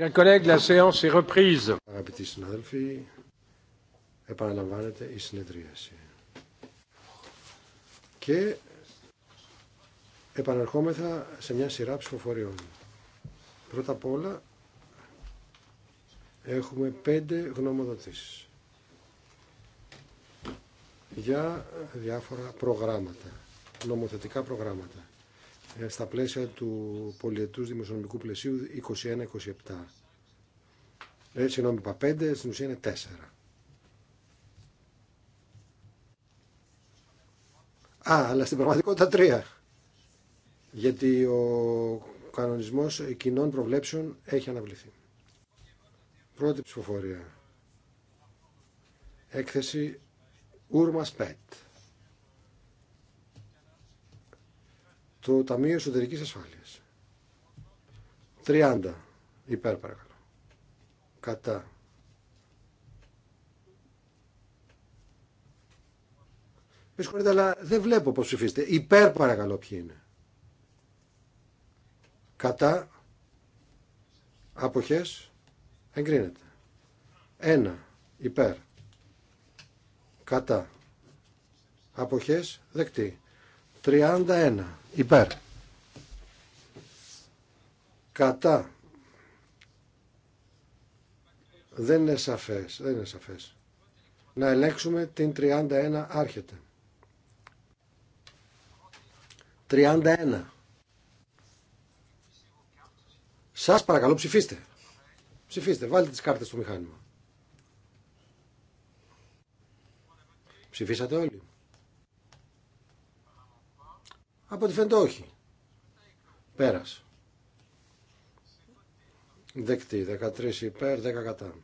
Αγαπητοί συναδελφοί, επαναλαμβάνεται η συνεδρίαση. Και επαναρχόμεθα σε μια σειρά ψηφοφοριών. Πρώτα απ' όλα έχουμε πέντε γνωμοδοτήσεις για διάφορα προγράμματα, νομοθετικά προγράμματα. Ε, στα πλαίσια του πολιετούς δημοσιονομικού πλαισίου 21-27. Έτσι, νόμι είπα 5, στην ουσία είναι 4. Α, αλλά στην πραγματικότητα 3. Γιατί ο κανονισμός κοινών προβλέψεων έχει αναβληθεί. Πρώτη ψηφοφορία. Έκθεση Ούρμα το Ταμείο Εσωτερικής Ασφάλειας. 30 υπέρ παρακαλώ. Κατά. Με συγχωρείτε, αλλά δεν βλέπω πώς ψηφίσετε Υπέρ παρακαλώ ποιοι είναι. Κατά. Αποχές. Εγκρίνεται. Ένα. Υπέρ. Κατά. Αποχές. Δεκτή. 31 υπέρ κατά δεν είναι σαφές δεν είναι σαφές να ελέγξουμε την 31 άρχεται 31 σας παρακαλώ ψηφίστε ψηφίστε βάλτε τις κάρτες στο μηχάνημα ψηφίσατε όλοι από ό,τι φαίνεται όχι. Πέρας. Δεκτή. 13 υπέρ, 10 κατά.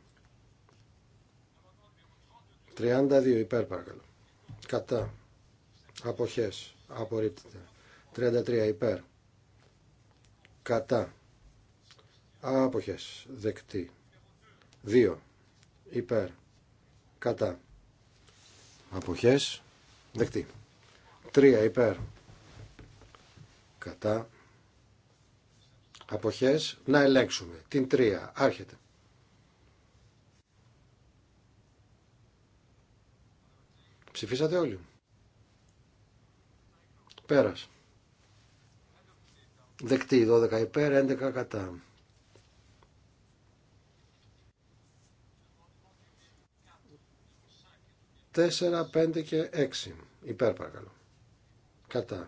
32 υπέρ παρακαλώ. Κατά. Αποχές. Απορρίπτεται. 33 υπέρ. Κατά. Αποχές. Δεκτή. 2. Υπέρ. Κατά. Αποχές. Δεκτή. 3 υπέρ κατά αποχές να ελέγξουμε την τρία. άρχεται ψηφίσατε όλοι πέρας δεκτή 12 υπέρ 11 κατά Τέσσερα, πέντε και έξι. Υπέρ παρακαλώ. Κατά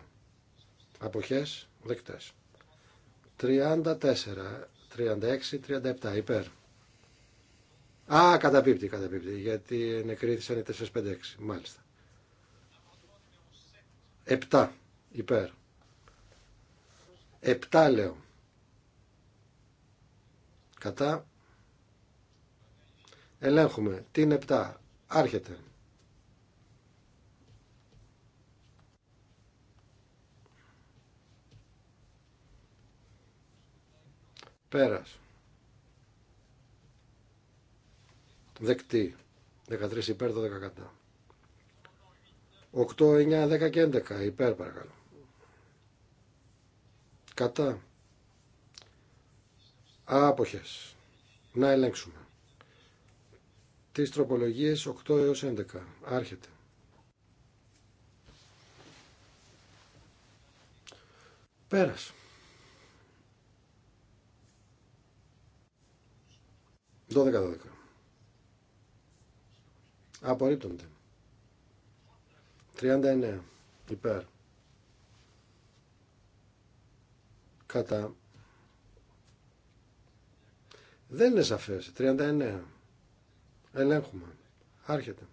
αποχές δεκτές 34 36 37 υπέρ Α, καταπίπτει, καταπίπτει, γιατί νεκρήθησαν οι 4-5-6, μάλιστα. 7, υπέρ. 7 λέω. Κατά. Ελέγχουμε την 7. Άρχεται. Πέρας. Δεκτή. 13 υπέρ, 12 κατά. 8, 9, 10 και 11 υπέρ παρακαλώ. Κατά. Άποχες. Να ελέγξουμε. Τις τροπολογίες 8 έως 11. Άρχεται. Πέρασε. 12-12. Απορρίπτονται. 39. Υπέρ. Κατά. Δεν είναι σαφές. 39. Ελέγχουμε. Άρχεται.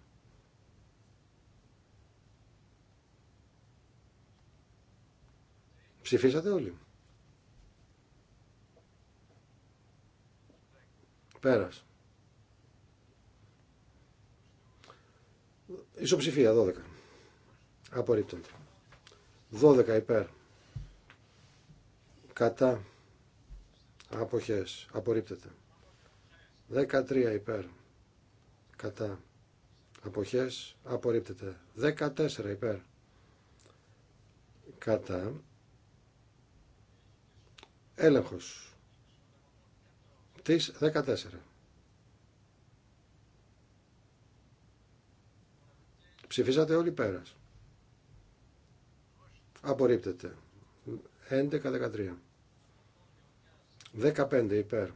Ψηφίσατε όλοι. Πέρας. Ισοψηφία 12. Απορρίπτονται. 12 υπέρ. Κατά. Αποχές. Απορρίπτεται. 13 υπέρ. Κατά. Αποχές. Απορρίπτεται. 14 υπέρ. Κατά. Έλεγχος τις 14. Ψηφίσατε όλοι πέρας. Απορρίπτεται. 11-13. 15 υπέρ.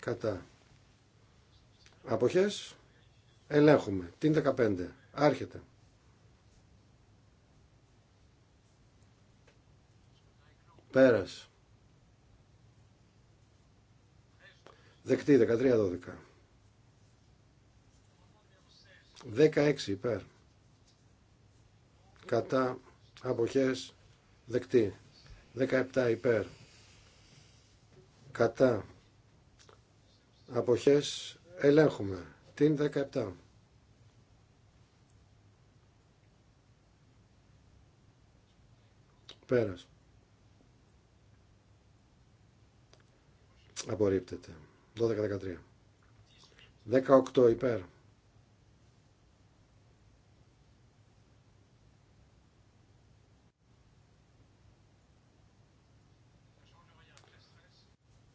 Κατά. Αποχές. Ελέγχουμε. Την 15. Άρχεται. Πέρασε. Δεκτή 13-12. 16 υπέρ. Κατά αποχές δεκτή. 17 υπέρ. Κατά αποχές ελέγχουμε. Την 17. Πέρας. Απορρίπτεται. 12-13. 18 υπέρ.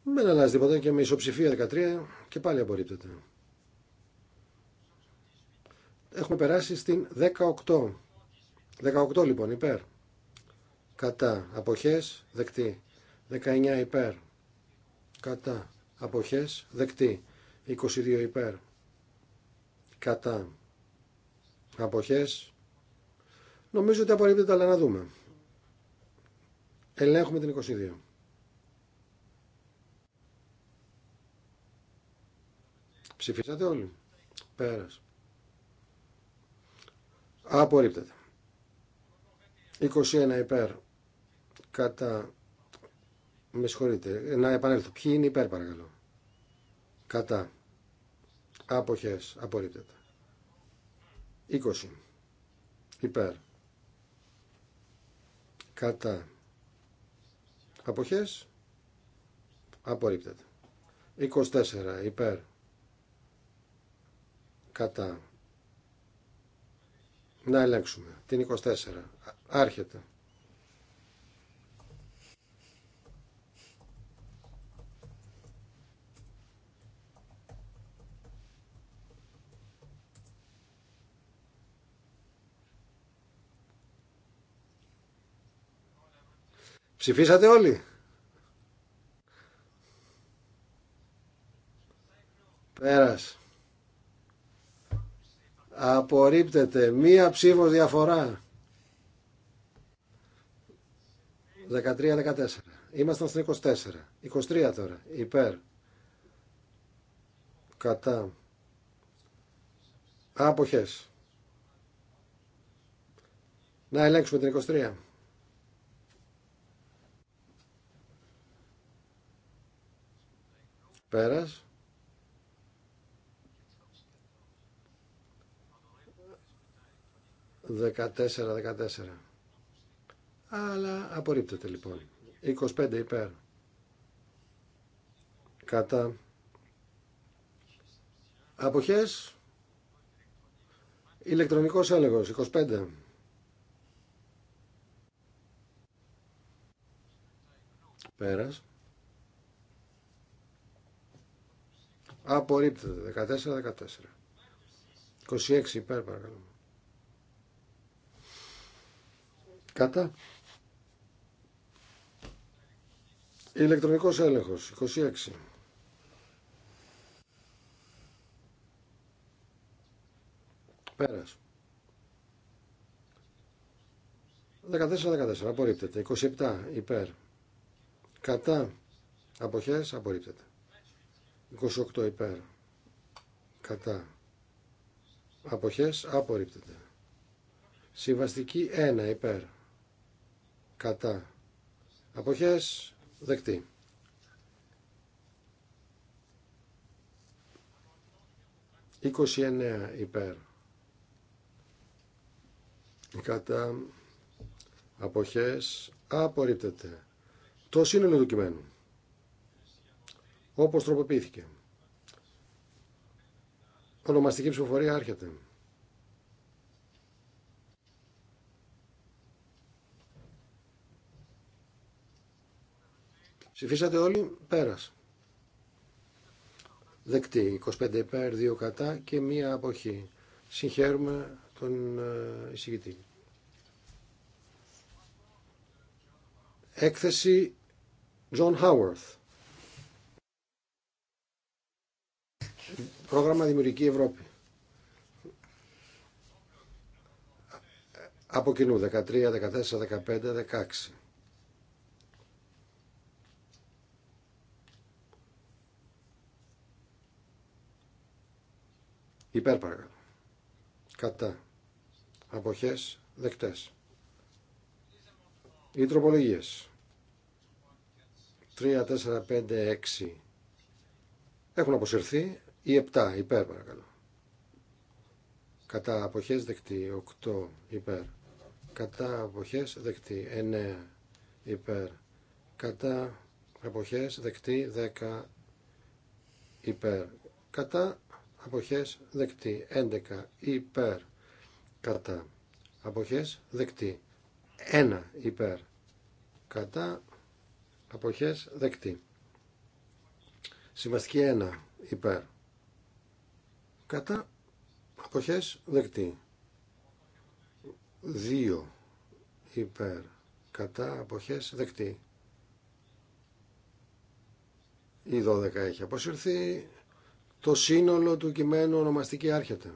Δεν αλλάζει τίποτα και με ισοψηφία 13 και πάλι απορρίπτεται. Έχουμε περάσει στην 18. 18 λοιπόν υπέρ. Κατά. Αποχές δεκτή. 19 υπέρ. Κατά αποχές δεκτή 22 υπέρ κατά αποχές νομίζω ότι απορρίπτεται αλλά να δούμε ελέγχουμε την 22 ψηφίσατε όλοι πέρας απορρίπτεται 21 υπέρ κατά με συγχωρείτε. Ε, να επανέλθω. Ποιοι είναι υπέρ παρακαλώ. Κατά. Αποχές. Απορρίπτεται. 20. Υπέρ. Κατά. Αποχές. Απορρίπτεται. 24. Υπέρ. Κατά. Να ελέγξουμε. Την 24. Άρχεται. Ψηφίσατε όλοι. Πέρας. Απορρίπτεται. Μία ψήφος διαφορά. 13-14. Ήμασταν στην 24. 23 τώρα. Υπέρ. Κατά. Άποχες. Να ελέγξουμε την 23. Πέρας. 14, δεκατέσσερα. Αλλά απορρίπτεται λοιπόν. 25 υπέρ. Κατά. Αποχές. Ηλεκτρονικός έλεγχο, 25. Πέρας. Απορρίπτεται. 14-14. 26 υπέρ παρακαλώ. Κατά. Ηλεκτρονικός έλεγχος. 26. Πέρας. 14-14. Απορρίπτεται. 27 υπέρ. Κατά. Αποχές. Απορρίπτεται. 28 υπέρ. Κατά. Αποχές απορρίπτεται. Συμβαστική 1 υπέρ. Κατά. Αποχές δεκτή. 29 υπέρ. Κατά αποχές απορρίπτεται. Το σύνολο του κειμένου όπως τροποποιήθηκε. Ονομαστική ψηφοφορία άρχεται. Ψηφίσατε όλοι, πέρας. Δεκτή, 25 υπέρ, 2 κατά και μία αποχή. Συγχαίρουμε τον ε, εισηγητή. Έκθεση John Howarth. Πρόγραμμα Δημιουργική Ευρώπη. Από κοινού 13, 14, 15, 16. Υπέρ Κατά. Αποχές δεκτές. Οι τροπολογίες. 3, 4, 5, 6 έχουν αποσυρθεί ή 7 υπέρ παρακαλώ. Κατά αποχές δεκτή 8 υπέρ. Κατά αποχές δεκτή 9 υπέρ. Κατά αποχές δεκτή 10 υπέρ. Κατά αποχές δεκτή 11 υπέρ. Κατά αποχές δεκτή 1 υπέρ. Κατά αποχές δεκτή. σημαστική 1 υπέρ Κατά αποχές δεκτή. 2 υπέρ. Κατά αποχές δεκτή. Η 12 έχει αποσυρθεί. Το σύνολο του κειμένου ονομαστική άρχεται.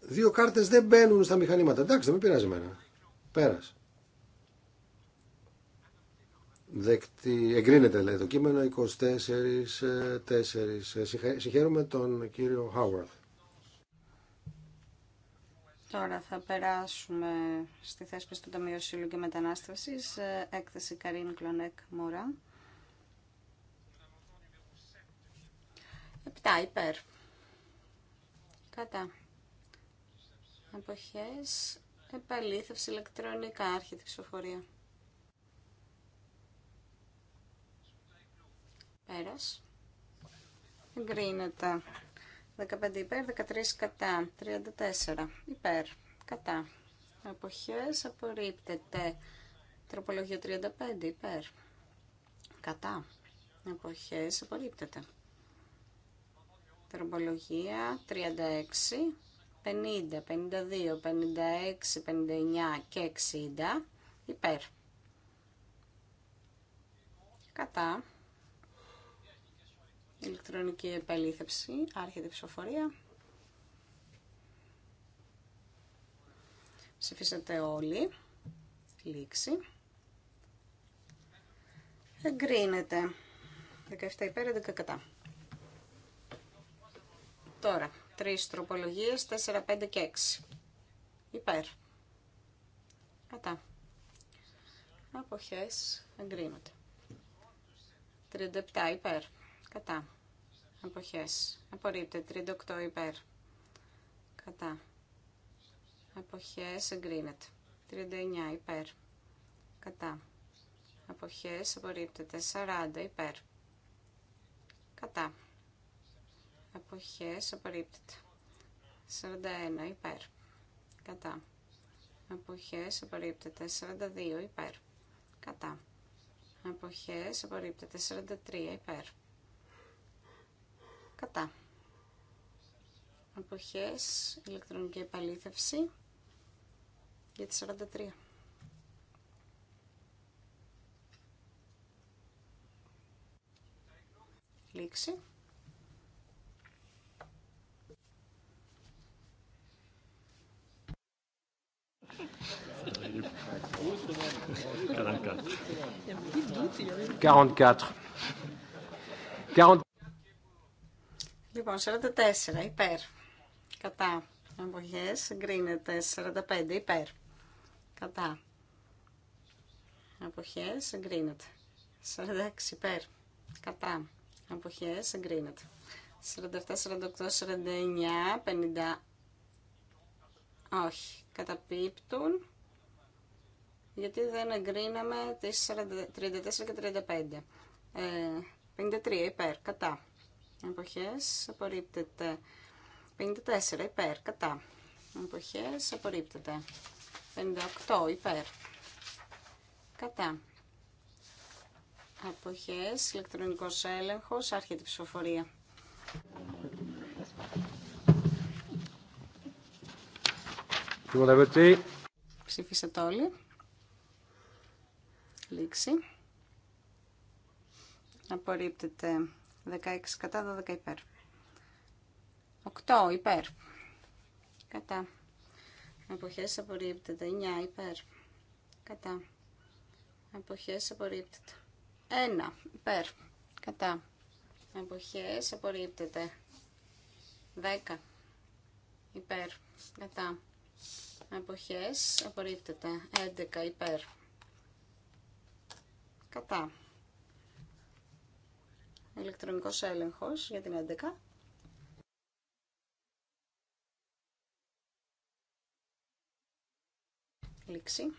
Δύο κάρτες δεν μπαίνουν στα μηχανήματα. Εντάξει, δεν με πειράζει εμένα. Πέρασε. Δεκτή, εγκρίνεται λέει το κείμενο 24-4. Ε, ε, Συγχαίρομαι τον κύριο Χάουαρθ. Τώρα θα περάσουμε στη θέση του Ταμείου Σύλλου και Μετανάστευσης, ε, έκθεση Καρίν Κλονέκ Μωρά. Επτά υπέρ. Κατά. Εποχές. Επαλήθευση ηλεκτρονικά. Άρχεται ψηφοφορία. Πέρας. Εγκρίνεται. 15 υπέρ, 13 κατά. 34 υπέρ, κατά. Εποχέ, απορρίπτεται. Τροπολογία 35 υπέρ. Κατά. Αποχές απορρίπτεται. Τροπολογία 36, 50, 52, 56, 59 και 60 υπέρ. Κατά. Ηλεκτρονική επαλήθευση, άρχεται η ψηφοφορία. Ψηφίσατε όλοι. Λήξη. Εγκρίνεται. 17 υπέρ, 11 κατά. Τώρα, τρεις τροπολογίες, 4, 5 και 6. Υπέρ. Κατά. Αποχές εγκρίνονται. 37 υπέρ. Κατά. Αποχές. Απορρίπτεται. 38 υπέρ. Κατά. Αποχές. Εγκρίνεται. 39 υπέρ. Κατά. Αποχές. Απορρίπτεται. 40 υπέρ. Κατά. Αποχές. Απορρίπτεται. 41 υπέρ. Κατά. Αποχές. Απορρίπτεται. 42 υπέρ. Κατά. Αποχές. Απορρίπτεται. 43 υπέρ κατά. Αποχές, ηλεκτρονική επαλήθευση για τη 43. Λήξη. Quarante-quatre. Λοιπόν, 44 υπέρ. Κατά. Αποχές εγκρίνεται. 45 υπέρ. Κατά. Αποχές εγκρίνεται. 46 υπέρ. Κατά. Αποχές εγκρίνεται. 47, 48, 49, 50. Όχι. Καταπίπτουν. Γιατί δεν εγκρίναμε τις 34 και 35. Ε, 53 υπέρ. Κατά εποχές απορρίπτεται 54 υπέρ κατά εποχές απορρίπτεται 58 υπέρ κατά εποχές ηλεκτρονικός έλεγχος άρχεται η ψηφοφορία το όλοι. Λήξη. Απορρίπτεται 16 κατά 12 υπέρ. 8 υπέρ. Κατά. Αποχές απορρίπτεται. 9 υπέρ. Κατά. Αποχές απορρίπτεται. 1 υπέρ. Κατά. Αποχές απορρίπτεται. 10 υπέρ. Κατά. Αποχές απορρίπτεται. 11 υπέρ. Κατά. Ηλεκτρονικός έλεγχος για την 11. Λήξη.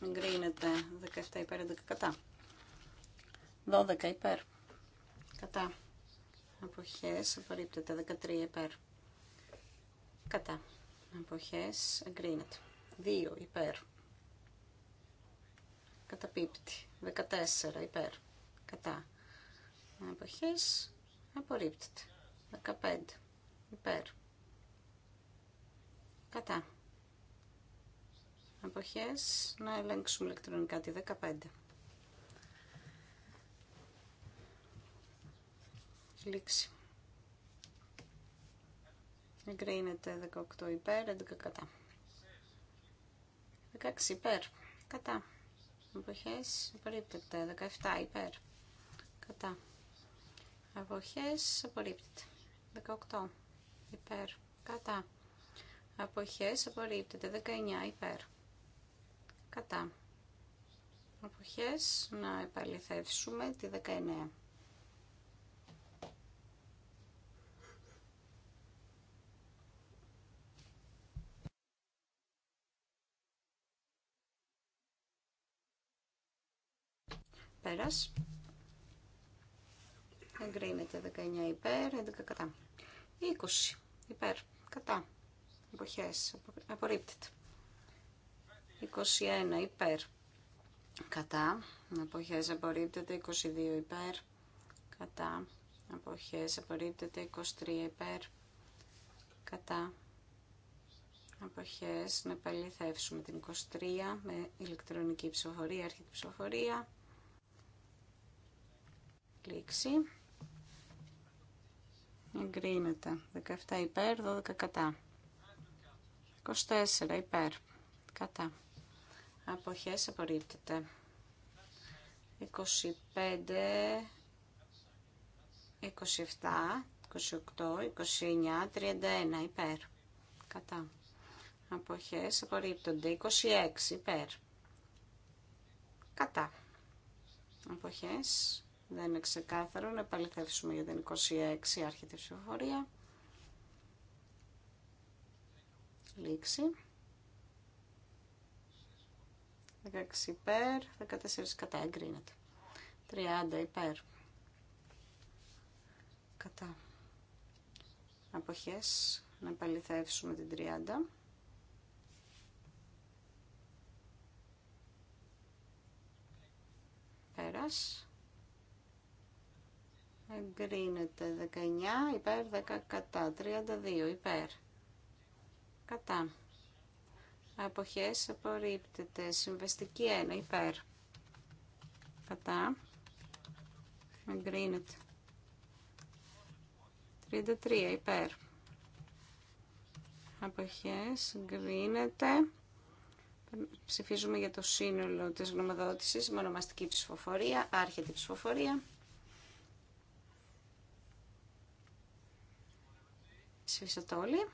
Εγκρίνεται 17 υπέρ 11 κατά. 12 υπέρ. Κατά. Αποχές απορρίπτεται 13 υπέρ. Κατά. Αποχές εγκρίνεται. 2 υπέρ. Καταπίπτει. 14 υπέρ κατά αποχές απορρίπτεται 15 υπέρ κατά εποχές να ελέγξουμε ηλεκτρονικά τη 15 λήξη εγκρίνεται 18 υπέρ 11 κατά 16 υπέρ κατά εποχές απορρίπτεται 17 υπέρ Κατά. Αποχές απορρίπτεται. 18. Υπέρ. Κατά. Αποχές απορρίπτεται. 19. Υπέρ. Κατά. Αποχές να επαληθεύσουμε τη 19. Πέρας εγκρίνεται 19 υπέρ, 11 κατά. 20 υπέρ, κατά. Εποχές, απορρίπτεται. 21 υπέρ, κατά. Εποχές απορρίπτεται, 22 υπέρ, κατά. Εποχές απορρίπτεται, 23 υπέρ, κατά. Εποχές, να επαληθεύσουμε την 23 με ηλεκτρονική ψηφοφορία, αρχή ψηφοφορία. Λήξη. Εγκρίνεται. 17 υπέρ, 12 κατά. 24 υπέρ, κατά. Αποχές απορρίπτεται. 25, 27, 28, 29, 31 υπέρ, κατά. Αποχές απορρίπτονται. 26 υπέρ, κατά. Αποχές δεν είναι ξεκάθαρο. Να επαληθεύσουμε για την 26 άρχεται η ψηφοφορία. Λήξη. 16 υπέρ, 14 κατά εγκρίνεται. 30 υπέρ. Κατά. Αποχές. Να επαληθεύσουμε την 30. Πέρας. Εγκρίνεται 19 υπέρ 10 κατά. 32 υπέρ. Κατά. Αποχές απορρίπτεται. Συμβεστική 1 υπέρ. Κατά. Εγκρίνεται. 33 υπέρ. Αποχές εγκρίνεται. Ψηφίζουμε για το σύνολο της γνωμοδότησης Μονομαστική ψηφοφορία. Άρχεται ψηφοφορία. Ψηφίσατε όλοι.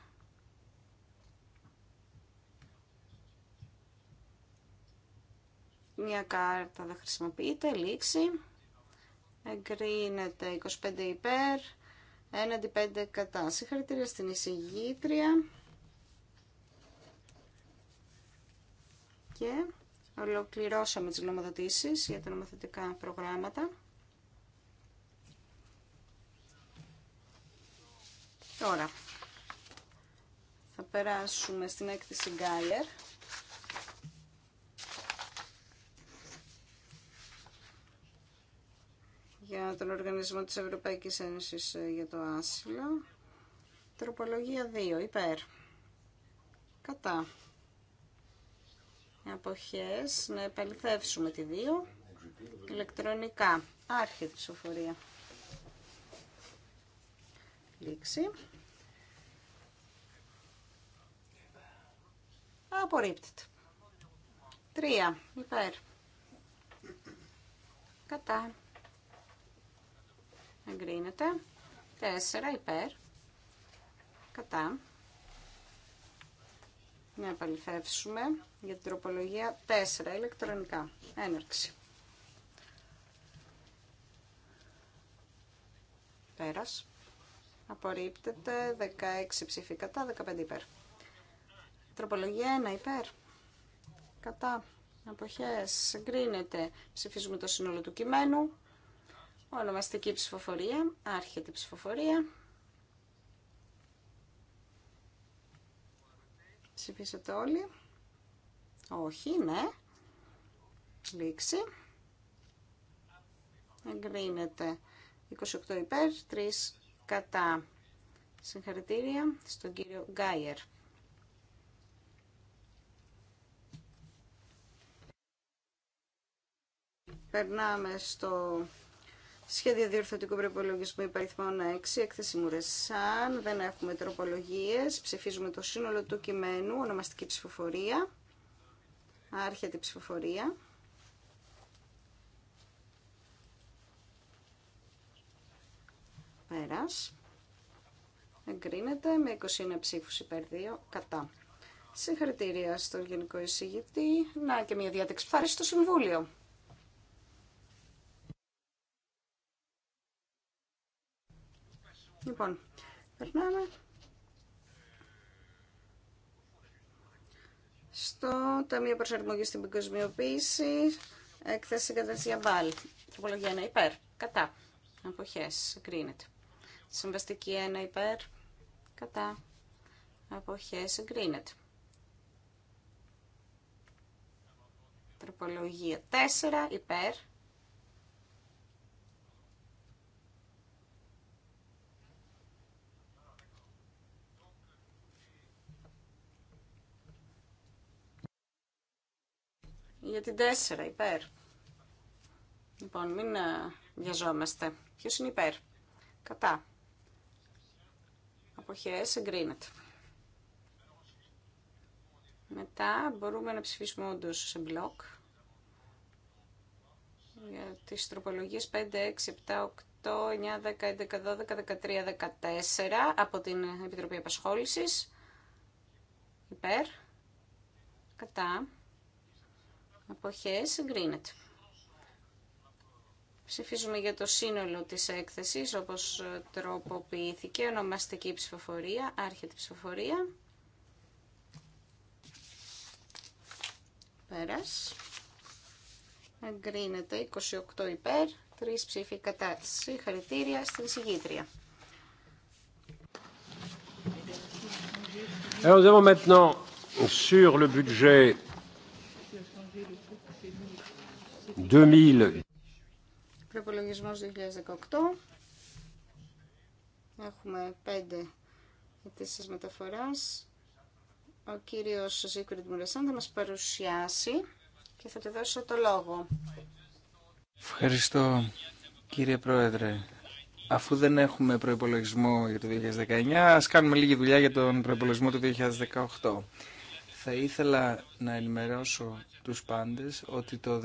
Μια κάρτα δεν χρησιμοποιείτε. λήξη. Εγκρίνεται 25 υπέρ, 1 5 κατά. Συγχαρητήρια στην εισηγήτρια. Και ολοκληρώσαμε τις για τα νομοθετικά προγράμματα. Τώρα, θα περάσουμε στην έκθεση Γκάιερ. για τον Οργανισμό της Ευρωπαϊκής Ένωσης ε, για το Άσυλο. Τροπολογία 2, υπέρ. Κατά. Αποχές, να επαληθεύσουμε τη 2. Ηλεκτρονικά, άρχεται η ψηφοφορία. Λήξη. Απορρίπτεται. 3 υπέρ. Κατά. Εγκρίνεται. 4 υπέρ. Κατά. Να επαληθεύσουμε για την τροπολογία 4 ηλεκτρονικά. Έναρξη. Πέρας. Απορρίπτεται 16 ψηφί κατά, 15 υπέρ. Τροπολογία 1 υπέρ. Κατά. Αποχές. Εγκρίνεται. Ψηφίζουμε το σύνολο του κειμένου. Ονομαστική ψηφοφορία. Άρχεται η ψηφοφορία. Ψηφίσατε όλοι. Όχι, ναι. Λήξη. Εγκρίνεται. 28 υπέρ, 3 κατά. Συγχαρητήρια στον κύριο Γκάιερ. Περνάμε στο σχέδιο διορθωτικού προπολογισμού υπαριθμών 6, έκθεση Μουρεσάν. Δεν έχουμε τροπολογίε. Ψηφίζουμε το σύνολο του κειμένου, ονομαστική ψηφοφορία. Άρχεται η ψηφοφορία. Πέρας. Εγκρίνεται με 21 ψήφους υπέρ 2 κατά. Συγχαρητήρια στον Γενικό Εισηγητή. Να και μια διάταξη Ευχαριστώ, στο Συμβούλιο. Λοιπόν, περνάμε στο Ταμείο Προσαρμογής στην Παγκοσμιοποίηση, έκθεση κατά τη Τροπολογία 1 υπέρ, κατά, αποχές, εγκρίνεται. Συμβαστική 1 υπέρ, κατά, αποχές, εγκρίνεται. Τροπολογία 4 υπέρ, Για την 4, υπέρ. Λοιπόν, μην ε, βιαζόμαστε. Ποιο είναι υπέρ. Κατά. Αποχές εγκρίνεται. Μετά μπορούμε να ψηφίσουμε όντω σε μπλοκ για τις τροπολογίες 5, 6, 7, 8, 9, 10, 11, 12, 13, 14 από την Επιτροπή Απασχόλησης. Υπέρ. Κατά αποχές εγκρίνεται. Ψηφίζουμε για το σύνολο της έκθεσης όπως ε, τροποποιήθηκε ονομαστική ψηφοφορία, άρχεται ψηφοφορία. Πέρας. Εγκρίνεται 28 υπέρ, 3 ψήφοι κατά. Συγχαρητήρια στην συγκήτρια. Alors nous maintenant sur le budget 2000. Προπολογισμός 2018. Έχουμε πέντε αιτήσεις μεταφορά. Ο κύριος Ζίκουρντ Μουρεσάν θα μας παρουσιάσει και θα του δώσω το λόγο. Ευχαριστώ κύριε Πρόεδρε. Αφού δεν έχουμε προϋπολογισμό για το 2019, ας κάνουμε λίγη δουλειά για τον προϋπολογισμό του 2018. Θα ήθελα να ενημερώσω τους πάντες ότι το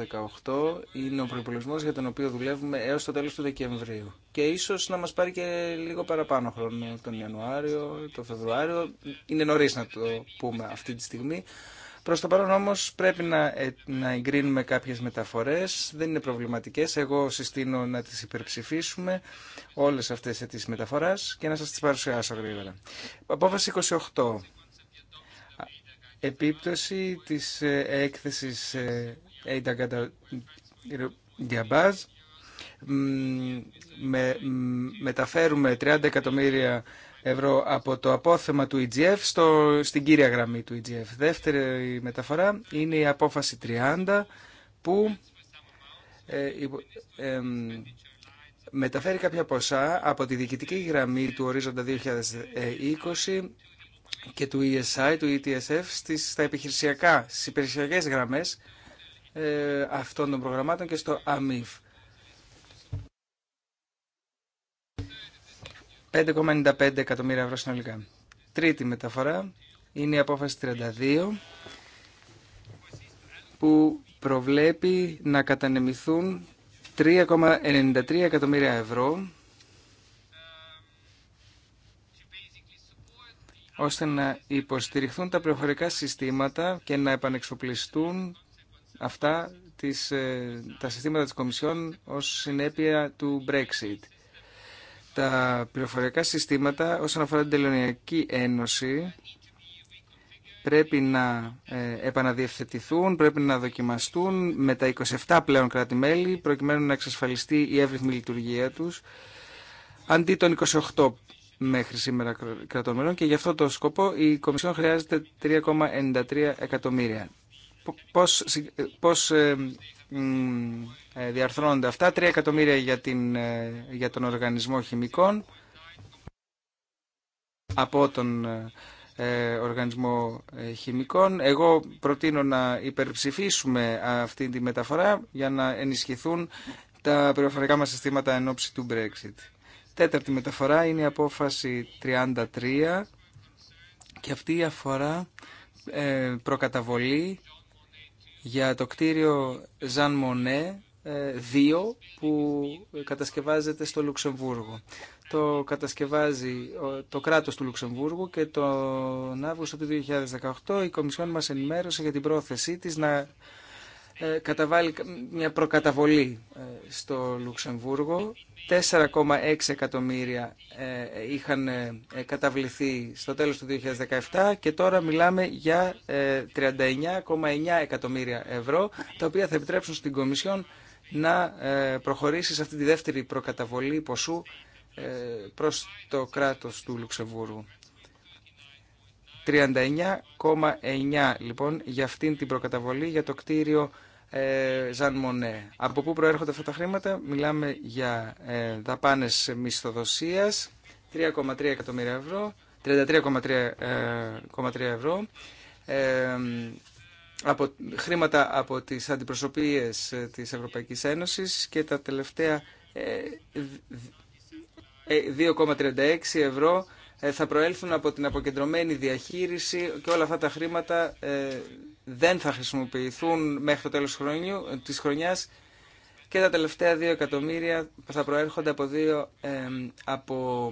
18 είναι ο προπολογισμό για τον οποίο δουλεύουμε έως το τέλος του Δεκεμβρίου. Και ίσως να μας πάρει και λίγο παραπάνω χρόνο τον Ιανουάριο, τον Φεβρουάριο. Είναι νωρίς να το πούμε αυτή τη στιγμή. Προς το παρόν όμως πρέπει να, ε, να εγκρίνουμε κάποιες μεταφορές, δεν είναι προβληματικές. Εγώ συστήνω να τις υπερψηφίσουμε όλες αυτές τις μεταφοράς και να σας τις παρουσιάσω γρήγορα. Απόφαση 28 επίπτωση της ε, έκθεσης για ε, Diabaz. Με, μεταφέρουμε 30 εκατομμύρια ευρώ από το απόθεμα του EGF στο, στην κύρια γραμμή του EGF. Δεύτερη μεταφορά είναι η απόφαση 30 που ε, ε, μεταφέρει κάποια ποσά από τη διοικητική γραμμή του ορίζοντα 2020 και του ESI, του ETSF, στις, στα επιχειρησιακά, στις υπηρεσιακές γραμμές ε, αυτών των προγραμμάτων και στο AMIF. 5,95 εκατομμύρια ευρώ συνολικά. Τρίτη μεταφορά είναι η απόφαση 32 που προβλέπει να κατανεμηθούν 3,93 εκατομμύρια ευρώ ώστε να υποστηριχθούν τα πληροφορικά συστήματα και να επανεξοπλιστούν αυτά τις, ε, τα συστήματα της Κομισιόν ως συνέπεια του Brexit. Τα πληροφορικά συστήματα όσον αφορά την Τελωνιακή Ένωση πρέπει να ε, επαναδιευθετηθούν, πρέπει να δοκιμαστούν με τα 27 πλέον κράτη-μέλη προκειμένου να εξασφαλιστεί η εύρυθμη λειτουργία τους αντί των 28 μέχρι σήμερα κρατών μελών και γι' αυτό το σκοπό η Κομισιόν χρειάζεται 3,93 εκατομμύρια. Πώς, ε, πώς ε, ε, διαρθρώνονται αυτά, 3 εκατομμύρια για, την, για τον οργανισμό χημικών από τον οργανισμό χημικών. Εγώ προτείνω να υπερψηφίσουμε αυτή τη μεταφορά για να ενισχυθούν τα πληροφορικά μας συστήματα εν του Brexit. Τέταρτη μεταφορά είναι η απόφαση 33 και αυτή η αφορά ε, προκαταβολή για το κτίριο Ζαν Μονέ 2 που κατασκευάζεται στο Λουξεμβούργο. Το κατασκευάζει το κράτος του Λουξεμβούργου και τον Αύγουστο του 2018 η Κομισιόν μας ενημέρωσε για την πρόθεσή της να ε, καταβάλει μια προκαταβολή ε, στο Λουξεμβούργο. 4,6 εκατομμύρια ε, είχαν καταβληθεί στο τέλος του 2017 και τώρα μιλάμε για 39,9 εκατομμύρια ευρώ, τα οποία θα επιτρέψουν στην Κομισιόν να προχωρήσει σε αυτή τη δεύτερη προκαταβολή ποσού προς το κράτος του Λουξεμβούργου. 39,9 λοιπόν για αυτήν την προκαταβολή για το κτίριο Ζαν ε, Μονέ. Από πού προέρχονται αυτά τα χρήματα. Μιλάμε για ε, δαπάνε μισθοδοσίας, 3,3 εκατομμύρια ευρώ, 33,3 ε, ευρώ, από, χρήματα από τις αντιπροσωπείες της Ευρωπαϊκής Ένωσης και τα τελευταία 2,36 ευρώ θα προέλθουν από την αποκεντρωμένη διαχείριση και όλα αυτά τα χρήματα δεν θα χρησιμοποιηθούν μέχρι το τέλος της χρονιάς και τα τελευταία 2 εκατομμύρια θα προέρχονται από, δύο, ε, από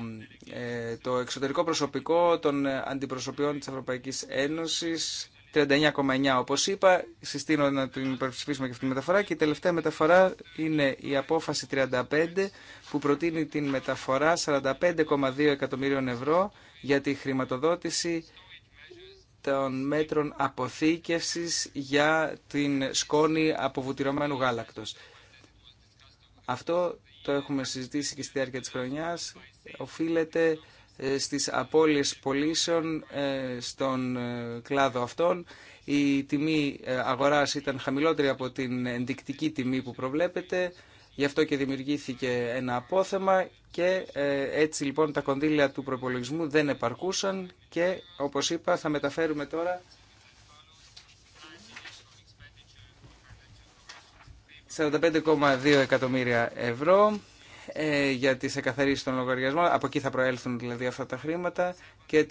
ε, το εξωτερικό προσωπικό των αντιπροσωπιών της Ευρωπαϊκής Ένωσης 39,9 όπως είπα, συστήνω να την υπερψηφίσουμε και αυτή τη μεταφορά και η τελευταία μεταφορά είναι η απόφαση 35 που προτείνει την μεταφορά 45,2 εκατομμύριων ευρώ για τη χρηματοδότηση των μέτρων αποθήκευσης για την σκόνη από βουτυρωμένου γάλακτος. Αυτό το έχουμε συζητήσει και στη διάρκεια της χρονιάς. Οφείλεται ε, στις απώλειες πωλήσεων ε, στον ε, κλάδο αυτών. Η τιμή αγοράς ήταν χαμηλότερη από την ενδεικτική τιμή που προβλέπεται. Γι' αυτό και δημιουργήθηκε ένα απόθεμα και ε, έτσι λοιπόν τα κονδύλια του προπολογισμού δεν επαρκούσαν και όπως είπα θα μεταφέρουμε τώρα 45,2 εκατομμύρια ευρώ ε, για τις εκαθαρίσεις των λογαριασμών, από εκεί θα προέλθουν δηλαδή αυτά τα χρήματα και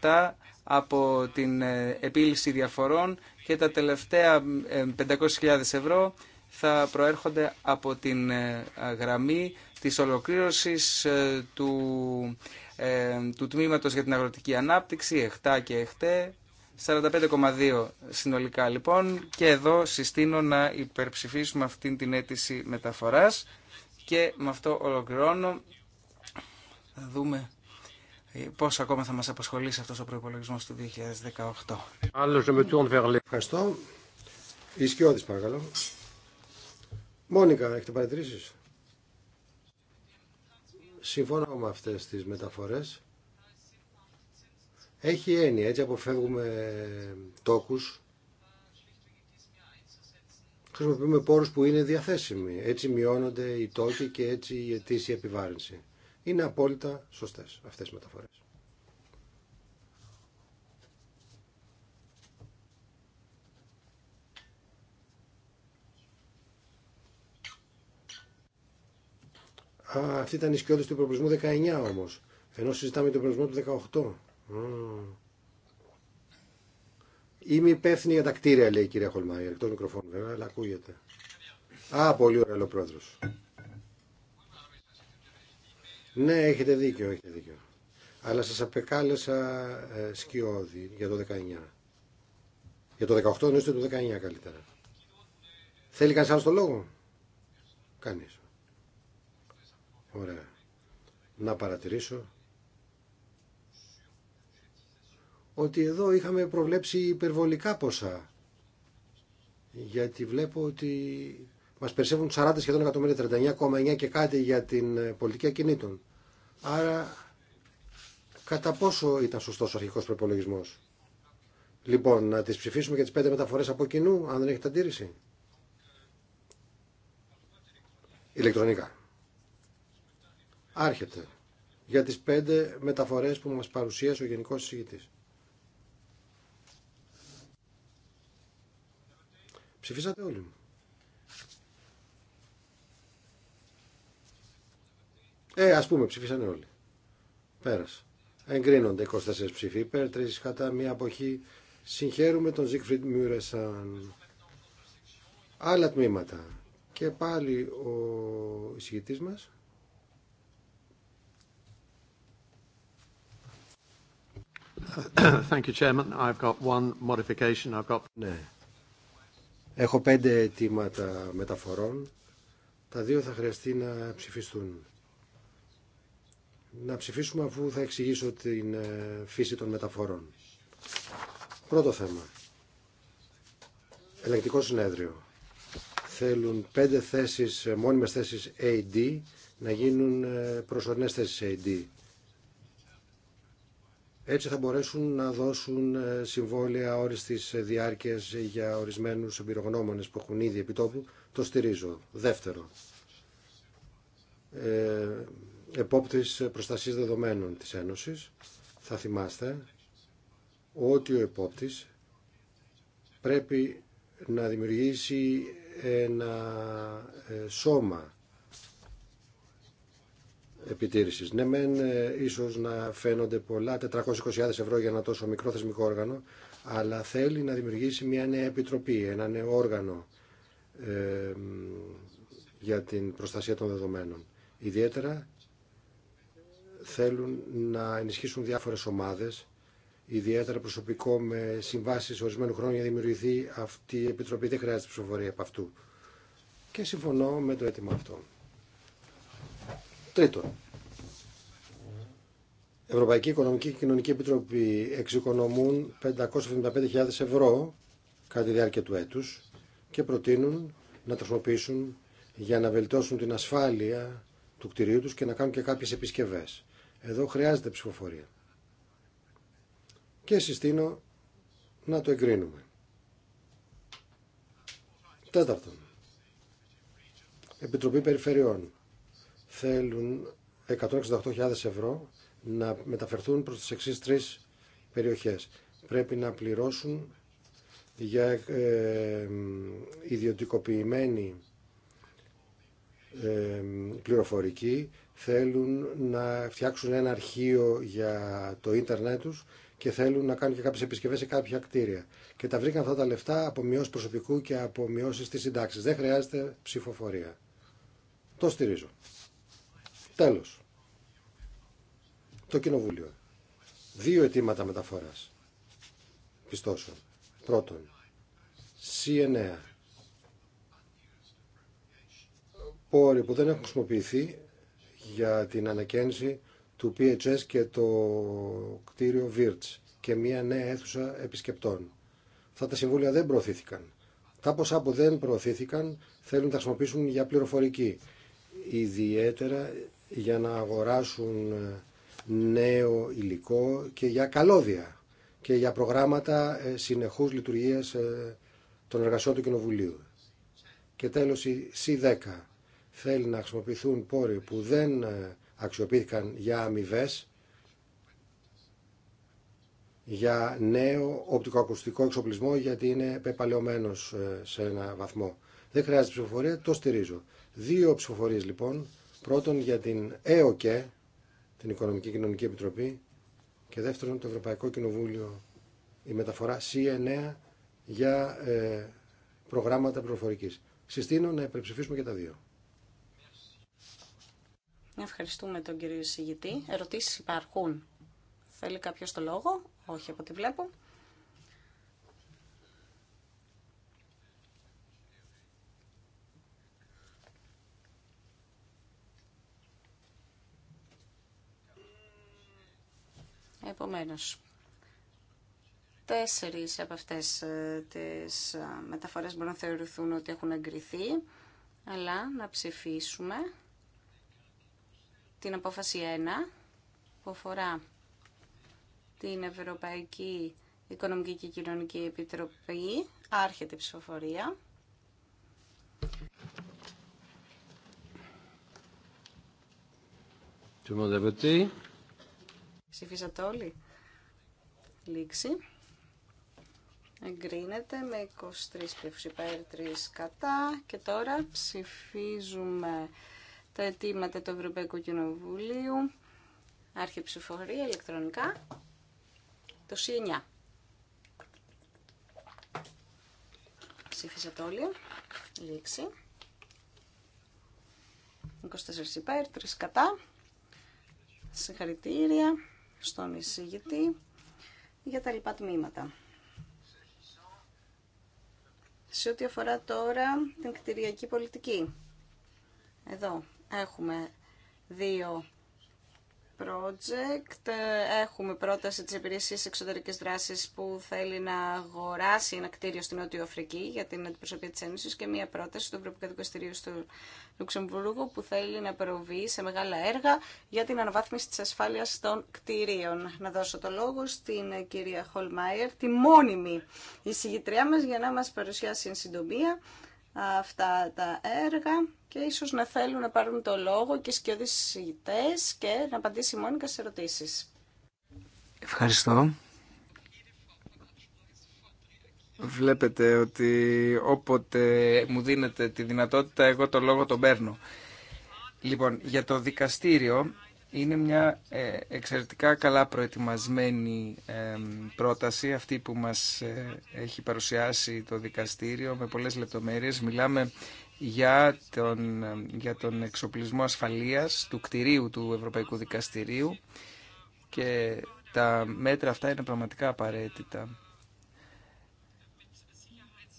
35,7 από την ε, επίλυση διαφορών και τα τελευταία 500.000 ευρώ θα προέρχονται από την ε, γραμμή της ολοκλήρωσης ε, του, ε, του Τμήματος για την Αγροτική Ανάπτυξη, ΕΧΤΑ και ΕΧΤΕ, 45,2 συνολικά λοιπόν και εδώ συστήνω να υπερψηφίσουμε αυτήν την αίτηση μεταφοράς και με αυτό ολοκληρώνω θα δούμε πώς ακόμα θα μας απασχολήσει αυτός ο προϋπολογισμός του 2018. Άλλο, je me Ευχαριστώ. Ισκιώδης παρακαλώ. Μόνικα, έχετε παρατηρήσει. Συμφωνώ με αυτές τις μεταφορές. Έχει έννοια, έτσι αποφεύγουμε τόκους. Χρησιμοποιούμε πόρους που είναι διαθέσιμοι. Έτσι μειώνονται οι τόκοι και έτσι η αιτήσια επιβάρυνση. Είναι απόλυτα σωστές αυτές οι μεταφορές. Α, αυτή ήταν η σκιώδη του προπολισμού 19 όμως. Ενώ συζητάμε τον προπολισμό του 18. Είμαι υπεύθυνη για τα κτίρια, λέει η κυρία Χολμάη. Εκτό μικροφώνου βέβαια, αλλά ακούγεται. Α, πολύ ωραίο, λέει πρόεδρο. Ναι, έχετε δίκιο, έχετε δίκιο. Αλλά σας απεκάλεσα ε, σκιώδη για το 19. Για το 18 εννοείστε το 19 καλύτερα. Θέλει κανείς άλλο το λόγο. Κανείς. Ωραία. Να παρατηρήσω ότι εδώ είχαμε προβλέψει υπερβολικά ποσά. Γιατί βλέπω ότι μας περισσεύουν 40 σχεδόν εκατομμύρια, 39,9 και κάτι για την ε, πολιτική ακινήτων. Άρα, κατά πόσο ήταν σωστός ο αρχικός προπολογισμός. Λοιπόν, να τις ψηφίσουμε για τις πέντε μεταφορές από κοινού, αν δεν έχετε αντίρρηση. Ηλεκτρονικά. Άρχεται. Για τις πέντε μεταφορές που μας παρουσίασε ο Γενικός Συγητής. Ψηφίσατε όλοι μου. Ε, ας πούμε, ψηφίσανε όλοι. Πέρασε. Εγκρίνονται 24 ψήφοι υπέρ, 3 κατά, μία αποχή. Συγχαίρουμε τον Ζίγκφριντ Μιούρεσαν. Άλλα τμήματα. Και πάλι ο εισηγητής μας. Thank you, Chairman. I've got one modification. I've ναι. Έχω πέντε αιτήματα μεταφορών. Τα δύο θα χρειαστεί να ψηφιστούν. Να ψηφίσουμε αφού θα εξηγήσω την ε, φύση των μεταφορών. Πρώτο θέμα. Ελεκτικό συνέδριο. Θέλουν πέντε θέσεις, ε, μόνιμες θέσεις AD να γίνουν ε, προσωρινές θέσεις AD. Έτσι θα μπορέσουν να δώσουν ε, συμβόλαια όριστη ε, διάρκεια για ορισμένους εμπειρογνώμονε που έχουν ήδη επιτόπου. Το στηρίζω. Δεύτερο, ε, επόπτης προστασίας δεδομένων της Ένωσης. Θα θυμάστε ότι ο επόπτης πρέπει να δημιουργήσει ένα ε, σώμα επιτήρησης. Ναι, μεν ε, ίσως να φαίνονται πολλά, 420.000 ευρώ για ένα τόσο μικρό θεσμικό όργανο, αλλά θέλει να δημιουργήσει μια νέα επιτροπή, ένα νέο όργανο για την προστασία των δεδομένων. Ιδιαίτερα θέλουν να ενισχύσουν διάφορες ομάδες, ιδιαίτερα προσωπικό με συμβάσεις ορισμένου χρόνου για να δημιουργηθεί αυτή η επιτροπή. Δεν χρειάζεται ψηφοφορία από αυτού. Και συμφωνώ με το αίτημα αυτό. Τρίτον, Ευρωπαϊκή Οικονομική και Κοινωνική Επιτροπή εξοικονομούν 575.000 ευρώ κατά τη διάρκεια του έτους και προτείνουν να τροφοποιήσουν για να βελτιώσουν την ασφάλεια του κτηρίου τους και να κάνουν και κάποιες επισκευές. Εδώ χρειάζεται ψηφοφορία. Και συστήνω να το εγκρίνουμε. Τέταρτον, Επιτροπή Περιφερειών θέλουν 168.000 ευρώ να μεταφερθούν προς τις εξής τρεις περιοχές. Πρέπει να πληρώσουν για ε, ιδιωτικοποιημένη ε, πληροφορική, θέλουν να φτιάξουν ένα αρχείο για το ίντερνετ τους και θέλουν να κάνουν και κάποιες επισκευές σε κάποια κτίρια. Και τα βρήκαν αυτά τα λεφτά από μειώσεις προσωπικού και από μειώσεις της συντάξης. Δεν χρειάζεται ψηφοφορία. Το στηρίζω. Τέλος. Το Κοινοβούλιο. Δύο αιτήματα μεταφοράς. Πιστώσεων. Πρώτον, C9. Πόροι που δεν έχουν χρησιμοποιηθεί για την ανακαίνιση του PHS και το κτίριο Virts και μια νέα αίθουσα επισκεπτών. Θα τα συμβούλια δεν προωθήθηκαν. Τα ποσά που δεν προωθήθηκαν θέλουν να τα χρησιμοποιήσουν για πληροφορική. Ιδιαίτερα για να αγοράσουν ε, νέο υλικό και για καλώδια και για προγράμματα ε, συνεχούς λειτουργίας ε, των εργασιών του Κοινοβουλίου. Και τέλος η C10 θέλει να χρησιμοποιηθούν πόροι που δεν αξιοποιήθηκαν για αμοιβέ για νέο οπτικοακουστικό εξοπλισμό γιατί είναι πεπαλαιωμένος σε ένα βαθμό. Δεν χρειάζεται ψηφοφορία, το στηρίζω. Δύο ψηφοφορίες λοιπόν Πρώτον για την ΕΟΚΕ, την Οικονομική Κοινωνική Επιτροπή, και δεύτερον το Ευρωπαϊκό Κοινοβούλιο, η μεταφορά C9 για ε, προγράμματα πληροφορική. Συστήνω να υπερψηφίσουμε και τα δύο. Ευχαριστούμε τον κύριο Συγητή. Ερωτήσεις υπάρχουν. Θέλει κάποιος το λόγο. Όχι από ό,τι βλέπω. Επομένως, τέσσερις από αυτές ε, τις ε, μεταφορές μπορούν να θεωρηθούν ότι έχουν εγκριθεί, αλλά να ψηφίσουμε την απόφαση 1 που αφορά την Ευρωπαϊκή Οικονομική και Κοινωνική Επιτροπή. Άρχεται η ψηφοφορία. Tout le Ψηφίσατε όλοι. Λήξη. Εγκρίνεται με 23 ψήφους 3 κατά. Και τώρα ψηφίζουμε τα αιτήματα του Ευρωπαϊκού Κοινοβουλίου. Άρχη ψηφοφορία ηλεκτρονικά. Το C9. Ψήφισατε όλοι. Λήξη. 24 υπέρ, 3 κατά. Συγχαρητήρια στον εισηγητή για τα λοιπά τμήματα. Σε ό,τι αφορά τώρα την κτηριακή πολιτική. Εδώ έχουμε δύο project. Έχουμε πρόταση της υπηρεσίας εξωτερικής δράσης που θέλει να αγοράσει ένα κτίριο στην Νότιο Αφρική για την αντιπροσωπεία της Ένωσης και μια πρόταση του Ευρωπαϊκού Δικαστηρίου στο Λουξεμβούργο που θέλει να προβεί σε μεγάλα έργα για την αναβάθμιση της ασφάλειας των κτίριων. Να δώσω το λόγο στην κυρία Χολμάιερ, τη μόνιμη εισηγητριά μας, για να μας παρουσιάσει εν συντομία αυτά τα έργα και ίσως να θέλουν να πάρουν το λόγο και σκιώδεις συζητές και να απαντήσει η Μόνικα σε ερωτήσεις. Ευχαριστώ. Βλέπετε ότι όποτε μου δίνετε τη δυνατότητα εγώ το λόγο τον παίρνω. Λοιπόν, για το δικαστήριο είναι μια ε, εξαιρετικά καλά προετοιμασμένη πρόταση αυτή που μας ε, έχει παρουσιάσει το δικαστήριο με πολλές λεπτομέρειες. Μιλάμε για τον, για εξοπλισμό ασφαλείας του κτηρίου του Ευρωπαϊκού Δικαστηρίου και τα μέτρα αυτά είναι πραγματικά απαραίτητα.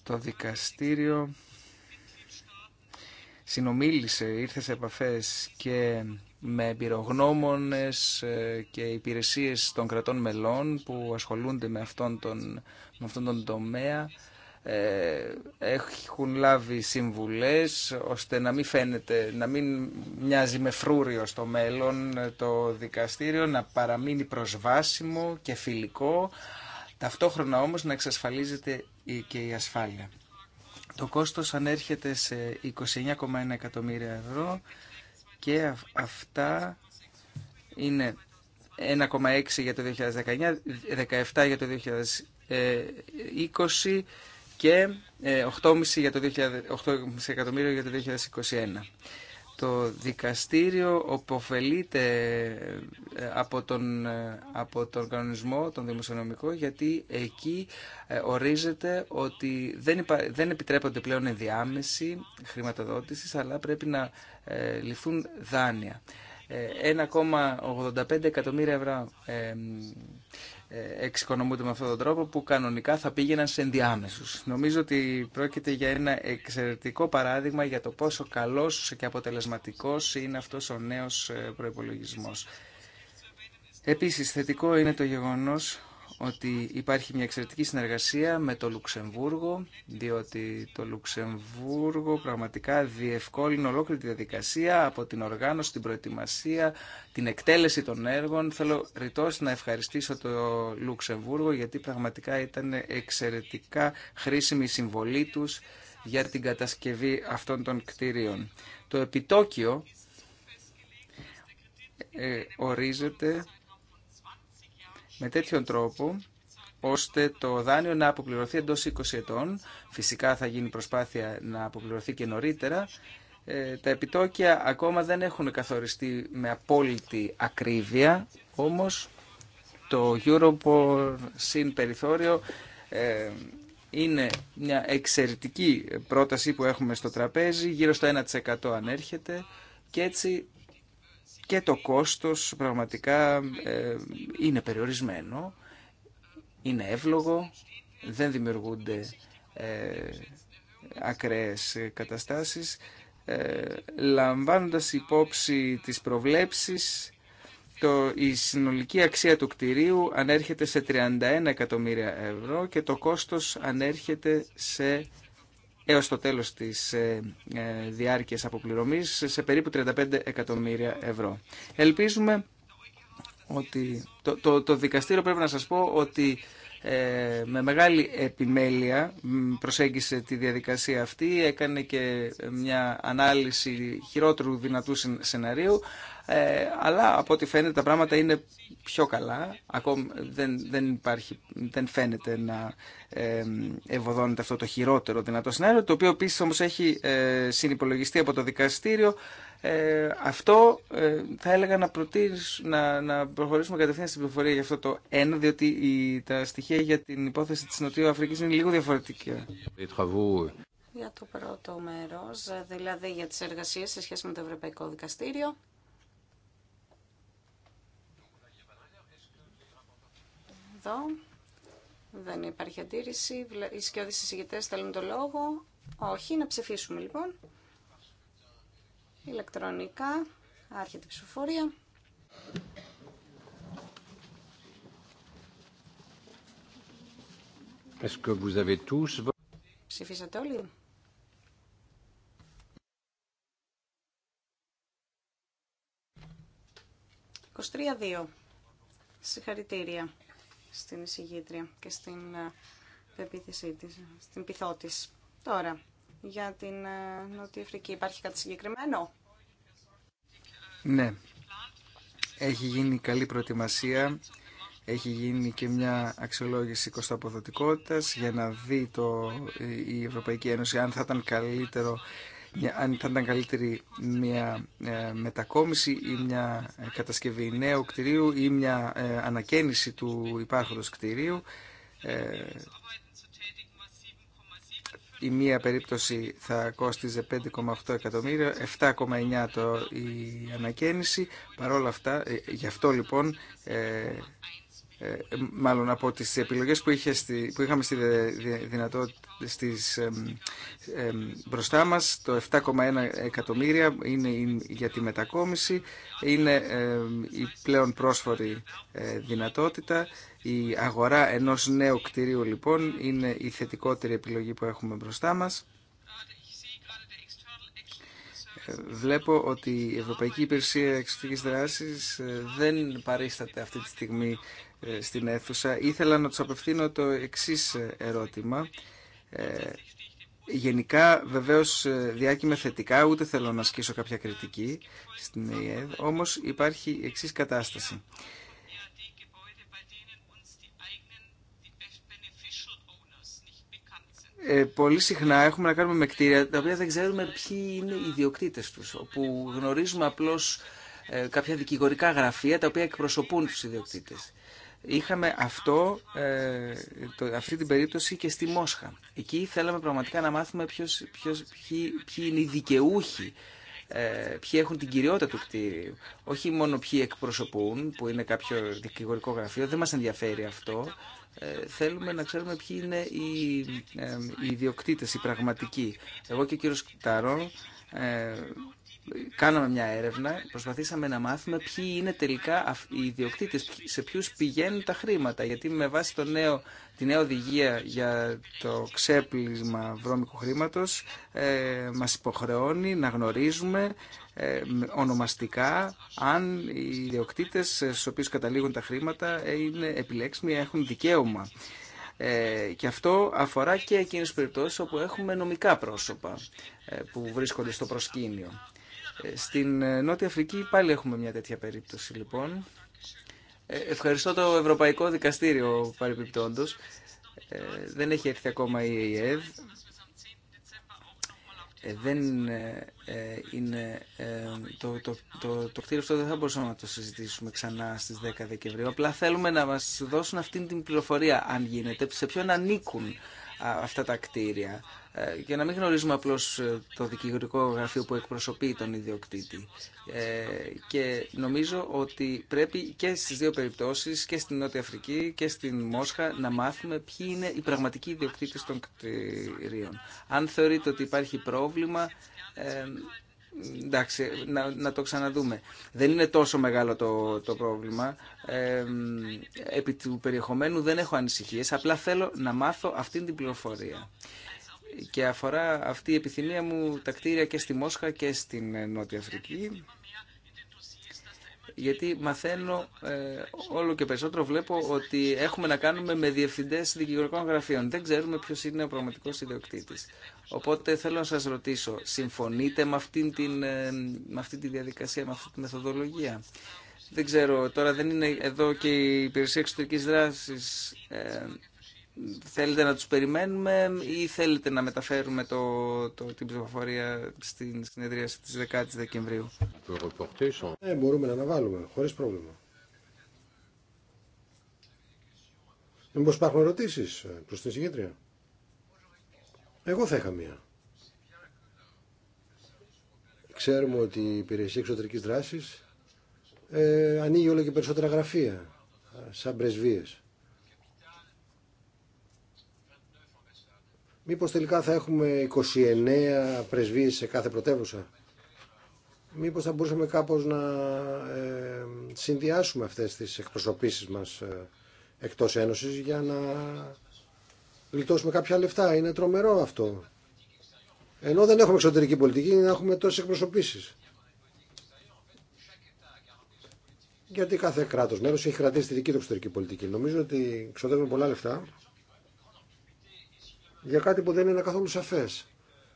Το δικαστήριο συνομίλησε, ήρθε σε επαφές και με εμπειρογνώμονες ε, και υπηρεσίες των κρατών μελών που ασχολούνται με αυτόν με αυτόν τον τομέα ε, έχουν λάβει συμβουλές ώστε να μην φαίνεται, να μην μοιάζει με φρούριο στο μέλλον το δικαστήριο, να παραμείνει προσβάσιμο και φιλικό, ταυτόχρονα όμως να εξασφαλίζεται και η ασφάλεια. Το κόστος ανέρχεται σε 29,1 εκατομμύρια ευρώ και αυτά είναι 1,6 για το 2019, 17 για το 2020, και 8,5 ε, για το 2000, για το 2021. Το δικαστήριο αποφελείται ε, από τον, ε, από τον κανονισμό, τον δημοσιονομικό, γιατί εκεί ορίζεται ότι δεν, υπα, δεν επιτρέπονται πλέον ενδιάμεση χρηματοδότησης, αλλά πρέπει να ληφθούν δάνεια. 1,85 εκατομμύρια ευρώ ε, εξοικονομούνται με αυτόν τον τρόπο που κανονικά θα πήγαιναν σε ενδιάμεσου. Νομίζω ότι πρόκειται για ένα εξαιρετικό παράδειγμα για το πόσο καλός και αποτελεσματικό είναι αυτός ο νέος ε, προπολογισμό. Επίση, θετικό είναι το γεγονός ότι υπάρχει μια εξαιρετική συνεργασία με το Λουξεμβούργο, διότι το Λουξεμβούργο πραγματικά διευκόλυνε ολόκληρη τη διαδικασία από την οργάνωση, την προετοιμασία, την εκτέλεση των έργων. Θέλω ρητός να ευχαριστήσω το Λουξεμβούργο γιατί πραγματικά ήταν εξαιρετικά χρήσιμη η συμβολή τους για την κατασκευή αυτών των κτίριων. Το επιτόκιο ε, ορίζεται με τέτοιον τρόπο ώστε το δάνειο να αποπληρωθεί εντός 20 ετών. Φυσικά θα γίνει προσπάθεια να αποπληρωθεί και νωρίτερα. Ε, τα επιτόκια ακόμα δεν έχουν καθοριστεί με απόλυτη ακρίβεια, όμως το Europol συν περιθώριο ε, είναι μια εξαιρετική πρόταση που έχουμε στο τραπέζι, γύρω στο 1% ανέρχεται και έτσι και το κόστος πραγματικά ε, είναι περιορισμένο, είναι εύλογο, δεν δημιουργούνται ε, ακραίες καταστάσεις. Ε, λαμβάνοντας υπόψη τις προβλέψεις, το, η συνολική αξία του κτηρίου ανέρχεται σε 31 εκατομμύρια ευρώ και το κόστος ανέρχεται σε έως το τέλος της ε, ε, διάρκειας αποπληρωμής σε περίπου 35 εκατομμύρια ευρώ. Ελπίζουμε ότι το, το, το δικαστήριο πρέπει να σας πω ότι ε, με μεγάλη επιμέλεια προσέγγισε τη διαδικασία αυτή, έκανε και μια ανάλυση χειρότερου δυνατού σενάριου, ε, αλλά από ό,τι φαίνεται τα πράγματα είναι πιο καλά. Ακόμη δεν, δεν, υπάρχει, δεν φαίνεται να ε, ευωδώνεται αυτό το χειρότερο δυνατό σενάριο, το οποίο επίση όμως έχει ε, συνυπολογιστεί από το δικαστήριο ε, αυτό ε, θα έλεγα να, να, να προχωρήσουμε κατευθείαν στην πληροφορία για αυτό το ένα, διότι τα στοιχεία για την υπόθεση της Νοτιού Αφρικής είναι λίγο διαφορετικά. Για το πρώτο μέρος, δηλαδή για τις εργασίες σε σχέση με το Ευρωπαϊκό Δικαστήριο. Εδώ δεν υπάρχει αντίρρηση. Οι σκιώδεις συζητητές θέλουν το λόγο. Όχι, να ψηφίσουμε λοιπόν. Ηλεκτρονικά, άρχεται η ψηφοφορία. Ψηφίσατε όλοι. «23-2». Συγχαρητήρια στην εισηγήτρια και στην ε, πεποίθησή τη, ε, στην πειθό της. Τώρα, για την ε, Νότια Αφρική. Υπάρχει κάτι συγκεκριμένο? Ναι. Έχει γίνει καλή προετοιμασία. Έχει γίνει και μια αξιολόγηση κοστοποδοτικότητας για να δει το, ε, η Ευρωπαϊκή Ένωση αν θα ήταν καλύτερο αν θα ήταν καλύτερη μια ε, μετακόμιση ή μια κατασκευή νέου κτηρίου ή μια ανακαίνιση του υπάρχοντος κτηρίου η μία περίπτωση θα κόστιζε 5,8 εκατομμύρια, 7,9 το η ανακαίνιση. Παρόλα αυτά, ε, γι' αυτό λοιπόν, ε, ε, μάλλον από τις επιλογές που, που είχαμε στη δυνατότητα στις, ε, μπροστά μας, το 7,1 εκατομμύρια είναι για τη μετακόμιση, είναι η πλέον πρόσφορη ε, δυνατότητα η αγορά ενός νέου κτηρίου λοιπόν είναι η θετικότερη επιλογή που έχουμε μπροστά μας. Ε, βλέπω ότι η Ευρωπαϊκή Υπηρεσία Εξωτικής Δράσης ε, δεν παρίσταται αυτή τη στιγμή ε, στην αίθουσα. Ήθελα να τους απευθύνω το εξής ερώτημα. Γενικά βεβαίως διάκειμε θετικά, ούτε θέλω να ασκήσω κάποια κριτική στην ΕΕΔ, όμως υπάρχει εξής κατάσταση. ε, πολύ συχνά έχουμε να κάνουμε με κτίρια τα οποία δεν ξέρουμε ποιοι είναι οι ιδιοκτήτε τους, όπου γνωρίζουμε απλώς ε, κάποια δικηγορικά γραφεία τα οποία εκπροσωπούν τους ιδιοκτήτε. Είχαμε αυτό, ε, το, αυτή την περίπτωση και στη Μόσχα. Εκεί θέλαμε πραγματικά να μάθουμε ποιος, ποιος, ποιοι, ποιοι είναι οι δικαιούχοι ε, ποιοι έχουν την κυριότητα του κτίριου. Όχι μόνο ποιοι εκπροσωπούν, που είναι κάποιο δικηγορικό γραφείο, δεν μας ενδιαφέρει αυτό. Ε, θέλουμε να ξέρουμε ποιοι είναι οι, ε, οι ιδιοκτήτες, οι πραγματικοί. Εγώ και ο κύριος Κταρό ε, κάναμε μια έρευνα, προσπαθήσαμε να μάθουμε ποιοι είναι τελικά οι ιδιοκτήτε, σε ποιους πηγαίνουν τα χρήματα. Γιατί με βάση το νέο, τη νέα οδηγία για το ξέπλυσμα βρώμικου χρήματο, ε, μας υποχρεώνει να γνωρίζουμε ε, ονομαστικά αν οι ιδιοκτήτε στους οποίους καταλήγουν τα χρήματα ε, είναι επιλέξιμοι, έχουν δικαίωμα. Ε, και αυτό αφορά και εκείνες περιπτώσεις όπου έχουμε νομικά πρόσωπα που βρίσκονται στο προσκήνιο. Ε, στην ε, Νότια Αφρική πάλι έχουμε μια τέτοια περίπτωση λοιπόν. Ε, ευχαριστώ το Ευρωπαϊκό Δικαστήριο παρεμπιπτόντως. Δεν έχει έρθει ακόμα η ΕΕΔ. Δεν είναι το, το, το, το κτίριο αυτό δεν θα μπορούσαμε να το συζητήσουμε ξανά στις 10 Δεκεμβρίου. Απλά θέλουμε να μας δώσουν αυτή την πληροφορία αν γίνεται, σε ποιον ανήκουν αυτά τα κτίρια ε, για να μην γνωρίζουμε απλώς ε, το δικηγορικό γραφείο που εκπροσωπεί τον ιδιοκτήτη. Ε, και νομίζω ότι πρέπει και στις δύο περιπτώσεις, και στην Νότια Αφρική και στην Μόσχα, να μάθουμε ποιοι είναι οι πραγματικοί ιδιοκτήτες των κτηρίων. Αν θεωρείτε ότι υπάρχει πρόβλημα, εντάξει, να, το ξαναδούμε. Δεν είναι τόσο μεγάλο το, το πρόβλημα. επί του περιεχομένου δεν έχω ανησυχίες, απλά θέλω να μάθω αυτή την πληροφορία και αφορά αυτή η επιθυμία μου τα κτίρια και στη Μόσχα και στην ε, Νότια Αφρική γιατί μαθαίνω ε, όλο και περισσότερο βλέπω ότι έχουμε να κάνουμε με διευθυντές δικηγορικών γραφείων. Δεν ξέρουμε ποιος είναι ο πραγματικός ιδιοκτήτης. Οπότε θέλω να σας ρωτήσω, συμφωνείτε με αυτή, την, ε, με αυτή τη διαδικασία, με αυτή τη μεθοδολογία. Δεν ξέρω, τώρα δεν είναι εδώ και η υπηρεσία εξωτερικής δράσης. Θέλετε να τους περιμένουμε ή θέλετε να μεταφέρουμε το, το, την ψηφοφορία στην συνεδρίαση της 10 Δεκεμβρίου. Ε, μπορούμε να αναβάλουμε, χωρίς πρόβλημα. Ε, μήπως υπάρχουν ερωτήσεις ε, προς την συγκέντρια. Εγώ θα είχα μία. Ξέρουμε ότι η υπηρεσία εξωτερικής δράσης ε, ανοίγει όλο και περισσότερα γραφεία ε, σαν πρεσβείες. Μήπως τελικά θα έχουμε 29 πρεσβείες σε κάθε πρωτεύουσα. Μήπως θα μπορούσαμε κάπως να ε, συνδυάσουμε αυτές τις εκπροσωπήσεις μας ε, εκτός Ένωσης για να γλιτώσουμε κάποια λεφτά. Είναι τρομερό αυτό. Ενώ δεν έχουμε εξωτερική πολιτική, να έχουμε τόσες εκπροσωπήσεις. Γιατί κάθε κράτος μέρος έχει κρατήσει τη δική του εξωτερική πολιτική. Νομίζω ότι ξοδεύουμε πολλά λεφτά για κάτι που δεν είναι καθόλου σαφές.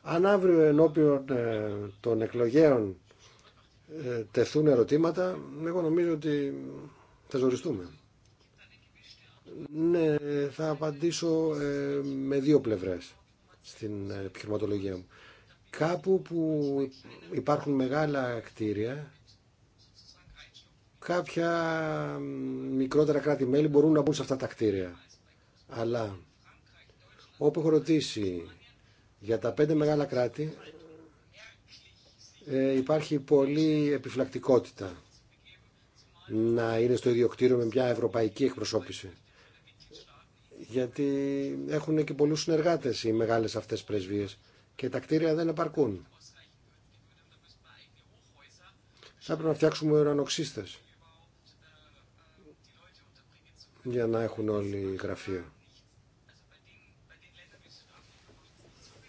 Αν αύριο ενώπιον ε, των εκλογέων ε, τεθούν ερωτήματα, εγώ νομίζω ότι θα ζοριστούμε. Ναι, θα απαντήσω ε, με δύο πλευρές στην επιχειρηματολογία μου. Κάπου που υπάρχουν μεγάλα κτίρια, κάποια μικρότερα κράτη-μέλη μπορούν να μπουν σε αυτά τα κτίρια. Αλλά όπου έχω ρωτήσει για τα πέντε μεγάλα κράτη ε, υπάρχει πολλή επιφλακτικότητα να είναι στο ίδιο κτίριο με μια ευρωπαϊκή εκπροσώπηση. Γιατί έχουν και πολλούς συνεργάτες οι μεγάλες αυτές πρεσβείες και τα κτίρια δεν επαρκούν. Θα πρέπει να φτιάξουμε ουρανοξύστες για να έχουν όλοι γραφείο.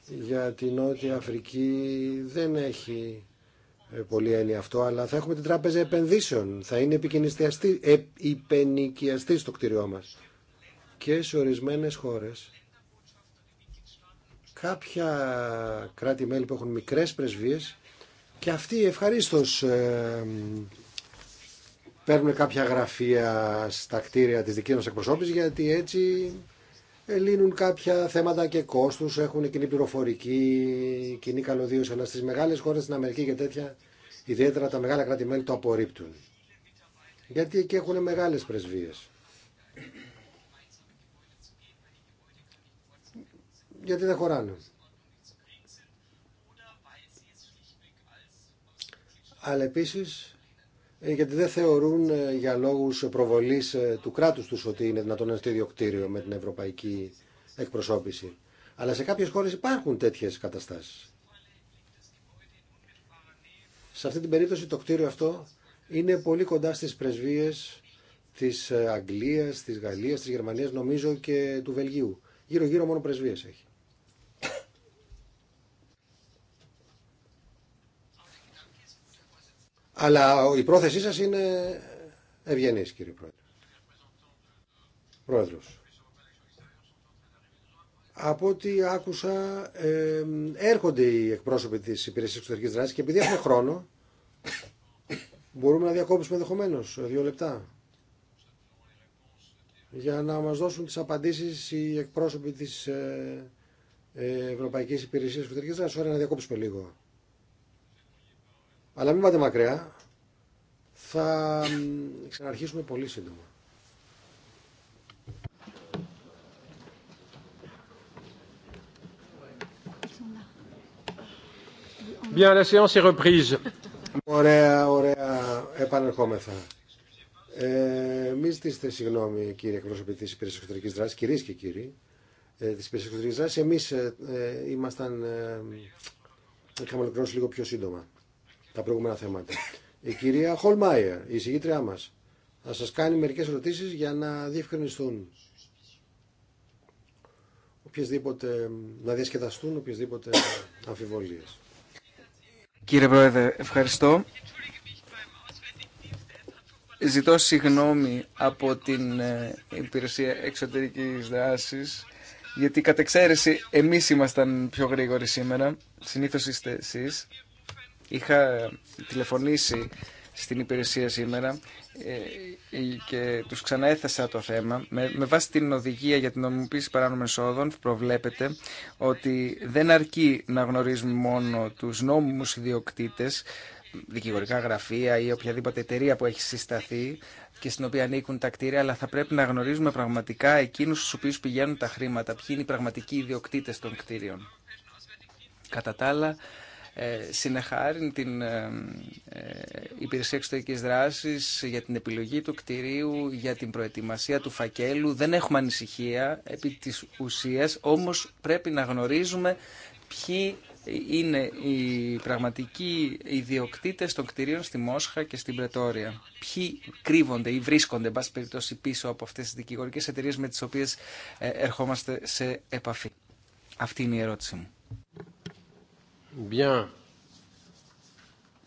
για την Νότια Αφρική δεν έχει ε, πολύ έννοια αυτό, αλλά θα έχουμε την Τράπεζα Επενδύσεων. Θα είναι υπενικιαστή στο κτίριό μας. Και σε ορισμένες χώρες κάποια κράτη-μέλη που έχουν μικρές πρεσβείες και αυτοί ευχαρίστως ε, παίρνουν κάποια γραφεία στα κτίρια της δικής μας εκπροσώπησης γιατί έτσι λύνουν κάποια θέματα και κόστους, έχουν κοινή πληροφορική, κοινή καλωδίωση, αλλά στις μεγάλες χώρες στην Αμερική και τέτοια, ιδιαίτερα τα μεγάλα κράτη-μέλη το απορρίπτουν. Γιατί εκεί έχουν μεγάλες πρεσβείες. Γιατί δεν χωράνε. Αλλά επίσης ε, γιατί δεν θεωρούν ε, για λόγους προβολής ε, του κράτους τους ότι είναι δυνατόν ένα τέτοιο κτίριο με την ευρωπαϊκή εκπροσώπηση. Αλλά σε κάποιες χώρες υπάρχουν τέτοιες καταστάσεις. Σε αυτή την περίπτωση το κτίριο αυτό είναι πολύ κοντά στις πρεσβείες της Αγγλίας, της Γαλλίας, της Γερμανίας, νομίζω και του Βελγίου. Γύρω-γύρω μόνο πρεσβείες έχει. Αλλά η πρόθεσή σας είναι ευγενής κύριε Πρόεδρε. Πρόεδρος. Από ό,τι άκουσα ε, έρχονται οι εκπρόσωποι της Υπηρεσίας Εξωτερικής Δράσης και επειδή έχουμε χρόνο μπορούμε να διακόψουμε ενδεχομένω ε, δύο λεπτά για να μας δώσουν τις απαντήσεις οι εκπρόσωποι της ε, ε, Ευρωπαϊκής Υπηρεσίας Εξωτερικής Δράσης. Ωραία να διακόψουμε λίγο. Αλλά μην πάτε μακριά. Θα ξαναρχίσουμε πολύ σύντομα. Bien, la séance est reprise. Ωραία, ωραία, επανερχόμεθα. Ε, μην ζητήσετε συγγνώμη, κύριε εκπρόσωποι τη Υπηρεσία Εξωτερική Δράση, κυρίε και κύριοι ε, τη Υπηρεσία Εξωτερική Δράση. Εμεί ε, ε, ήμασταν. Ε, είχαμε ολοκληρώσει λίγο πιο σύντομα τα προηγούμενα θέματα. Η κυρία Χολμάιερ, η εισηγήτριά μας, θα σας κάνει μερικές ερωτήσεις για να διευκρινιστούν οποιασδήποτε, να διασκεδαστούν οποιασδήποτε αμφιβολίες. Κύριε Πρόεδρε, ευχαριστώ. Ζητώ συγγνώμη από την ε, Υπηρεσία Εξωτερικής Δράσης, γιατί κατ' εξαίρεση εμείς ήμασταν πιο γρήγοροι σήμερα, συνήθως είστε εσείς. Είχα τηλεφωνήσει στην υπηρεσία σήμερα ε, και τους ξαναέθεσα το θέμα. Με, βάση την οδηγία για την νομιμοποίηση παράνομων εσόδων προβλέπεται ότι δεν αρκεί να γνωρίζουμε μόνο τους νόμιμους ιδιοκτήτες, δικηγορικά γραφεία ή οποιαδήποτε εταιρεία που έχει συσταθεί και στην οποία ανήκουν τα κτίρια, αλλά θα πρέπει να γνωρίζουμε πραγματικά εκείνου στου οποίου πηγαίνουν τα χρήματα, ποιοι είναι οι πραγματικοί ιδιοκτήτε των κτίριων. Κατά τα άλλα, ε, συνεχάριν την ε, ε, Υπηρεσία εξωτερική δράση για την επιλογή του κτηρίου, για την προετοιμασία του φακέλου. Δεν έχουμε ανησυχία επί της ουσία, όμως πρέπει να γνωρίζουμε ποιοι είναι οι πραγματικοί ιδιοκτήτες των κτηρίων στη Μόσχα και στην Πρετόρια. Ποιοι κρύβονται ή βρίσκονται, εν πάση περιπτώσει, πίσω από αυτές τις δικηγορικέ εταιρείε με τις οποίες ερχόμαστε σε επαφή. Αυτή είναι η ερώτηση μου. Bien.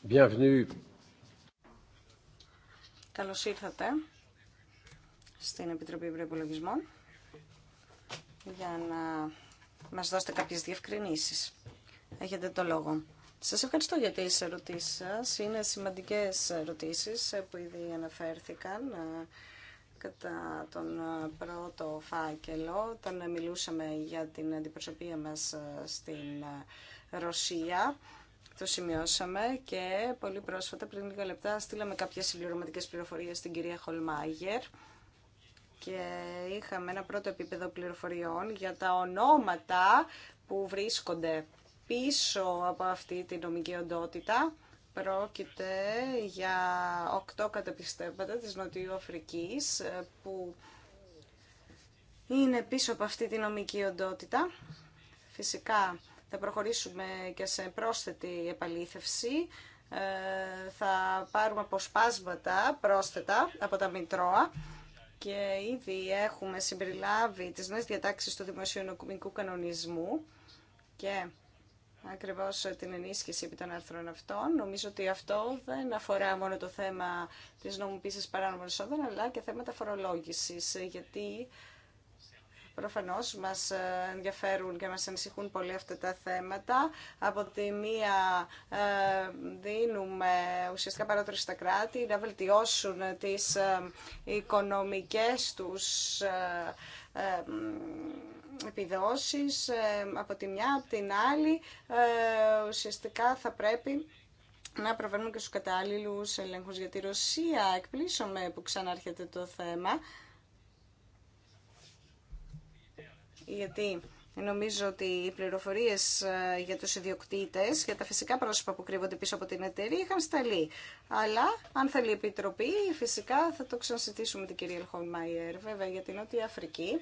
Bienvenue. Καλώς ήρθατε στην Επιτροπή Προϋπολογισμών για να μας δώσετε κάποιες διευκρινήσεις. Έχετε το λόγο. Σας ευχαριστώ για τις ερωτήσεις σας. Είναι σημαντικές ερωτήσεις που ήδη αναφέρθηκαν κατά τον ε, πρώτο φάκελο, όταν μιλούσαμε για την αντιπροσωπεία μας ε, στην ε, Ρωσία, το σημειώσαμε και πολύ πρόσφατα, πριν λίγα λεπτά, στείλαμε κάποιες συμπληρωματικές πληροφορίες στην κυρία Χολμάγερ και είχαμε ένα πρώτο επίπεδο πληροφοριών για τα ονόματα που βρίσκονται πίσω από αυτή την νομική οντότητα Πρόκειται για οκτώ τη της Αφρικής ε, που είναι πίσω από αυτή τη νομική οντότητα. Φυσικά θα προχωρήσουμε και σε πρόσθετη επαλήθευση. Ε, θα πάρουμε αποσπάσματα πρόσθετα από τα Μητρώα και ήδη έχουμε συμπεριλάβει τις νέες διατάξεις του δημοσιονομικού κανονισμού και ακριβώς την ενίσχυση επί των άρθρων αυτών. Νομίζω ότι αυτό δεν αφορά μόνο το θέμα της νομοποίησης παράνομων εισόδων, αλλά και θέματα φορολόγησης, γιατί προφανώς μας ε, ενδιαφέρουν και μας ανησυχούν πολύ αυτά τα θέματα. Από τη μία ε, δίνουμε ουσιαστικά παράτρωση στα κράτη να βελτιώσουν τις ε, οικονομικές τους επιδόσεις ε, από τη μια, από την άλλη, ε, ουσιαστικά θα πρέπει να προβαίνουμε και στους κατάλληλους ελέγχους για τη Ρωσία. Εκπλήσωμαι που ξανάρχεται το θέμα. Γιατί νομίζω ότι οι πληροφορίες ε, για τους ιδιοκτήτες, για τα φυσικά πρόσωπα που κρύβονται πίσω από την εταιρεία είχαν σταλεί. Αλλά αν θέλει η Επιτροπή, φυσικά θα το ξανασυζητήσουμε την κυρία Ελχόλμαϊερ, βέβαια για την Νότια Αφρική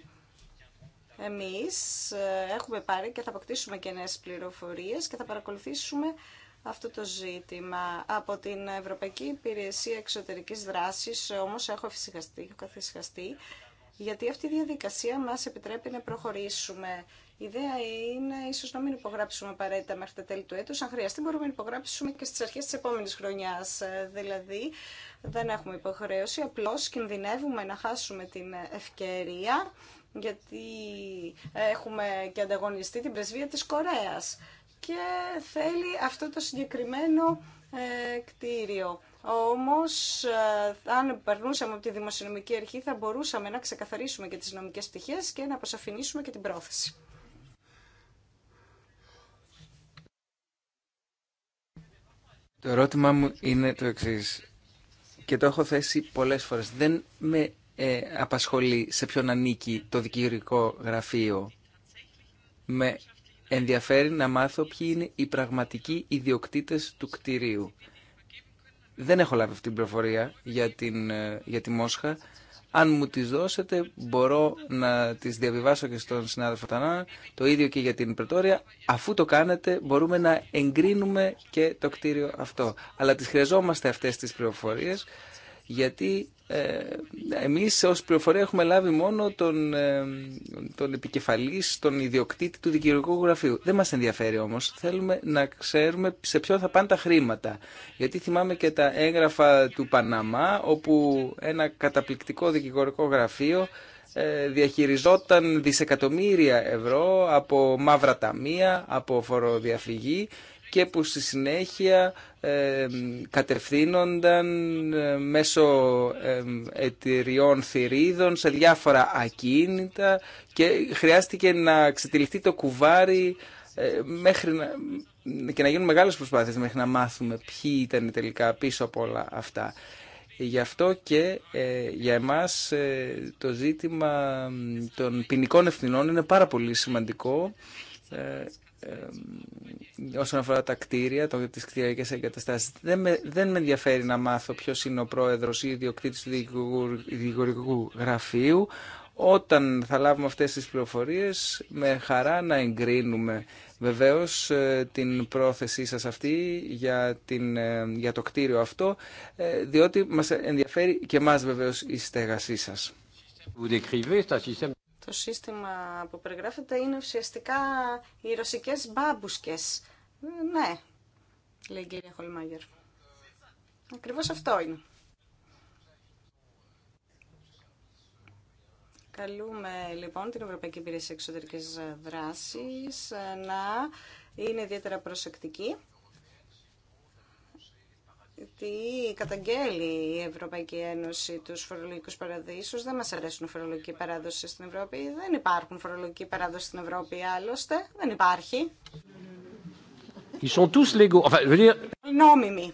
εμείς ε, έχουμε πάρει και θα αποκτήσουμε και νέες πληροφορίες και θα παρακολουθήσουμε αυτό το ζήτημα. Από την Ευρωπαϊκή Υπηρεσία Εξωτερικής Δράσης όμως έχω εφησυχαστεί, γιατί αυτή η διαδικασία μας επιτρέπει να προχωρήσουμε. Η ιδέα είναι ίσως να μην υπογράψουμε απαραίτητα μέχρι τα τέλη του έτου. Αν χρειαστεί, μπορούμε να υπογράψουμε και στις αρχές της επόμενης χρονιάς. Ε, δηλαδή, δεν έχουμε υποχρέωση, απλώ κινδυνεύουμε να χάσουμε την ευκαιρία γιατί έχουμε και ανταγωνιστεί την πρεσβεία της Κορέας και θέλει αυτό το συγκεκριμένο ε, κτίριο. Όμως, ε, αν περνούσαμε από τη Δημοσιονομική Αρχή, θα μπορούσαμε να ξεκαθαρίσουμε και τις νομικές πτυχές και να αποσαφηνίσουμε και την πρόθεση. Το ερώτημά μου είναι το εξής και το έχω θέσει πολλές φορές. Δεν με ε, απασχολεί σε ποιον ανήκει το δικηγορικό γραφείο. Με ενδιαφέρει να μάθω ποιοι είναι οι πραγματικοί ιδιοκτήτες του κτηρίου. Δεν έχω λάβει αυτή την πληροφορία για, την, ε, για τη Μόσχα. Αν μου τις δώσετε μπορώ να τις διαβιβάσω και στον συνάδελφο Τανά, το ίδιο και για την Πρετόρια. Αφού το κάνετε μπορούμε να εγκρίνουμε και το κτίριο αυτό. Αλλά τις χρειαζόμαστε αυτές τις πληροφορίες γιατί ε, εμείς ως πληροφορία έχουμε λάβει μόνο τον, ε, τον επικεφαλής, τον ιδιοκτήτη του δικηγορικού γραφείου. Δεν μας ενδιαφέρει όμως, θέλουμε να ξέρουμε σε ποιο θα πάνε τα χρήματα. Γιατί θυμάμαι και τα έγγραφα του Παναμά, όπου ένα καταπληκτικό δικηγορικό γραφείο ε, διαχειριζόταν δισεκατομμύρια ευρώ από μαύρα ταμεία, από φοροδιαφυγή και που στη συνέχεια ε, κατευθύνονταν ε, μέσω ε, ετηριών θηρίδων σε διάφορα ακίνητα και χρειάστηκε να ξετυλιχτεί το κουβάρι μέχρι να, και να γίνουν μεγάλες προσπάθειες μέχρι να μάθουμε ποιοι ήταν τελικά πίσω από όλα αυτά. Γι' αυτό και για εμάς το ζήτημα των ποινικών ευθυνών είναι πάρα πολύ σημαντικό ε, όσον αφορά τα κτίρια, το, τις κτηριακές εγκαταστάσεις. Δεν με, δεν με ενδιαφέρει να μάθω ποιος είναι ο πρόεδρος ή ιδιοκτήτης του δικηγορικού γραφείου. Όταν θα λάβουμε αυτές τις πληροφορίες, με χαρά να εγκρίνουμε βεβαίως ε, την πρόθεσή σας αυτή για, την, ε, για το κτίριο αυτό, διότι μας ενδιαφέρει και μας βεβαίως η στέγασή σας. Vous το σύστημα που περιγράφεται είναι ουσιαστικά οι ρωσικές μπάμπουσκες. Ναι, λέει η κυρία Χολμάγερ. Ακριβώς αυτό είναι. Καλούμε λοιπόν την Ευρωπαϊκή Υπηρεσία Εξωτερικής Δράσης να είναι ιδιαίτερα προσεκτική τι καταγγέλει η Ευρωπαϊκή Ένωση τους φορολογικού παραδείσους. Δεν μας αρέσουν οι φορολογικοί παράδοσοι στην Ευρώπη. Δεν υπάρχουν φορολογικοί παράδοσοι στην Ευρώπη άλλωστε. Δεν υπάρχει. Ils Νόμιμοι.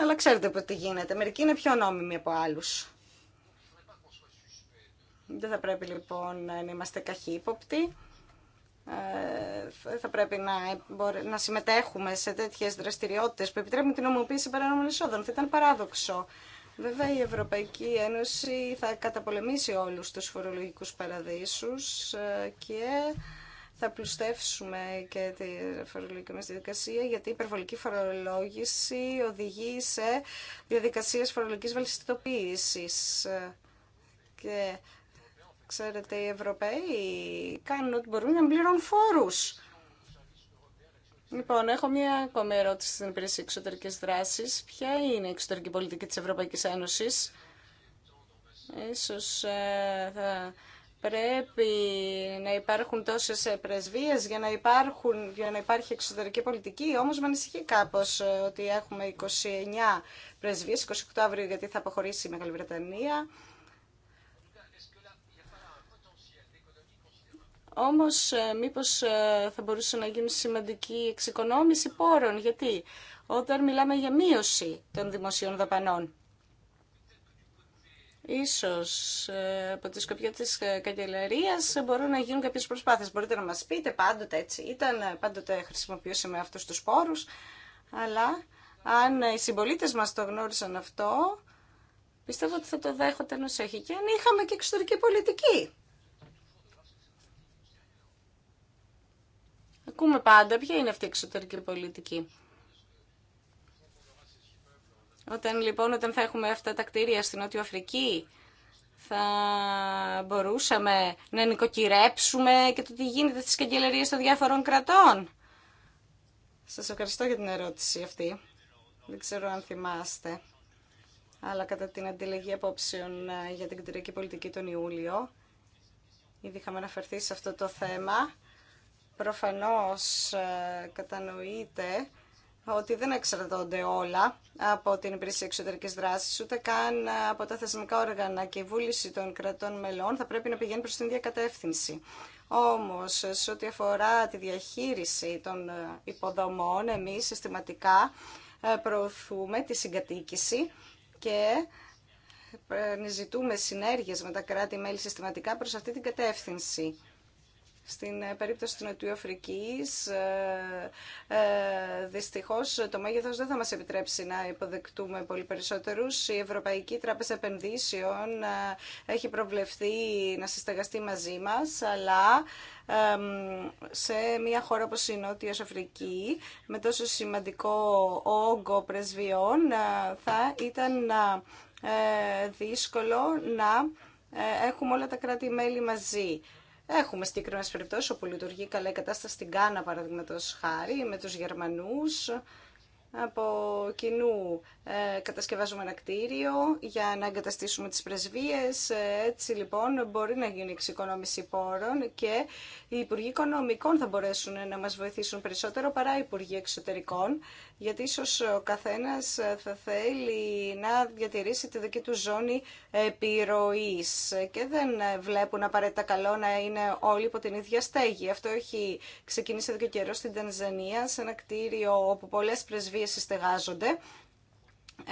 Αλλά ξέρετε πότε τι γίνεται. Μερικοί είναι πιο νόμιμοι από άλλους. Δεν θα πρέπει λοιπόν να είμαστε καχύποπτοι. Ε, θα πρέπει να, να συμμετέχουμε σε τέτοιες δραστηριότητες που επιτρέπουν την ομοποίηση παράνομων εισόδων. Θα ήταν παράδοξο. Βέβαια η Ευρωπαϊκή Ένωση θα καταπολεμήσει όλους τους φορολογικούς παραδείσους ε, και θα πλουστεύσουμε και τη φορολογική μας διαδικασία γιατί η υπερβολική φορολόγηση οδηγεί σε διαδικασίες φορολογικής βαλιστοποίησης. Ε, και Ξέρετε, οι Ευρωπαίοι κάνουν ό,τι μπορούν για να πληρώνουν φόρου. Λοιπόν, έχω μία ακόμη ερώτηση στην υπηρεσία εξωτερικής δράσης. Ποια είναι η εξωτερική πολιτική της Ευρωπαϊκής Ένωσης. Ίσως ε, θα πρέπει να υπάρχουν τόσες ε, πρεσβείες για να, για να υπάρχει εξωτερική πολιτική. Όμως με ανησυχεί κάπως ε, ότι έχουμε 29 πρεσβείες, 28 αύριο γιατί θα αποχωρήσει η Μεγάλη Βρετανία. Όμως ε, μήπως ε, θα μπορούσε να γίνει σημαντική εξοικονόμηση πόρων, γιατί όταν μιλάμε για μείωση των δημοσίων δαπανών, ίσως ε, από τη σκοπιά της καγκελαρίας μπορούν να γίνουν κάποιες προσπάθειες. Μπορείτε να μας πείτε, πάντοτε έτσι ήταν, πάντοτε χρησιμοποιούσαμε αυτούς τους πόρους, αλλά αν οι συμπολίτε μας το γνώρισαν αυτό, πιστεύω ότι θα το δέχονταν ως έχει. Και αν είχαμε και εξωτερική πολιτική ακούμε πάντα ποια είναι αυτή η εξωτερική πολιτική. Όταν λοιπόν όταν θα έχουμε αυτά τα κτίρια στην Νότιο Αφρική, θα μπορούσαμε να νοικοκυρέψουμε και το τι γίνεται στις καγκελερίες των διάφορων κρατών. Σας ευχαριστώ για την ερώτηση αυτή. Δεν ξέρω αν θυμάστε. Αλλά κατά την αντιλεγή απόψεων ε, για την κεντρική πολιτική τον Ιούλιο, ήδη είχαμε αναφερθεί σε αυτό το θέμα Προφανώς ε, κατανοείται ότι δεν εξαρτώνται όλα από την υπηρεσία εξωτερικής δράσης, ούτε καν από τα θεσμικά όργανα και η βούληση των κρατών μελών θα πρέπει να πηγαίνει προς την ίδια κατεύθυνση. Όμως, σε ό,τι αφορά τη διαχείριση των ε, υποδομών, εμείς συστηματικά ε, προωθούμε τη συγκατοίκηση και ζητούμε συνέργειες με τα κράτη-μέλη συστηματικά προς αυτή την κατεύθυνση. Στην ε, περίπτωση της Νοτιοαφρικής, ε, ε, δυστυχώς το μέγεθος δεν θα μας επιτρέψει να υποδεκτούμε πολύ περισσότερους. Η Ευρωπαϊκή Τράπεζα Επενδύσεων έχει προβλεφθεί να συσταγαστεί μαζί μας, αλλά σε μια χώρα όπως η Νότια Αφρική, με τόσο σημαντικό όγκο πρεσβειών, θα ήταν δύσκολο να έχουμε όλα τα κράτη-μέλη μαζί. Έχουμε συγκεκριμένε περιπτώσει όπου λειτουργεί καλά η κατάσταση στην Κάνα, παραδείγματο χάρη, με του Γερμανού από κοινού ε, κατασκευάζουμε ένα κτίριο για να εγκαταστήσουμε τις πρεσβείες. Ε, έτσι λοιπόν μπορεί να γίνει εξοικονόμηση πόρων και οι Υπουργοί Οικονομικών θα μπορέσουν να μας βοηθήσουν περισσότερο παρά οι Υπουργοί Εξωτερικών γιατί ίσως ο καθένας ε, θα θέλει να διατηρήσει τη δική του ζώνη επιρροής και δεν βλέπουν απαραίτητα καλό να είναι όλοι υπό την ίδια στέγη. Αυτό έχει ξεκινήσει εδώ και καιρό στην Τανζανία σε ένα κτίριο όπου Εμεί συστεγάζονται,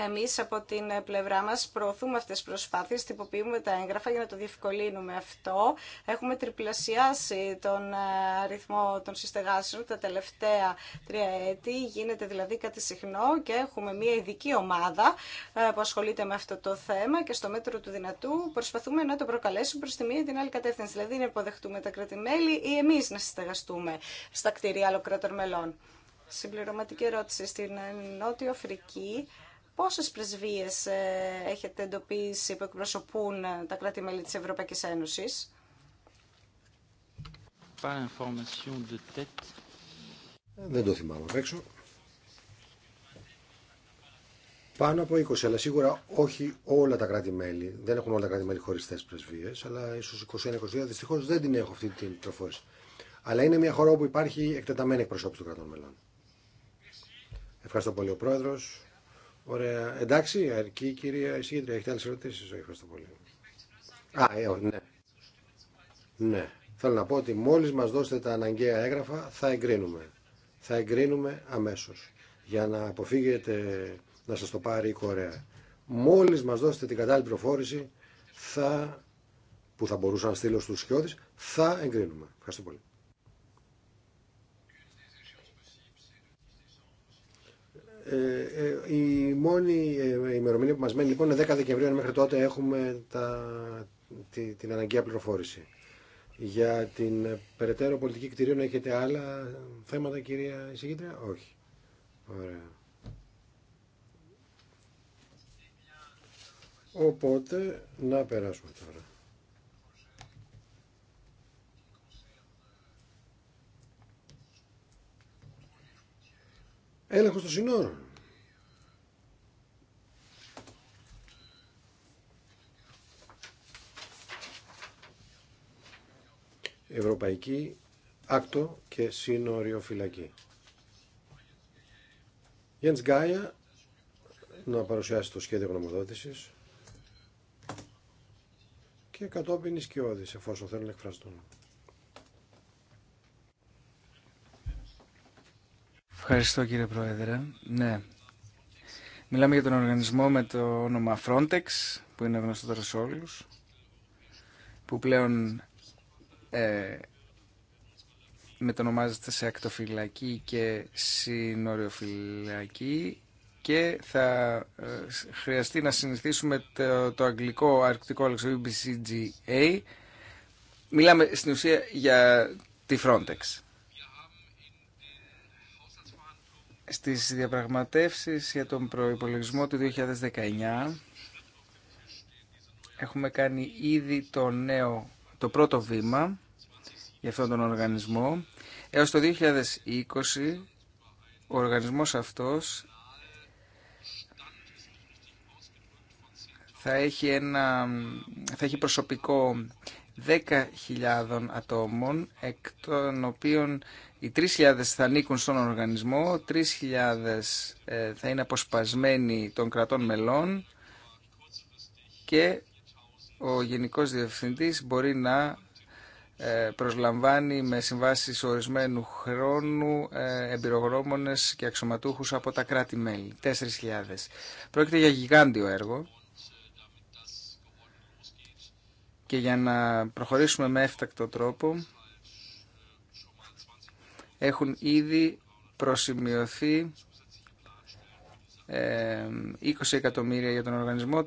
Εμείς από την πλευρά μας προωθούμε αυτές τις προσπάθειες, τυποποιούμε τα έγγραφα για να το διευκολύνουμε αυτό. Έχουμε τριπλασιάσει τον ε, αριθμό των συστεγάσεων τα τελευταία τρία έτη. Γίνεται δηλαδή κάτι συχνό και έχουμε μια ειδική ομάδα ε, που ασχολείται με αυτό το θέμα και στο μέτρο του δυνατού προσπαθούμε να το προκαλέσουμε προς τη μία ή την άλλη κατεύθυνση. Δηλαδή να υποδεχτούμε τα κρατημέλη ή εμείς να συστεγαστούμε στα κτίρια άλλων κρατών μελών. Συμπληρωματική ερώτηση στην Νότιο Αφρική. Πόσες πρεσβείες ε, έχετε εντοπίσει που εκπροσωπούν τα κράτη-μέλη της Ευρωπαϊκής Ένωσης? Ε, δεν το θυμάμαι απ' έξω. Πάνω από 20, αλλά σίγουρα όχι όλα τα κράτη-μέλη. Δεν έχουν όλα τα κράτη-μέλη χωριστέ πρεσβείε, αλλά ίσω 21-22. Δυστυχώ δεν την έχω αυτή την τροφόρηση. Αλλά είναι μια χώρα όπου υπάρχει εκτεταμένη εκπροσώπηση των κρατών μελών. Ευχαριστώ πολύ ο πρόεδρο. Ωραία. Εντάξει, αρκεί κυρία εισηγήτρια. Έχετε άλλε ερωτήσει, Ευχαριστώ πολύ. Α, ε, ναι. Ναι. Θέλω να πω ότι μόλις μας δώσετε τα αναγκαία έγγραφα θα εγκρίνουμε. Θα εγκρίνουμε αμέσως για να αποφύγετε να σας το πάρει η Κορέα. Μόλις μας δώσετε την κατάλληλη προφόρηση θα, που θα μπορούσα να στείλω στου σκιώδει, θα εγκρίνουμε. Ευχαριστώ πολύ. Ε, ε, η μόνη ε, ημερομηνία που μας μένει λοιπόν είναι 10 Δεκεμβρίου, μέχρι τότε έχουμε τα, τη, την αναγκαία πληροφόρηση. Για την περαιτέρω πολιτική κτηρίων έχετε άλλα θέματα κυρία εισηγήτρια, όχι. Ωραία. Οπότε, να περάσουμε τώρα. έλεγχος των συνόρων. Ευρωπαϊκή άκτο και φυλακή. Γιάννης Γκάια να παρουσιάσει το σχέδιο γνωμοδότησης και κατόπιν οι εφόσον θέλουν να εκφραστούν. Ευχαριστώ κύριε Πρόεδρε. Ναι. Μιλάμε για τον οργανισμό με το όνομα Frontex, που είναι γνωστό τώρα σε όλους, που πλέον ε, μετονομάζεται σε ακτοφυλακή και συνοριοφυλακή και θα ε, χρειαστεί να συνηθίσουμε το, αγγλικό αρκτικό αλεξοβή BCGA. Μιλάμε στην ουσία για τη Frontex. στις διαπραγματεύσεις για τον προϋπολογισμό του 2019 έχουμε κάνει ήδη το νέο, το πρώτο βήμα για αυτόν τον οργανισμό. Έως το 2020 ο οργανισμός αυτός θα έχει, ένα, θα έχει προσωπικό 10.000 ατόμων, εκ των οποίων οι 3.000 θα ανήκουν στον οργανισμό, 3.000 ε, θα είναι αποσπασμένοι των κρατών μελών και ο Γενικός Διευθυντής μπορεί να ε, προσλαμβάνει με συμβάσεις ορισμένου χρόνου ε, εμπειρογρόμονες και αξιωματούχους από τα κράτη-μέλη. 4.000. Πρόκειται για γιγάντιο έργο και για να προχωρήσουμε με έφτακτο τρόπο έχουν ήδη προσημειωθεί 20 ε, εκατομμύρια για τον οργανισμό, 375,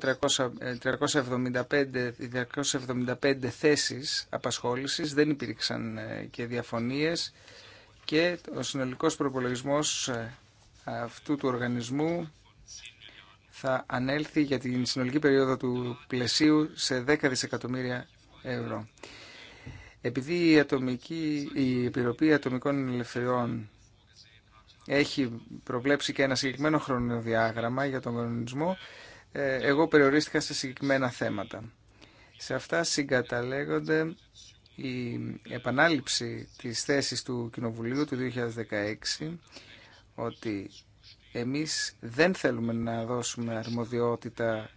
375 ε, θέσεις απασχόλησης, δεν υπήρξαν ε, και διαφωνίες και ο συνολικός προπολογισμός αυτού του οργανισμού θα ανέλθει για την συνολική περίοδο του πλαισίου σε 10 δισεκατομμύρια ευρώ. Επειδή η, ατομική, η Επιτροπή Ατομικών Ελευθεριών έχει προβλέψει και ένα συγκεκριμένο χρονοδιάγραμμα για τον κανονισμό, ε, εγώ περιορίστηκα σε συγκεκριμένα θέματα. Σε αυτά συγκαταλέγονται η επανάληψη της θέσης του Κοινοβουλίου του 2016 ότι εμείς δεν θέλουμε να δώσουμε αρμοδιότητα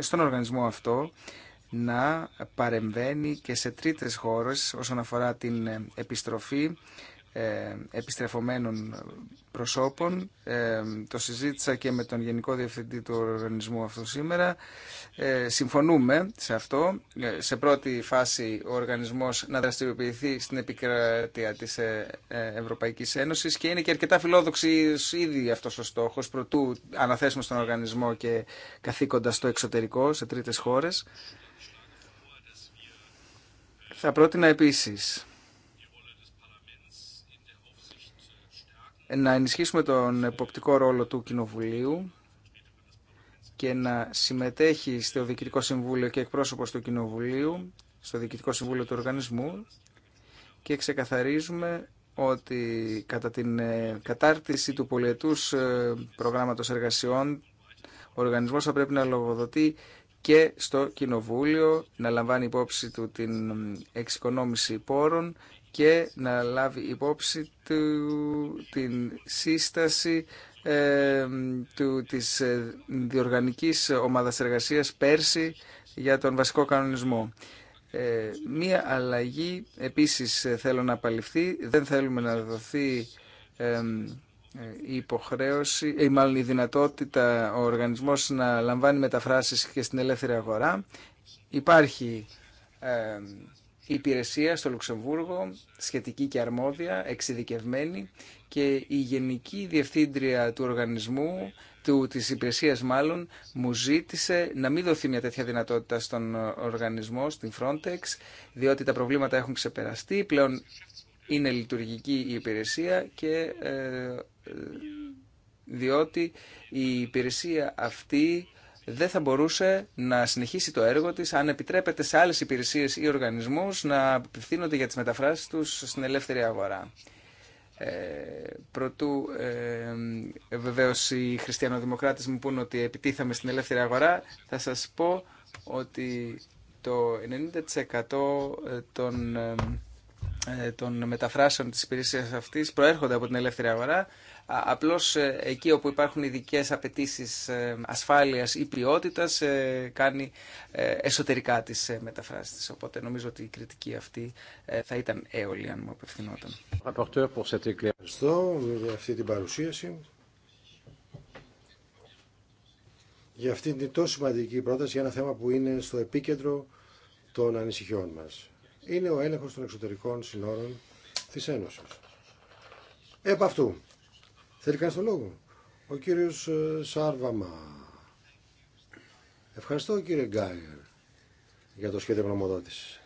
στον οργανισμό αυτό να παρεμβαίνει και σε τρίτες χώρες όσον αφορά την ε, επιστροφή ε, επιστρεφωμένων προσώπων. Ε, το συζήτησα και με τον Γενικό Διευθυντή του Οργανισμού αυτό σήμερα. Συμφωνούμε σε αυτό. Σε πρώτη φάση ο οργανισμός να δραστηριοποιηθεί στην επικράτεια της Ευρωπαϊκής Ένωσης και είναι και αρκετά φιλόδοξη ήδη αυτός ο στόχος προτού αναθέσουμε στον οργανισμό και καθήκοντα στο εξωτερικό, σε τρίτες χώρες. Θα πρότεινα επίσης να ενισχύσουμε τον εποπτικό ρόλο του Κοινοβουλίου και να συμμετέχει στο Διοικητικό Συμβούλιο και εκπρόσωπος του Κοινοβουλίου, στο Διοικητικό Συμβούλιο του Οργανισμού και ξεκαθαρίζουμε ότι κατά την ε, κατάρτιση του πολιετούς ε, προγράμματος εργασιών ο οργανισμός θα πρέπει να λογοδοτεί και στο Κοινοβούλιο να λαμβάνει υπόψη του την εξοικονόμηση πόρων και να λάβει υπόψη του την σύσταση ε, του, της ε, διοργανικής ομάδας εργασίας πέρσι για τον βασικό κανονισμό. Ε, μία αλλαγή επίσης θέλω να απαλληφθεί. Δεν θέλουμε να δοθεί ε, ε, η υποχρέωση, ή ε, μάλλον η δυνατότητα ο οργανισμός να λαμβάνει μεταφράσεις και στην ελεύθερη αγορά. Υπάρχει ε, υπηρεσία στο Λουξεμβούργο, σχετική και αρμόδια, εξειδικευμένη και η Γενική Διευθύντρια του Οργανισμού, του, της υπηρεσίας μάλλον, μου ζήτησε να μην δοθεί μια τέτοια δυνατότητα στον οργανισμό, στην Frontex, διότι τα προβλήματα έχουν ξεπεραστεί, πλέον είναι λειτουργική η υπηρεσία και ε, διότι η υπηρεσία αυτή δεν θα μπορούσε να συνεχίσει το έργο της αν επιτρέπεται σε άλλες υπηρεσίες ή οργανισμούς να απευθύνονται για τις μεταφράσεις τους στην ελεύθερη αγορά. Ε, προτού ε, βεβαίως οι χριστιανοδημοκράτες μου πούν ότι επιτίθαμε στην ελεύθερη αγορά, θα σας πω ότι το 90% ε, των, ε, ε, των μεταφράσεων της υπηρεσίας αυτής προέρχονται από την ελεύθερη αγορά Απλώς ε, εκεί όπου υπάρχουν ειδικέ απαιτήσει ε, ασφάλειας ή ποιότητας ε, κάνει εσωτερικά τις μεταφράσεις της. Οπότε νομίζω ότι η ποιοτητα κανει εσωτερικα τι μεταφρασει αυτή θα ήταν έολη αν μου απευθυνόταν. Ευχαριστώ για αυτή την παρουσίαση. Για αυτήν την τόσο σημαντική πρόταση για ένα θέμα που είναι στο επίκεντρο των ανησυχιών μας. Είναι ο έλεγχος των εξωτερικών συνόρων της Ένωσης. Επ' αυτού Θέλει κανένα το λόγο. Ο κύριος ε, Σάρβαμα. Ευχαριστώ κύριε Γκάιερ για το σχέδιο γνωμοδότησης.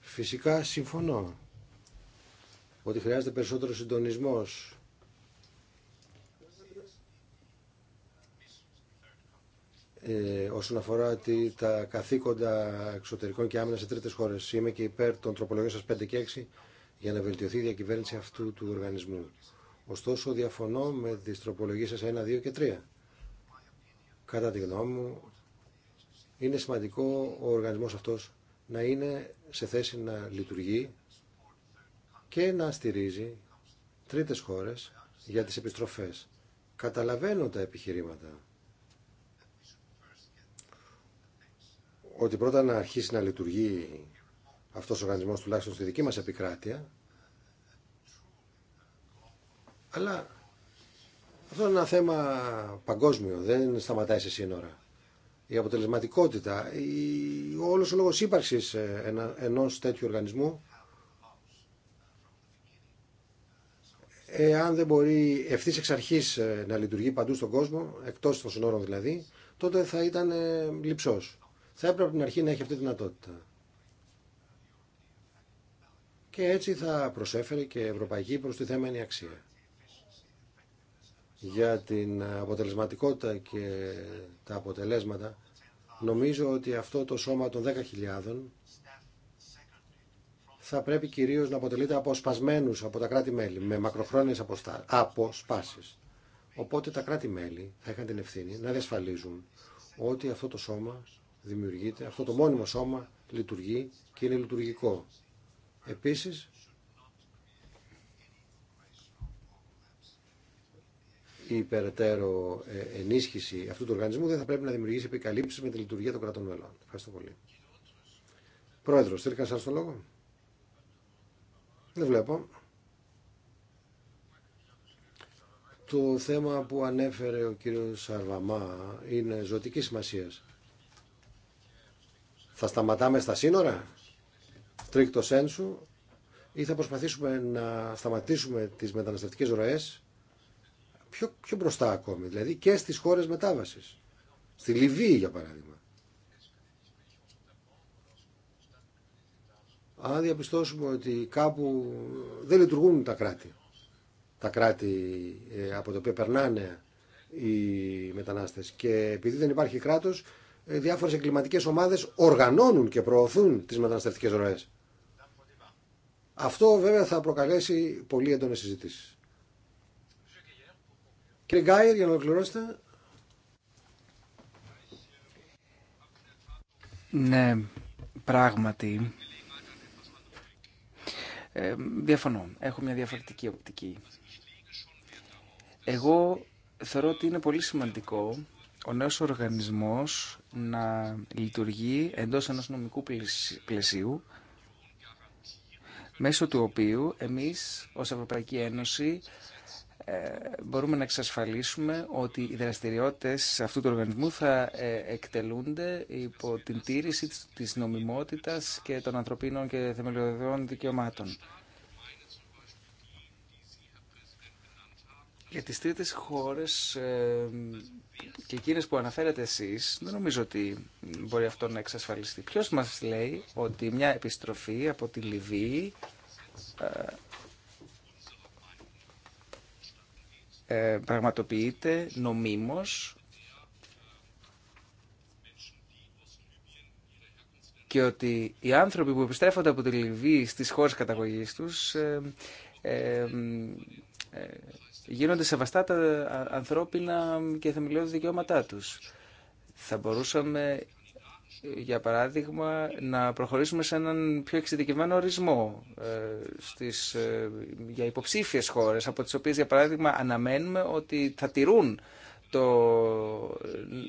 Φυσικά συμφωνώ ότι χρειάζεται περισσότερο συντονισμός ε, όσον αφορά τη, τα καθήκοντα εξωτερικών και άμυνα σε τρίτες χώρες. Είμαι και υπέρ των τροπολογιών σας 5 και 6 για να βελτιωθεί η διακυβέρνηση αυτού του οργανισμού. Ωστόσο, διαφωνώ με τις τροπολογίες σα 1, 2 και 3. Κατά τη γνώμη μου, είναι σημαντικό ο οργανισμός αυτός να είναι σε θέση να λειτουργεί και να στηρίζει τρίτες χώρες για τις επιστροφές. Καταλαβαίνω τα επιχειρήματα. Ότι πρώτα να αρχίσει να λειτουργεί αυτός ο οργανισμός τουλάχιστον στη δική μα επικράτεια αλλά αυτό είναι ένα θέμα παγκόσμιο, δεν σταματάει σε σύνορα. Η αποτελεσματικότητα, η... όλος ο λόγος ύπαρξης ε, ενα... ενός τέτοιου οργανισμού εάν δεν μπορεί υπαρξης ενό ενος τετοιου οργανισμου εαν δεν μπορει ευθυ εξ αρχή ε, να λειτουργεί παντού στον κόσμο, εκτό των συνόρων δηλαδή, τότε θα ήταν ε, λυψό. Θα έπρεπε από την αρχή να έχει αυτή τη δυνατότητα και έτσι θα προσέφερε και ευρωπαϊκή προστιθέμενη αξία. Για την αποτελεσματικότητα και τα αποτελέσματα νομίζω ότι αυτό το σώμα των 10.000 θα πρέπει κυρίως να αποτελείται από σπασμένους από τα κράτη-μέλη με μακροχρόνιες αποσπάσεις. Οπότε τα κράτη-μέλη θα είχαν την ευθύνη να διασφαλίζουν ότι αυτό το σώμα δημιουργείται, αυτό το μόνιμο σώμα λειτουργεί και είναι λειτουργικό Επίσης, η υπεραιτέρω ε, ενίσχυση αυτού του οργανισμού δεν θα πρέπει να δημιουργήσει επικαλύψεις με τη λειτουργία των κρατών μελών. Ευχαριστώ πολύ. Πρόεδρος, θέλει σα το λόγο. Δεν βλέπω. Το θέμα που ανέφερε ο κύριος Σαρβαμά είναι ζωτική σημασία. Θα σταματάμε στα σύνορα τρίκτο σένσου ή θα προσπαθήσουμε να σταματήσουμε τις μεταναστευτικές ροές πιο, πιο μπροστά ακόμη, δηλαδή και στις χώρες μετάβασης. Στη Λιβύη, για παράδειγμα. Αν διαπιστώσουμε ότι κάπου δεν λειτουργούν τα κράτη, τα κράτη ε, από τα οποία περνάνε οι μετανάστες και επειδή δεν υπάρχει κράτος ε, διάφορες εγκληματικές ομάδες οργανώνουν και προωθούν τις μεταναστευτικές ροές. Αυτό βέβαια θα προκαλέσει πολύ έντονες συζητήσεις. Κύριε Γκάιερ, για να ολοκληρώσετε. Ναι, πράγματι. Ε, διαφωνώ. Έχω μια διαφορετική οπτική. Εγώ θεωρώ ότι είναι πολύ σημαντικό ο νέος οργανισμός να λειτουργεί εντός ενός νομικού πλαισίου μέσω του οποίου εμείς ως Ευρωπαϊκή Ένωση ε, μπορούμε να εξασφαλίσουμε ότι οι δραστηριότητες αυτού του οργανισμού θα ε, εκτελούνται υπό την τήρηση της νομιμότητας και των ανθρωπίνων και θεμελιωδών δικαιωμάτων. Για τις τρίτες χώρες ε, και εκείνες που αναφέρετε εσείς, δεν νομίζω ότι μπορεί αυτό να εξασφαλιστεί. Ποιος μας λέει ότι μια επιστροφή από τη Λιβύη ε, ε πραγματοποιείται νομίμως και ότι οι άνθρωποι που επιστρέφονται από τη Λιβύη στις χώρες καταγωγής τους ε, γίνονται σεβαστά τα ανθρώπινα και θεμελιώδη δικαιώματά τους. Θα μπορούσαμε, για παράδειγμα, να προχωρήσουμε σε έναν πιο εξειδικευμένο ορισμό ε, στις, ε, για υποψήφιες χώρες, από τις οποίες, για παράδειγμα, αναμένουμε ότι θα τηρούν το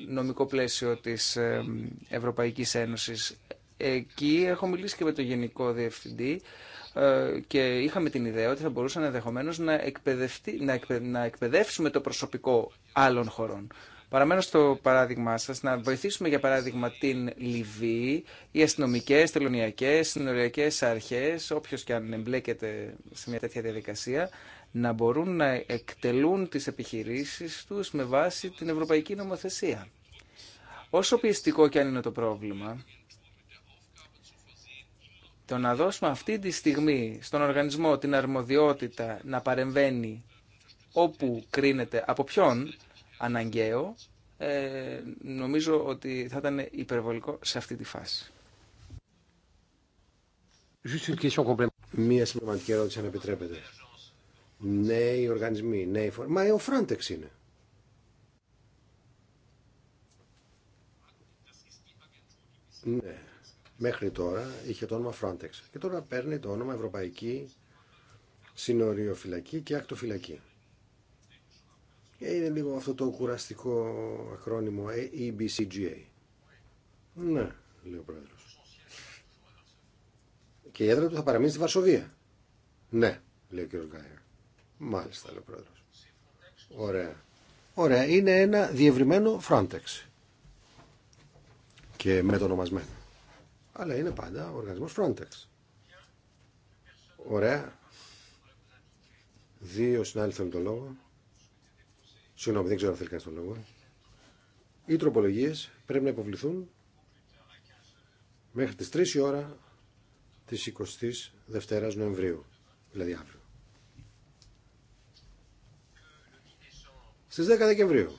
νομικό πλαίσιο της ε, Ευρωπαϊκής Ένωσης. Εκεί έχω μιλήσει και με τον Γενικό Διευθυντή ε, και είχαμε την ιδέα ότι θα μπορούσαν ενδεχομένω να, να, να εκπαιδεύσουμε το προσωπικό άλλων χωρών. Παραμένω στο παράδειγμά σα, να βοηθήσουμε για παράδειγμα την Λιβύη, οι αστυνομικέ, τελωνιακέ, συνοριακέ αρχέ, όποιο και αν εμπλέκεται σε μια τέτοια διαδικασία, να μπορούν να εκτελούν τι επιχειρήσει του με βάση την ευρωπαϊκή νομοθεσία. Όσο πιεστικό και αν είναι το πρόβλημα, το να δώσουμε αυτή τη στιγμή στον οργανισμό την αρμοδιότητα να παρεμβαίνει όπου κρίνεται από ποιον αναγκαίο, ε, νομίζω ότι θα ήταν υπερβολικό σε αυτή τη φάση. Μία συμπληρωματική ερώτηση αν επιτρέπετε. Ναι, οι οργανισμοί, ναι, οι φορ... Μα ο Φράντεξ είναι. Ναι μέχρι τώρα είχε το όνομα Frontex και τώρα παίρνει το όνομα Ευρωπαϊκή Συνοριοφυλακή και Ακτοφυλακή. Είναι λίγο αυτό το κουραστικό ακρόνιμο EBCGA. Ναι, λέει ο πρόεδρος. Και η έδρα του θα παραμείνει στη Βαρσοβία. Ναι, λέει ο κ. Γκάιερ. Μάλιστα, λέει ο πρόεδρος. Ωραία. Ωραία, είναι ένα διευρυμένο Frontex. Και μετονομασμένο αλλά είναι πάντα ο οργανισμός Frontex. Ωραία. Δύο συνάδελφοι θέλουν τον λόγο. Συγγνώμη, δεν ξέρω αν θέλει κανείς τον λόγο. Οι τροπολογίες πρέπει να υποβληθούν μέχρι τις 3 η ώρα της 20 ης Νοεμβρίου, δηλαδή αύριο. Στις 10 Δεκεμβρίου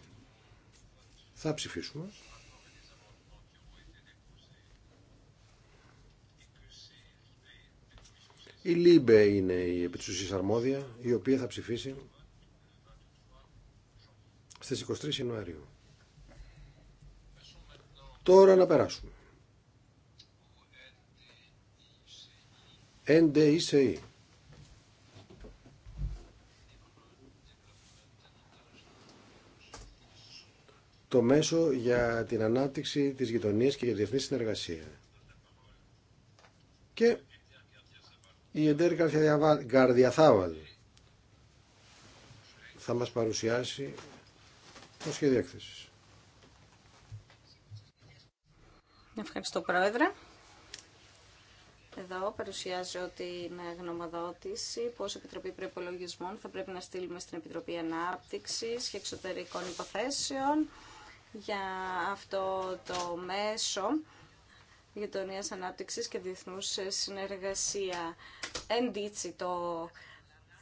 θα ψηφίσουμε Η ΛΥΜΠΕ είναι η επιτουσίας αρμόδια, η οποία θα ψηφίσει στις 23 Ιανουαρίου. Τώρα να περάσουμε. ΕΝΤΕΙΣΕΙ Το μέσο για την ανάπτυξη της γειτονίας και για τη διεθνή συνεργασία. Και η Εντέρ Καρδιαθάβαλ θα μας παρουσιάσει το σχέδιο έκθεσης. Ευχαριστώ Πρόεδρε. Εδώ παρουσιάζω την γνωμοδότηση πώς η Επιτροπή Προπολογισμών θα πρέπει να στείλουμε στην Επιτροπή Ανάπτυξη και Εξωτερικών Υποθέσεων για αυτό το μέσο Γειτονία ανάπτυξη και διεθνού ε, Συνεργασία. Εντίτσι το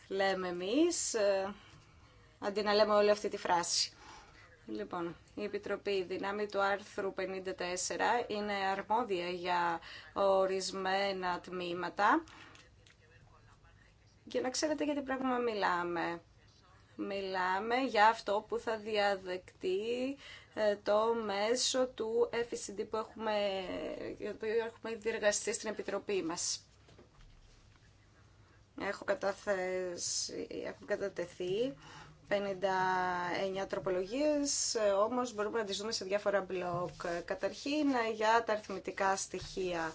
λέμε εμεί. Ε, αντί να λέμε όλη αυτή τη φράση. Λοιπόν, η Επιτροπή Δυνάμει του άρθρου 54 είναι αρμόδια για ορισμένα τμήματα. Για να ξέρετε για τι πράγμα μιλάμε. Μιλάμε για αυτό που θα διαδεκτεί ε, το μέσο του FCD e που έχουμε, που έχουμε διεργαστεί στην Επιτροπή μας. Έχω καταθέσει, έχουν κατατεθεί 59 τροπολογίες, όμως μπορούμε να τις δούμε σε διάφορα μπλοκ. Καταρχήν για τα αριθμητικά στοιχεία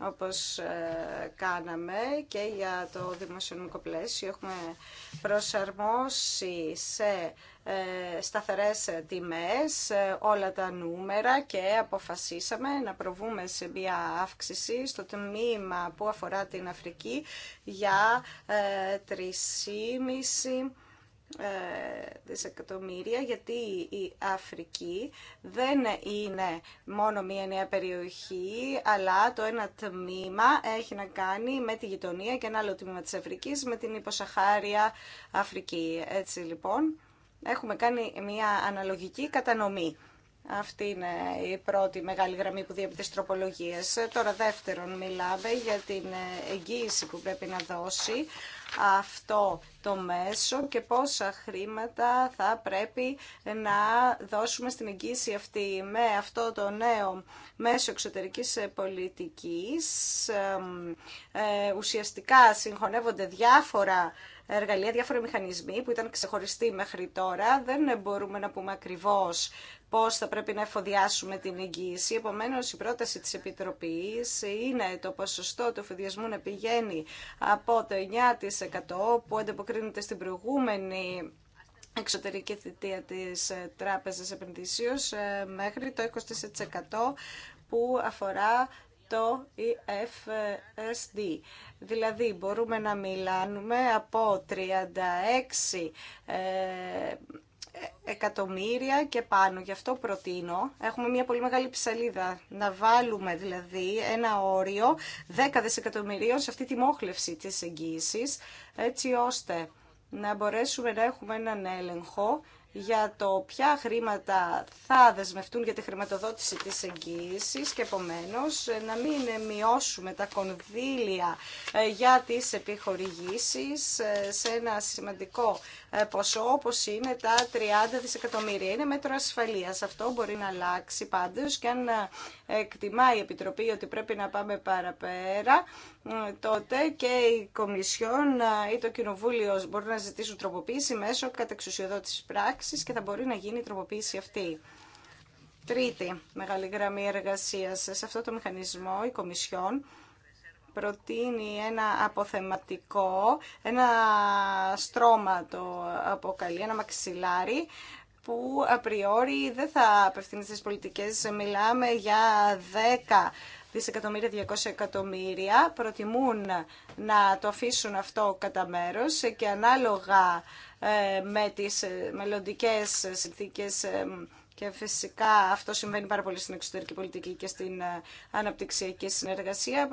όπως ε, κάναμε και για το δημοσιονομικό πλαίσιο. Έχουμε προσαρμόσει σε ε, σταθερές τιμές ε, όλα τα νούμερα και αποφασίσαμε να προβούμε σε μια αύξηση στο τμήμα που αφορά την Αφρική για 3,5 ε, δισεκατομμύρια γιατί η Αφρική δεν είναι μόνο μία νέα περιοχή αλλά το ένα τμήμα έχει να κάνει με τη γειτονία και ένα άλλο τμήμα της Αφρικής με την υποσαχάρια Αφρική. Έτσι λοιπόν έχουμε κάνει μία αναλογική κατανομή. Αυτή είναι η πρώτη μεγάλη γραμμή που διέπει τροπολογίες. Τώρα δεύτερον μιλάμε για την εγγύηση που πρέπει να δώσει αυτό το μέσο και πόσα χρήματα θα πρέπει να δώσουμε στην εγγύηση αυτή με αυτό το νέο μέσο εξωτερικής πολιτικής. Ε, ουσιαστικά συγχωνεύονται διάφορα εργαλεία, διάφοροι μηχανισμοί που ήταν ξεχωριστοί μέχρι τώρα. Δεν μπορούμε να πούμε ακριβώς Πώ θα πρέπει να εφοδιάσουμε την εγγύηση. Επομένω, η πρόταση της Επιτροπής είναι το ποσοστό του εφοδιασμού να πηγαίνει από το 9% που ανταποκρίνεται στην προηγούμενη εξωτερική θητεία της ε, Τράπεζας Επενδύσεως ε, μέχρι το 20% που αφορά το EFSD. Δηλαδή μπορούμε να μιλάνουμε από 36 εκατομμύρια και πάνω. Γι' αυτό προτείνω, έχουμε μια πολύ μεγάλη ψαλίδα, να βάλουμε δηλαδή ένα όριο 10 δισεκατομμυρίων σε αυτή τη μόχλευση της εγγύησης, έτσι ώστε να μπορέσουμε να έχουμε έναν έλεγχο για το ποια χρήματα θα δεσμευτούν για τη χρηματοδότηση της εγγύησης και επομένως ε, να μην μειώσουμε τα κονδύλια ε, για τις επιχορηγήσεις ε, σε ένα σημαντικό ε, ποσό όπως είναι τα 30 δισεκατομμύρια. Είναι μέτρο ασφαλείας. Αυτό μπορεί να αλλάξει πάντως και αν ε, εκτιμάει η Επιτροπή ότι πρέπει να πάμε παραπέρα, ε, τότε και η Κομισιόν ή το Κοινοβούλιο μπορούν να ζητήσουν τροποποίηση μέσω κατεξουσιοδότησης πράξης και θα μπορεί να γίνει η τροποποίηση αυτή. Τρίτη μεγάλη γραμμή εργασίας σε αυτό το μηχανισμό, η Κομισιόν προτείνει ένα αποθεματικό, ένα στρώμα το αποκαλεί, ένα μαξιλάρι, που απριόρι δεν θα απευθύνει στις πολιτικές. Μιλάμε για 10 δισεκατομμύρια, 200 εκατομμύρια. Προτιμούν να το αφήσουν αυτό κατά μέρος και ανάλογα ε, με τις μελλοντικές συνθήκες ε, και φυσικά αυτό συμβαίνει πάρα πολύ στην εξωτερική πολιτική και στην ε, αναπτυξιακή συνεργασία.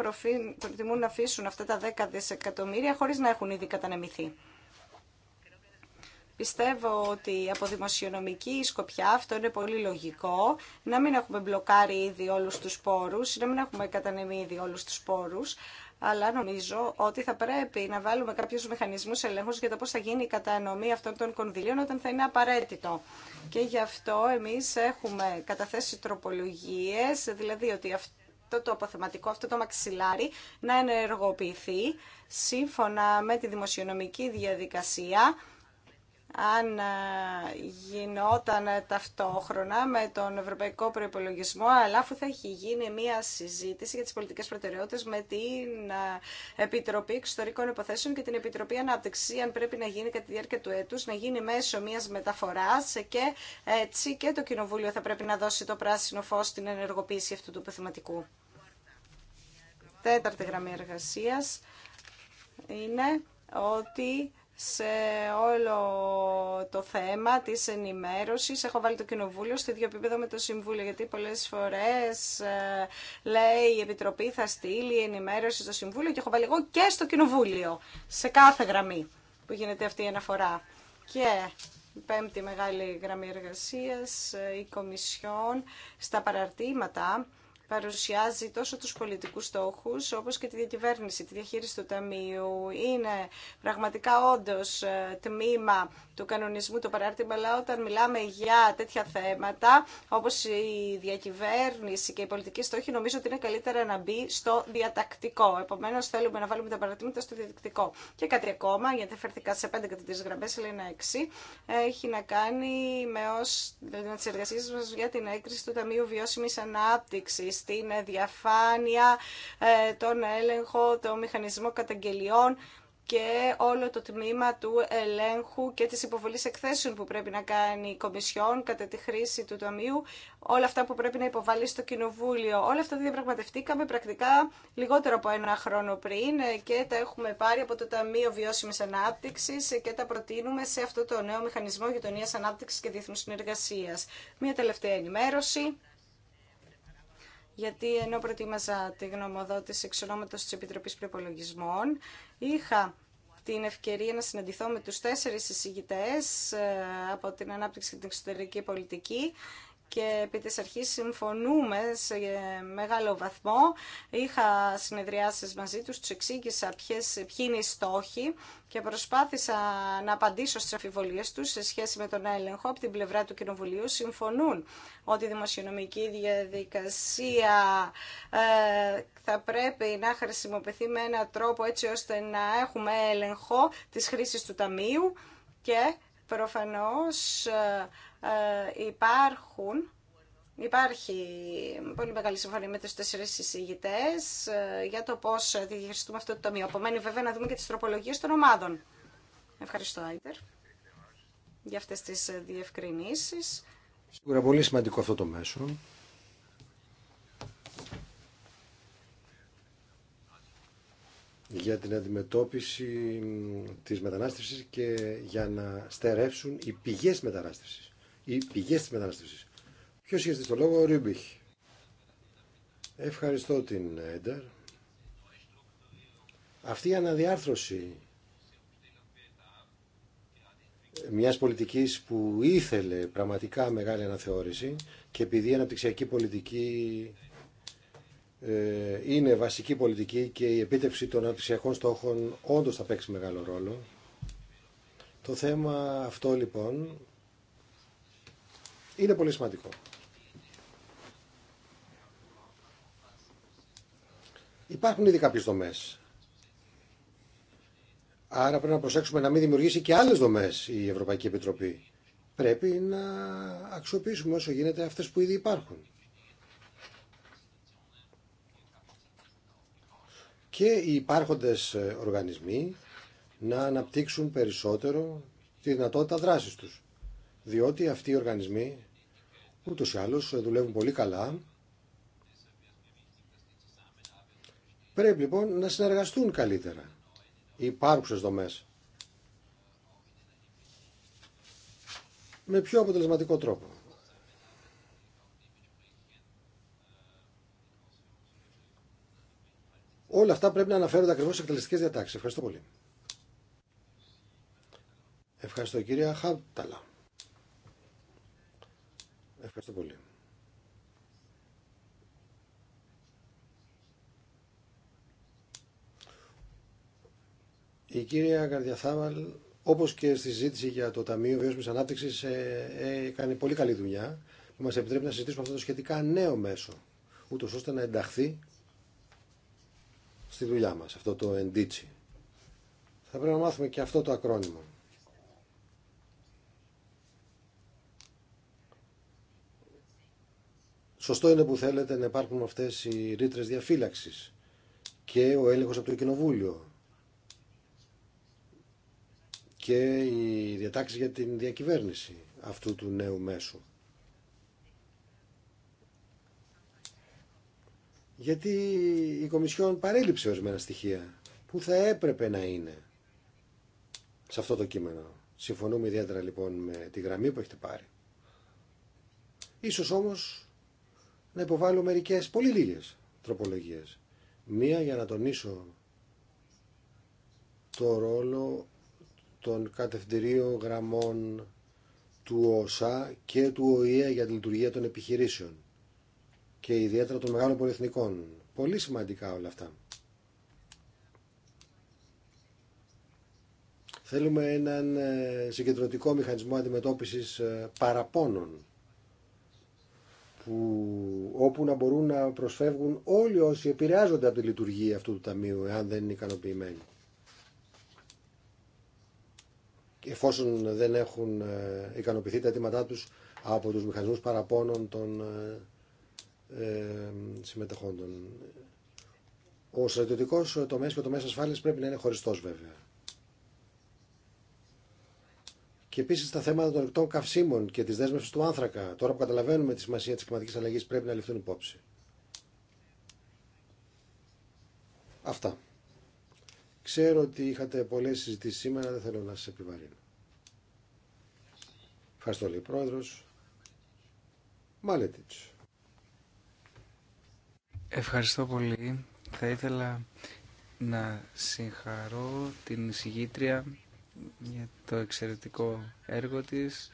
Προτιμούν να αφήσουν αυτά τα 10 δισεκατομμύρια χωρίς να έχουν ήδη κατανεμηθεί. Πιστεύω ότι από δημοσιονομική σκοπιά αυτό είναι πολύ λογικό, να μην έχουμε μπλοκάρει ήδη όλους τους πόρους, να μην έχουμε κατανεμεί ήδη όλους τους πόρους, αλλά νομίζω ότι θα πρέπει να βάλουμε κάποιου μηχανισμού ελέγχου για το πώ θα γίνει η κατανομή αυτών των κονδυλίων όταν θα είναι απαραίτητο. Και γι' αυτό εμεί έχουμε καταθέσει τροπολογίε, δηλαδή ότι αυτό το αποθεματικό, αυτό το μαξιλάρι να ενεργοποιηθεί σύμφωνα με τη δημοσιονομική διαδικασία αν ε, γινόταν ταυτόχρονα με τον Ευρωπαϊκό Προπολογισμό, αλλά αφού θα έχει γίνει μια συζήτηση για τις πολιτικές προτεραιότητες με την ε, Επιτροπή Εξωτερικών Υποθέσεων και την Επιτροπή Ανάπτυξη, αν πρέπει να γίνει κατά τη διάρκεια του έτους, να γίνει μέσω μιας μεταφοράς και έτσι και το Κοινοβούλιο θα πρέπει να δώσει το πράσινο φω στην ενεργοποίηση αυτού του επιθεματικού. Τέταρτη γραμμή εργασία είναι ότι σε όλο το θέμα της ενημέρωσης. Έχω βάλει το Κοινοβούλιο στο ίδιο επίπεδο με το Συμβούλιο, γιατί πολλές φορές ε, λέει η Επιτροπή θα στείλει ενημέρωση στο Συμβούλιο και έχω βάλει εγώ και στο Κοινοβούλιο, σε κάθε γραμμή που γίνεται αυτή η αναφορά. Και η πέμπτη μεγάλη γραμμή εργασίας, ε, η Κομισιόν, στα παραρτήματα παρουσιάζει τόσο τους πολιτικούς στόχους όπως και τη διακυβέρνηση, τη διαχείριση του Ταμείου. Είναι πραγματικά όντως ε, τμήμα του κανονισμού το παράρτημα, αλλά όταν μιλάμε για τέτοια θέματα όπως η διακυβέρνηση και η πολιτική στόχοι, νομίζω ότι είναι καλύτερα να μπει στο διατακτικό. Επομένως θέλουμε να βάλουμε τα παρατήματα στο διατακτικό. Και κάτι ακόμα, γιατί φέρθηκα σε πέντε κατά τις γραμμές, αλλά είναι έξι, έχει να κάνει με, ως, με τις για την έκρηση του Ταμείου Βιώσιμης Ανάπτυξης στην διαφάνεια, ε, τον έλεγχο, τον μηχανισμό καταγγελιών και όλο το τμήμα του ελέγχου και της υποβολής εκθέσεων που πρέπει να κάνει η Κομισιόν κατά τη χρήση του Ταμείου, όλα αυτά που πρέπει να υποβάλει στο Κοινοβούλιο. Όλα αυτά τα διαπραγματευτήκαμε πρακτικά λιγότερο από ένα χρόνο πριν και τα έχουμε πάρει από το Ταμείο Βιώσιμης Ανάπτυξης και τα προτείνουμε σε αυτό το νέο μηχανισμό γειτονίας ανάπτυξης και διεθνούς συνεργασία. Μία τελευταία ενημέρωση γιατί ενώ προτιμάζα τη γνωμοδότηση εξ ονόματος της Επιτροπής Προπολογισμών, είχα την ευκαιρία να συναντηθώ με τους τέσσερις εισηγητές ε, από την ανάπτυξη και την εξωτερική πολιτική και επί της αρχής συμφωνούμε σε μεγάλο βαθμό. Είχα συνεδριάσεις μαζί τους, τους εξήγησα ποιες, ποιοι είναι οι στόχοι και προσπάθησα να απαντήσω στις αφιβολίες τους σε σχέση με τον έλεγχο από την πλευρά του Κοινοβουλίου. Συμφωνούν ότι η δημοσιονομική διαδικασία ε, θα πρέπει να χρησιμοποιηθεί με έναν τρόπο έτσι ώστε να έχουμε έλεγχο της χρήσης του Ταμείου και προφανώς ε, ε, υπάρχουν Υπάρχει πολύ μεγάλη συμφωνία με τους τέσσερις συζητητές ε, για το πώς διαχειριστούμε αυτό το τομείο. Απομένει βέβαια να δούμε και τις τροπολογίες των ομάδων. Ευχαριστώ, Άιντερ, για αυτές τις διευκρινήσεις. Σίγουρα πολύ σημαντικό αυτό το μέσο. για την αντιμετώπιση της μετανάστευσης και για να στερεύσουν οι πηγές μετανάστευσης οι πηγές της μετανάστευσης. Ποιος είχε στο λόγο, ο Ρίμπιχ. Ευχαριστώ την Έντερ. Αυτή η αναδιάρθρωση μιας πολιτικής που ήθελε πραγματικά μεγάλη αναθεώρηση και επειδή η αναπτυξιακή πολιτική ε, είναι βασική πολιτική και η επίτευξη των αναπτυξιακών στόχων όντως θα παίξει μεγάλο ρόλο. Το θέμα αυτό λοιπόν είναι πολύ σημαντικό. Υπάρχουν ήδη κάποιες δομές. Άρα πρέπει να προσέξουμε να μην δημιουργήσει και άλλες δομές η Ευρωπαϊκή Επιτροπή. Πρέπει να αξιοποιήσουμε όσο γίνεται αυτές που ήδη υπάρχουν. Και οι υπάρχοντες οργανισμοί να αναπτύξουν περισσότερο τη δυνατότητα δράσης τους διότι αυτοί οι οργανισμοί ούτως ή άλλως δουλεύουν πολύ καλά. Πρέπει λοιπόν να συνεργαστούν καλύτερα οι υπάρχουσες δομές με πιο αποτελεσματικό τρόπο. Όλα αυτά πρέπει να αναφέρονται ακριβώ σε εκτελεστικέ διατάξει. Ευχαριστώ πολύ. Ευχαριστώ κυρία Χάουταλα. Ευχαριστώ πολύ. Η κυρία Καρδιαθάβαλ, όπως και στη συζήτηση για το Ταμείο Βιώσιμης Ανάπτυξης, έκανε ε, ε, πολύ καλή δουλειά που μας επιτρέπει να συζητήσουμε αυτό το σχετικά νέο μέσο, ούτως ώστε να ενταχθεί στη δουλειά μας, αυτό το εντίτσι. Θα πρέπει να μάθουμε και αυτό το ακρόνιμο. Σωστό είναι που θέλετε να υπάρχουν αυτές οι ρήτρε διαφύλαξης και ο έλεγχος από το Κοινοβούλιο και οι διατάξει για την διακυβέρνηση αυτού του νέου μέσου. Γιατί η Κομισιόν παρέλειψε ορισμένα στοιχεία που θα έπρεπε να είναι σε αυτό το κείμενο. Συμφωνούμε ιδιαίτερα λοιπόν με τη γραμμή που έχετε πάρει. Ίσως όμως να υποβάλω μερικές πολύ λίγες τροπολογίες. Μία για να τονίσω το ρόλο των κατευθυντηρίων γραμμών του ΟΣΑ και του ΟΗΕ για τη λειτουργία των επιχειρήσεων και ιδιαίτερα των μεγάλων πολυεθνικών. Πολύ σημαντικά όλα αυτά. Θέλουμε έναν ε, συγκεντρωτικό μηχανισμό αντιμετώπισης ε, παραπώνων που, όπου να μπορούν να προσφεύγουν όλοι όσοι επηρεάζονται από τη λειτουργία αυτού του ταμείου, εάν δεν είναι ικανοποιημένοι. Εφόσον δεν έχουν ε, ικανοποιηθεί τα αιτήματά τους από τους μηχανισμούς παραπώνων των ε, ε, συμμετεχόντων. Ο στρατιωτικός τομέας και ο τομέας ασφάλειας πρέπει να είναι χωριστός βέβαια. Και επίση τα θέματα των ρηκτών καυσίμων και τη δέσμευση του άνθρακα. Τώρα που καταλαβαίνουμε τη σημασία τη κλιματική αλλαγή, πρέπει να ληφθούν υπόψη. Αυτά. Ξέρω ότι είχατε πολλέ συζητήσει σήμερα, δεν θέλω να σα επιβαρύνω. Ευχαριστώ πολύ, πρόεδρο. Ευχαριστώ πολύ. Θα ήθελα να συγχαρώ την συγγήτρια για το εξαιρετικό έργο της.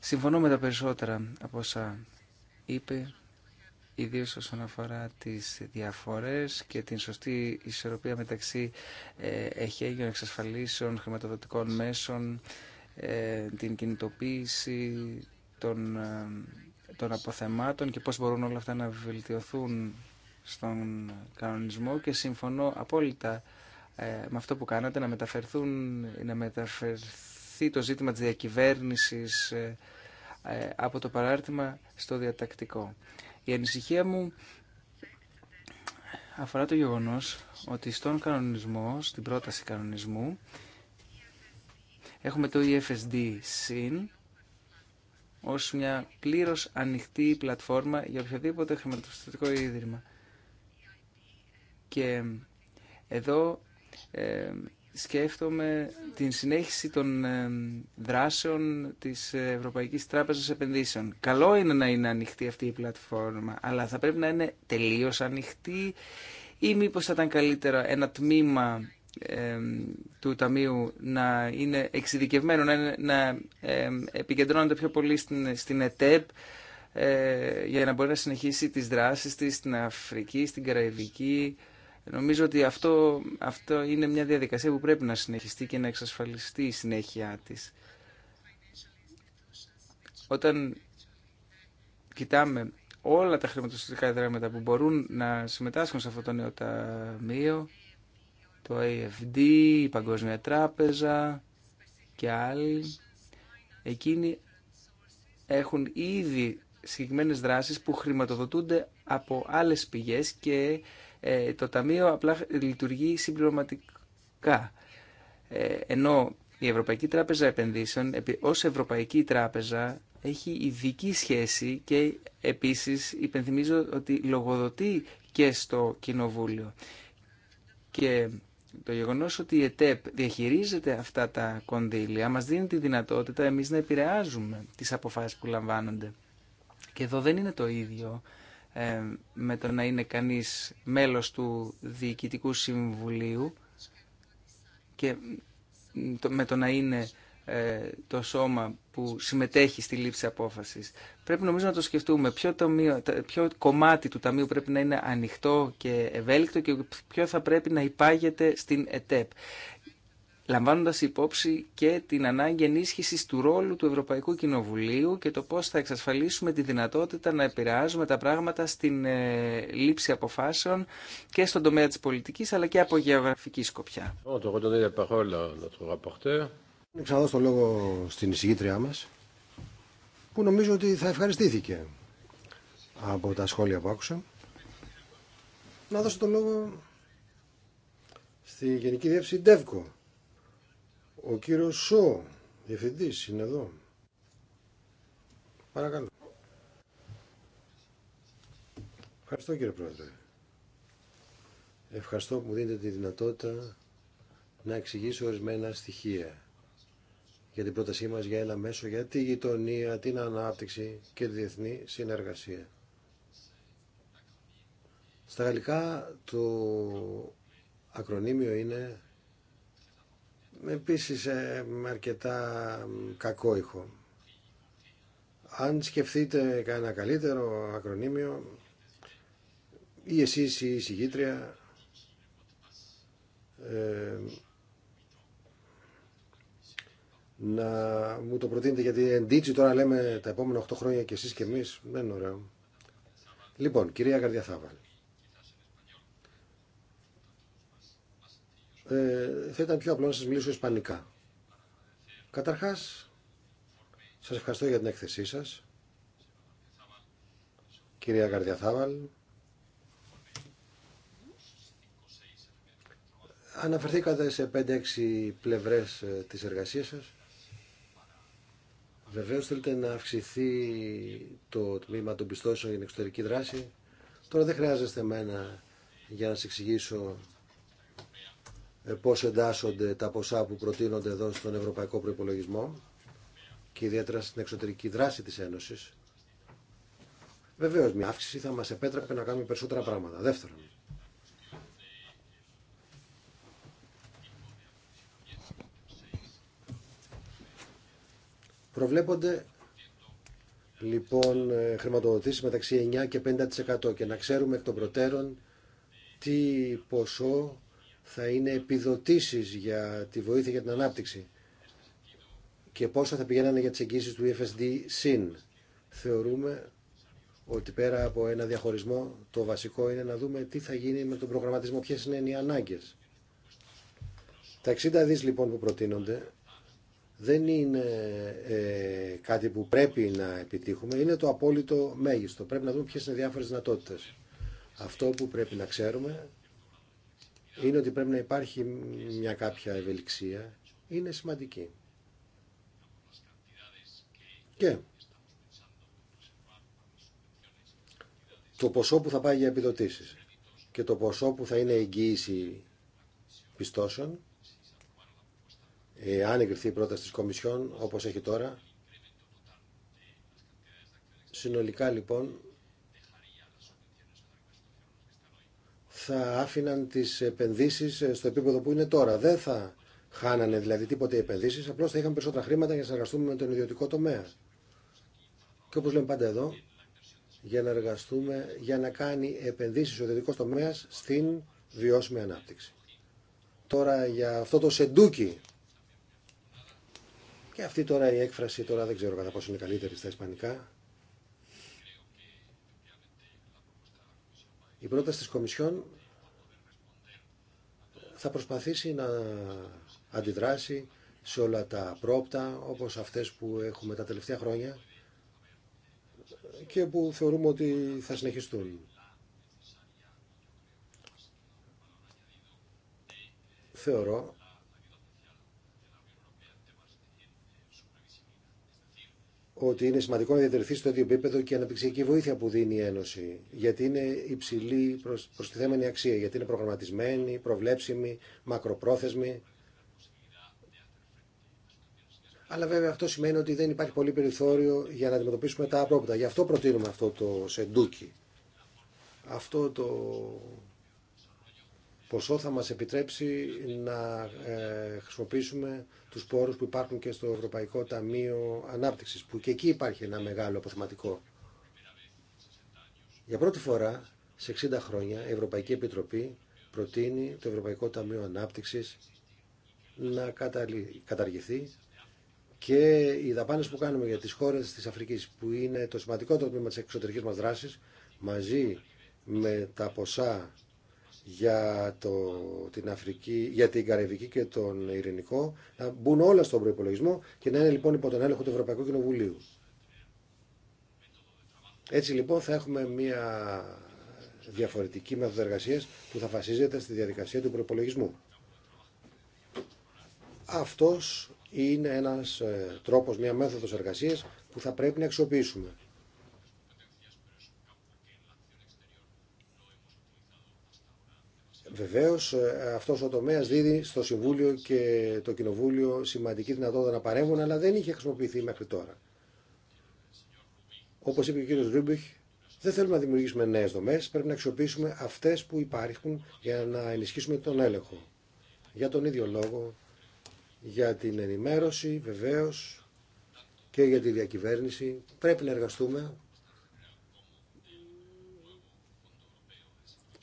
Συμφωνώ με τα περισσότερα από όσα είπε, ιδίως όσον αφορά τις διαφορές και την σωστή ισορροπία μεταξύ ε, εχέγιων εξασφαλίσεων, χρηματοδοτικών μέσων, ε, την κινητοποίηση των, ε, των αποθεμάτων και πώς μπορούν όλα αυτά να βελτιωθούν στον κανονισμό και συμφωνώ απόλυτα ε, με αυτό που κάνατε να μεταφερθούν, να μεταφερθεί το ζήτημα της διακυβέρνησης ε, ε, από το παράρτημα στο διατακτικό. Η ανησυχία μου αφορά το γεγονός ότι στον κανονισμό, στην πρόταση κανονισμού, έχουμε το EFSD συν ως μια πλήρως ανοιχτή πλατφόρμα για οποιοδήποτε χρηματοπιστωτικό ίδρυμα. Και εδώ ε, σκέφτομαι την συνέχιση των ε, δράσεων της Ευρωπαϊκής Τράπεζας Επενδύσεων. Καλό είναι να είναι ανοιχτή αυτή η πλατφόρμα, αλλά θα πρέπει να είναι τελείως ανοιχτή ή μήπως θα ήταν καλύτερα ένα τμήμα ε, του Ταμείου να είναι εξειδικευμένο, να, να επικεντρώνονται πιο πολύ στην, στην ΕΤΕΠ, για να μπορεί να συνεχίσει τις δράσεις της στην Αφρική, στην Καραϊβική, Νομίζω ότι αυτό, αυτό είναι μια διαδικασία που πρέπει να συνεχιστεί και να εξασφαλιστεί η συνέχεια της. Όταν κοιτάμε όλα τα χρηματοστατικά δράματα που μπορούν να συμμετάσχουν σε αυτό το νέο ταμείο, το AFD, η Παγκόσμια Τράπεζα και άλλοι, εκείνοι έχουν ήδη συγκεκριμένες δράσεις που χρηματοδοτούνται από άλλες πηγές και ε, το Ταμείο απλά λειτουργεί συμπληρωματικά. Ε, ενώ η Ευρωπαϊκή Τράπεζα Επενδύσεων ως Ευρωπαϊκή Τράπεζα έχει ειδική σχέση και επίσης υπενθυμίζω ότι λογοδοτεί και στο Κοινοβούλιο. Και το γεγονός ότι η ΕΤΕΠ διαχειρίζεται αυτά τα κονδύλια μας δίνει τη δυνατότητα εμείς να επηρεάζουμε τις αποφάσεις που λαμβάνονται. Και εδώ δεν είναι το ίδιο ε, με το να είναι κανείς μέλος του Διοικητικού Συμβουλίου και με το να είναι ε, το σώμα που συμμετέχει στη λήψη απόφασης. Πρέπει νομίζω να το σκεφτούμε ποιο, ποιο κομμάτι του ταμείου πρέπει να είναι ανοιχτό και ευέλικτο και ποιο θα πρέπει να υπάγεται στην ΕΤΕΠ. Λαμβάνοντα υπόψη και την ανάγκη ενίσχυση του ρόλου του Ευρωπαϊκού Κοινοβουλίου και το πώ θα εξασφαλίσουμε τη δυνατότητα να επηρεάζουμε τα πράγματα στην ε, λήψη αποφάσεων και στον τομέα τη πολιτική αλλά και από γεωγραφική σκοπιά. Ξαναδώ το λόγο στην εισηγήτριά μα που νομίζω ότι θα ευχαριστήθηκε από τα σχόλια που άκουσα. Να δώσω το λόγο στη Γενική Διεύθυνση Ντεύκο ο κύριος Σο, διευθυντής, είναι εδώ. Παρακαλώ. Ευχαριστώ κύριε Πρόεδρε. Ευχαριστώ που μου δίνετε τη δυνατότητα να εξηγήσω ορισμένα στοιχεία για την πρότασή μας για ένα μέσο για τη γειτονία, την ανάπτυξη και τη διεθνή συνεργασία. Στα γαλλικά το ακρονίμιο είναι επίσης ε, με αρκετά κακό ήχο. Αν σκεφτείτε κανένα καλύτερο ακρονίμιο ή εσείς ή η εσεις η η ε, να μου το προτείνετε γιατί εντύτσι τώρα λέμε τα επόμενα 8 χρόνια και εσείς και εμείς δεν είναι ωραίο. Λοιπόν, κυρία Καρδιαθάβαλη. ε, θα ήταν πιο απλό να σας μιλήσω ισπανικά. Καταρχάς, σας ευχαριστώ για την έκθεσή σας. Κυρία Καρδιαθάβαλ, αναφερθήκατε σε 5-6 πλευρές ε, της εργασίας σας. Βεβαίως θέλετε να αυξηθεί το τμήμα των πιστώσεων για την εξωτερική δράση. Τώρα δεν χρειάζεστε εμένα για να σας εξηγήσω ε, πώς εντάσσονται τα ποσά που προτείνονται εδώ στον Ευρωπαϊκό Προϋπολογισμό και ιδιαίτερα στην εξωτερική δράση της Ένωσης. Βεβαίως, μια αύξηση θα μας επέτρεπε να κάνουμε περισσότερα πράγματα. Δεύτερον, προβλέπονται λοιπόν ε, χρηματοδοτήσεις μεταξύ 9 και 50% και να ξέρουμε εκ των προτέρων τι ποσό θα είναι επιδοτήσεις για τη βοήθεια για την ανάπτυξη και πόσα θα πηγαίνανε για τις εγγύσεις του EFSD συν. Θεωρούμε ότι πέρα από ένα διαχωρισμό το βασικό είναι να δούμε τι θα γίνει με τον προγραμματισμό, ποιες είναι οι ανάγκες. Τα 60 δις λοιπόν που προτείνονται δεν είναι ε, κάτι που πρέπει να επιτύχουμε, είναι το απόλυτο μέγιστο. Πρέπει να δούμε ποιες είναι διάφορες δυνατότητες. Αυτό που πρέπει να ξέρουμε είναι ότι πρέπει να υπάρχει μια κάποια ευελιξία, είναι σημαντική. Και το ποσό που θα πάει για επιδοτήσεις και το ποσό που θα είναι εγγύηση πιστώσεων, αν εγκριθεί η πρόταση της Κομισιόν, όπως έχει τώρα, συνολικά λοιπόν θα άφηναν τις επενδύσεις στο επίπεδο που είναι τώρα. Δεν θα χάνανε δηλαδή τίποτε οι επενδύσεις, απλώς θα είχαν περισσότερα χρήματα για να συνεργαστούμε με τον ιδιωτικό τομέα. Και όπως λέμε πάντα εδώ, για να εργαστούμε, για να κάνει επενδύσεις ο ιδιωτικός τομέας στην βιώσιμη ανάπτυξη. Τώρα για αυτό το σεντούκι, και αυτή τώρα η έκφραση, τώρα δεν ξέρω κατά πόσο είναι καλύτερη στα ισπανικά, η πρόταση της Κομισιόν θα προσπαθήσει να αντιδράσει σε όλα τα πρόπτα όπως αυτές που έχουμε τα τελευταία χρόνια και που θεωρούμε ότι θα συνεχιστούν. Θεωρώ ότι είναι σημαντικό να διατηρηθεί στο ίδιο επίπεδο και η αναπτυξιακή βοήθεια που δίνει η Ένωση. Γιατί είναι υψηλή προστιθέμενη αξία, γιατί είναι προγραμματισμένη, προβλέψιμη, μακροπρόθεσμη. Αλλά βέβαια αυτό σημαίνει ότι δεν υπάρχει πολύ περιθώριο για να αντιμετωπίσουμε τα απρόπτα. Γι' αυτό προτείνουμε αυτό το σεντούκι. Αυτό το ποσό θα μας επιτρέψει να ε, χρησιμοποιήσουμε τους πόρους που υπάρχουν και στο Ευρωπαϊκό Ταμείο Ανάπτυξης, που και εκεί υπάρχει ένα μεγάλο αποθεματικό. Για πρώτη φορά σε 60 χρόνια η Ευρωπαϊκή Επιτροπή προτείνει το Ευρωπαϊκό Ταμείο Ανάπτυξης να καταργηθεί και οι δαπάνες που κάνουμε για τις χώρες της Αφρικής που είναι το σημαντικότερο τμήμα της εξωτερικής μας δράσης μαζί με τα ποσά για, το, την Αφρική, για την καρεβική και τον Ειρηνικό να μπουν όλα στον προπολογισμό και να είναι λοιπόν υπό τον έλεγχο του Ευρωπαϊκού Κοινοβουλίου. Έτσι λοιπόν θα έχουμε μια διαφορετική μέθοδο εργασία που θα βασίζεται στη διαδικασία του προπολογισμού. Αυτός είναι ένας ε, τρόπος, μια μέθοδος εργασίας που θα πρέπει να αξιοποιήσουμε. Βεβαίω, ε, αυτός ο τομέας δίδει στο Συμβούλιο και το Κοινοβούλιο σημαντική δυνατότητα να παρέμβουν, αλλά δεν είχε χρησιμοποιηθεί μέχρι τώρα. Όπω είπε ο κ. Ρούμπιχ, δεν θέλουμε να δημιουργήσουμε νέε δομέ, πρέπει να αξιοποιήσουμε αυτές που υπάρχουν για να ενισχύσουμε τον έλεγχο. Για τον ίδιο λόγο, για την ενημέρωση βεβαίω και για τη διακυβέρνηση πρέπει να εργαστούμε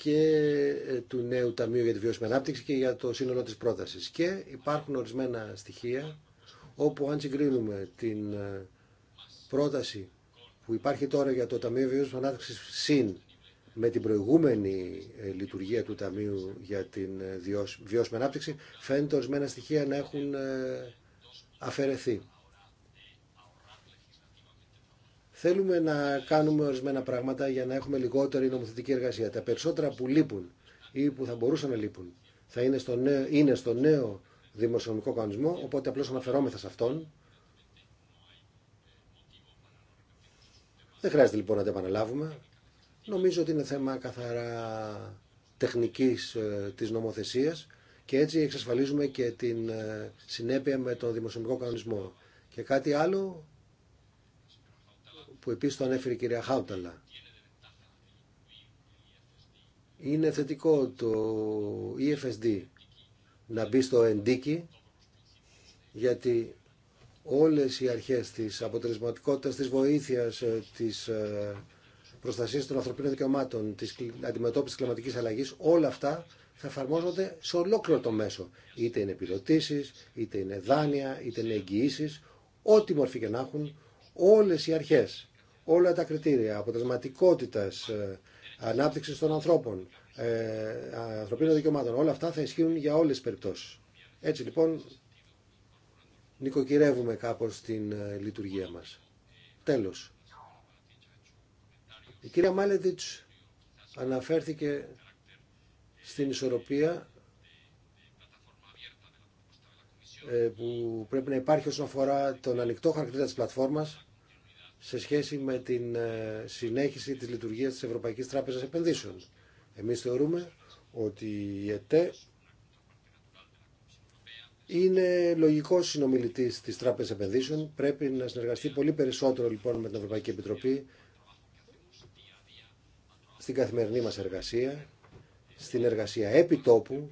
και ε, του νέου Ταμείου για τη Βιώσιμη Ανάπτυξη και για το σύνολο της πρότασης. Και υπάρχουν ορισμένα στοιχεία όπου αν συγκρίνουμε την ε, πρόταση που υπάρχει τώρα για το Ταμείο Βιώσιμη Ανάπτυξη ΣΥΝ με την προηγούμενη ε, λειτουργία του Ταμείου για τη Βιώσιμη Ανάπτυξη φαίνεται ορισμένα στοιχεία να έχουν αφαιρεθεί. Θέλουμε να κάνουμε ορισμένα πράγματα για να έχουμε λιγότερη νομοθετική εργασία. Τα περισσότερα που λείπουν ή που θα μπορούσαν να λείπουν θα είναι στο νέο, είναι στο νέο δημοσιονομικό κανονισμό, οπότε απλώς αναφερόμεθα σε αυτόν. Δεν χρειάζεται λοιπόν να τα επαναλάβουμε. Νομίζω ότι είναι θέμα καθαρά τεχνικής ε, της νομοθεσίας και έτσι εξασφαλίζουμε και την ε, συνέπεια με τον δημοσιονομικό κανονισμό. Και κάτι άλλο που επίσης το ανέφερε η κυρία Χάουταλα. Είναι θετικό το EFSD να μπει στο εντίκι γιατί όλες οι αρχές της αποτελεσματικότητας, της βοήθειας, ε, της ε, προστασίας των ανθρωπίνων δικαιωμάτων, της αντιμετώπισης της κλιματικής αλλαγής, όλα αυτά θα εφαρμόζονται σε ολόκληρο το μέσο. Είτε είναι επιδοτήσει, είτε είναι δάνεια, είτε είναι εγγυήσει, ό,τι μορφή και να έχουν, όλες οι αρχές όλα τα κριτήρια αποτελεσματικότητα, ε, ανάπτυξης των ανθρώπων, ε, ανθρωπίνων δικαιωμάτων, όλα αυτά θα ισχύουν για όλε τι περιπτώσεις. Έτσι λοιπόν νοικοκυρεύουμε κάπως την ε, λειτουργία μας. Τέλος. Η κυρία Μάλετιτς αναφέρθηκε στην ισορροπία που πρέπει να υπάρχει όσον αφορά τον ανοιχτό χαρακτήρα της πλατφόρμας σε σχέση με την ε, συνέχιση της λειτουργίας της Ευρωπαϊκής Τράπεζας Επενδύσεων. Εμείς θεωρούμε ότι η ΕΤΕ είναι λογικό συνομιλητή της Τράπεζας Επενδύσεων. Πρέπει να συνεργαστεί πολύ περισσότερο λοιπόν με την Ευρωπαϊκή Επιτροπή στην καθημερινή μα εργασία, στην εργασία επί τόπου.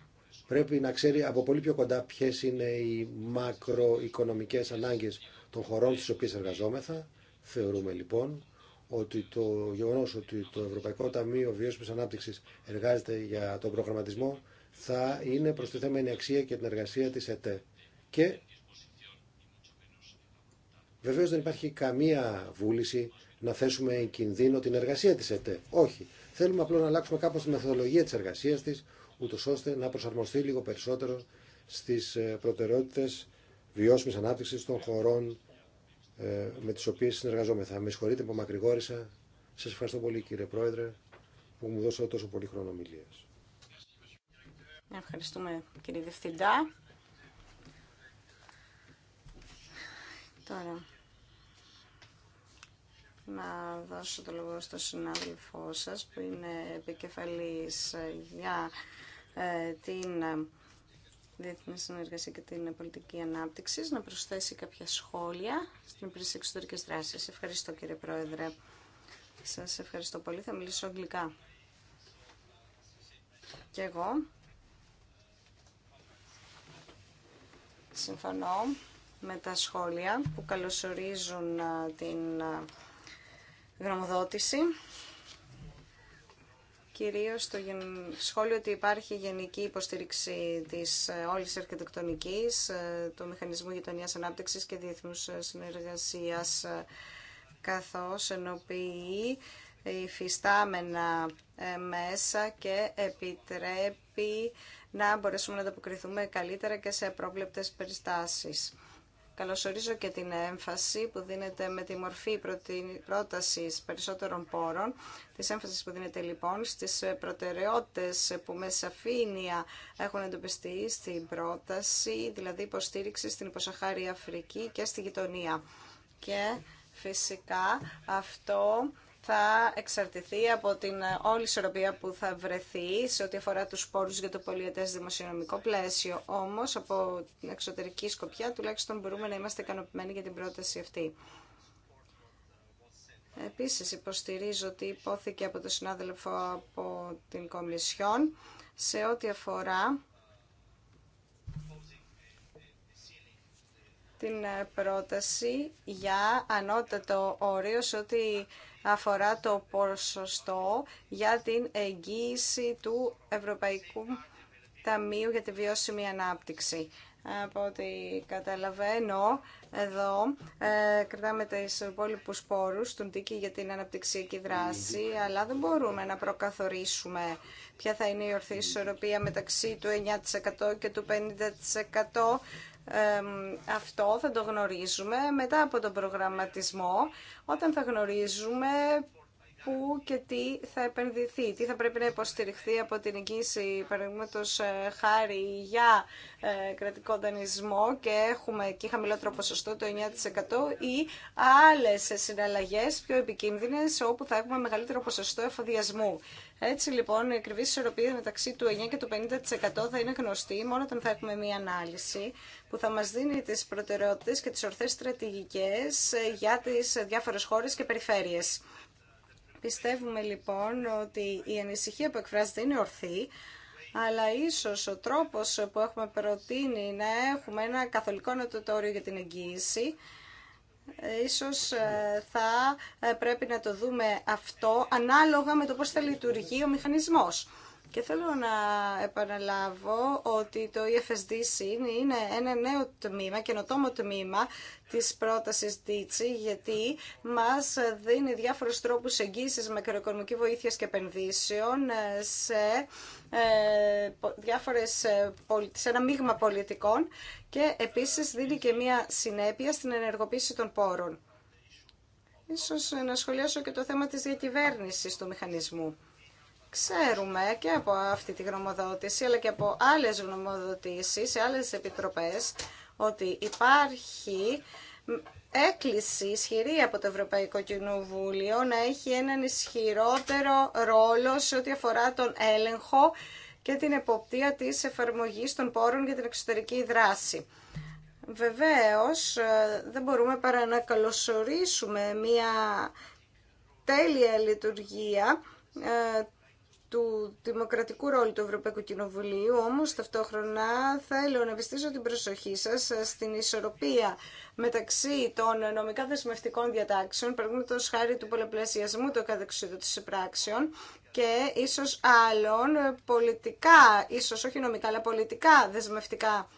Πρέπει να ξέρει από πολύ πιο κοντά ποιε είναι οι μακροοικονομικέ ανάγκε των χωρών στι οποίε εργαζόμεθα. Θεωρούμε λοιπόν ότι το γεγονός ότι το Ευρωπαϊκό Ταμείο Βιώσιμης Ανάπτυξης εργάζεται για τον προγραμματισμό θα είναι προστιθέμενη αξία και την εργασία της ΕΤΕ. Και βεβαίως δεν υπάρχει καμία βούληση να θέσουμε εν κινδύνο την εργασία της ΕΤΕ. Όχι. Θέλουμε απλώς να αλλάξουμε κάπως τη μεθοδολογία της εργασίας της, ούτω ώστε να προσαρμοστεί λίγο περισσότερο στις ε, προτεραιότητες βιώσιμης ανάπτυξης των χωρών ε, με τις οποίες συνεργαζόμεθα. Με συγχωρείτε που μακρηγόρησα. Σας ευχαριστώ πολύ κύριε Πρόεδρε που μου δώσατε τόσο πολύ χρόνο ομιλίας. Ευχαριστούμε κύριε Διευθυντά. Τώρα, να δώσω το λόγο στο συνάδελφό σας που είναι επικεφαλής για ε, την διεθνή συνεργασία και την πολιτική ανάπτυξη να προσθέσει κάποια σχόλια στην υπηρεσία εξωτερική δράση. Ευχαριστώ κύριε Πρόεδρε. Σα ευχαριστώ πολύ. Θα μιλήσω αγγλικά. Και εγώ συμφωνώ με τα σχόλια που καλωσορίζουν την γραμμοδότηση κυρίως στο σχόλιο ότι υπάρχει γενική υποστήριξη της ε, όλης αρχιτεκτονικής, ε, του Μηχανισμού Γειτονία Ανάπτυξης και Διεθνούς ε, Συνεργασίας, καθώς ενοποιεί υφιστάμενα μέσα και επιτρέπει να μπορέσουμε να ανταποκριθούμε καλύτερα και σε προβλεπτές περιστάσεις. Καλωσορίζω και την έμφαση που δίνεται με τη μορφή πρότασης περισσότερων πόρων, της έμφασης που δίνεται λοιπόν στις προτεραιότητες που με σαφήνεια έχουν εντοπιστεί στην πρόταση, δηλαδή υποστήριξη στην υποσαχάρια Αφρική και στη γειτονία. Και φυσικά αυτό θα εξαρτηθεί από την ε, όλη ισορροπία που θα βρεθεί σε ό,τι αφορά τους πόρου για το πολιετές δημοσιονομικό πλαίσιο. Όμως, από την εξωτερική σκοπιά, τουλάχιστον μπορούμε να είμαστε ικανοποιημένοι για την πρόταση αυτή. Επίσης, υποστηρίζω ότι υπόθηκε από τον συνάδελφο από την Κομισιόν σε ό,τι αφορά την ε, πρόταση για ανώτατο όριο σε ό,τι αφορά το ποσοστό για την εγγύηση του Ευρωπαϊκού Ταμείου για τη Βιώσιμη Ανάπτυξη. Από ό,τι καταλαβαίνω, εδώ ε, κρατάμε τις υπόλοιπου πόρου του Ντίκη για την αναπτυξιακή δράση, αλλά δεν μπορούμε να προκαθορίσουμε ποια θα είναι η ορθή ισορροπία μεταξύ του 9% και του 50% αυτό θα το γνωρίζουμε μετά από τον προγραμματισμό, όταν θα γνωρίζουμε πού και τι θα επενδυθεί, τι θα πρέπει να υποστηριχθεί από την εγγύηση παραδείγματο ε, χάρη για ε, κρατικό δανεισμό και έχουμε εκεί χαμηλότερο ποσοστό το 9% ή άλλες συναλλαγές πιο επικίνδυνες όπου θα έχουμε μεγαλύτερο ποσοστό εφοδιασμού. Έτσι λοιπόν η αλλε συναλλαγε πιο επικινδυνες οπου θα ισορροπία μεταξύ του 9% και του 50% θα είναι γνωστή μόνο όταν θα έχουμε μία ανάλυση που θα μας δίνει τις προτεραιότητες και τις ορθές στρατηγικές ε, για τις διάφορες χώρες και περιφέρειες. Πιστεύουμε λοιπόν ότι η ανησυχία που εκφράζεται είναι ορθή, αλλά ίσως ο τρόπος που έχουμε προτείνει να έχουμε ένα καθολικό νοτοτόριο για την εγγύηση, ίσως ε, θα ε, πρέπει να το δούμε αυτό ανάλογα με το πώς θα λειτουργεί ο μηχανισμός. Και θέλω να επαναλάβω ότι το EFSD είναι ένα νέο τμήμα, καινοτόμο τμήμα της πρότασης DITSI, γιατί μας δίνει διάφορους τρόπους εγγύησης μακροοικονομική βοήθεια και επενδύσεων σε, ε, διάφορες, ε, σε ένα μείγμα πολιτικών και επίσης δίνει και μία συνέπεια στην ενεργοποίηση των πόρων. Ίσως να σχολιάσω και το θέμα της διακυβέρνησης του μηχανισμού. Ξέρουμε και από αυτή τη γνωμοδότηση, αλλά και από άλλες γνωμοδοτήσεις, σε άλλες επιτροπές, ότι υπάρχει έκκληση ισχυρή από το Ευρωπαϊκό Κοινοβούλιο να έχει έναν ισχυρότερο ρόλο σε ό,τι αφορά τον έλεγχο και την εποπτεία της εφαρμογής των πόρων για την εξωτερική δράση. Βεβαίως, ε, δεν μπορούμε παρά να καλωσορίσουμε μια τέλεια λειτουργία ε, του δημοκρατικού ρόλου του Ευρωπαϊκού Κοινοβουλίου, όμως ταυτόχρονα θέλω να βιστήσω την προσοχή σας ε, στην ισορροπία μεταξύ των νομικά δεσμευτικών διατάξεων, παραδείγματο χάρη του πολλαπλασιασμού των καδεξιδότησης πράξεων και ίσως άλλων ε, πολιτικά, ίσως όχι νομικά, αλλά πολιτικά δεσμευτικά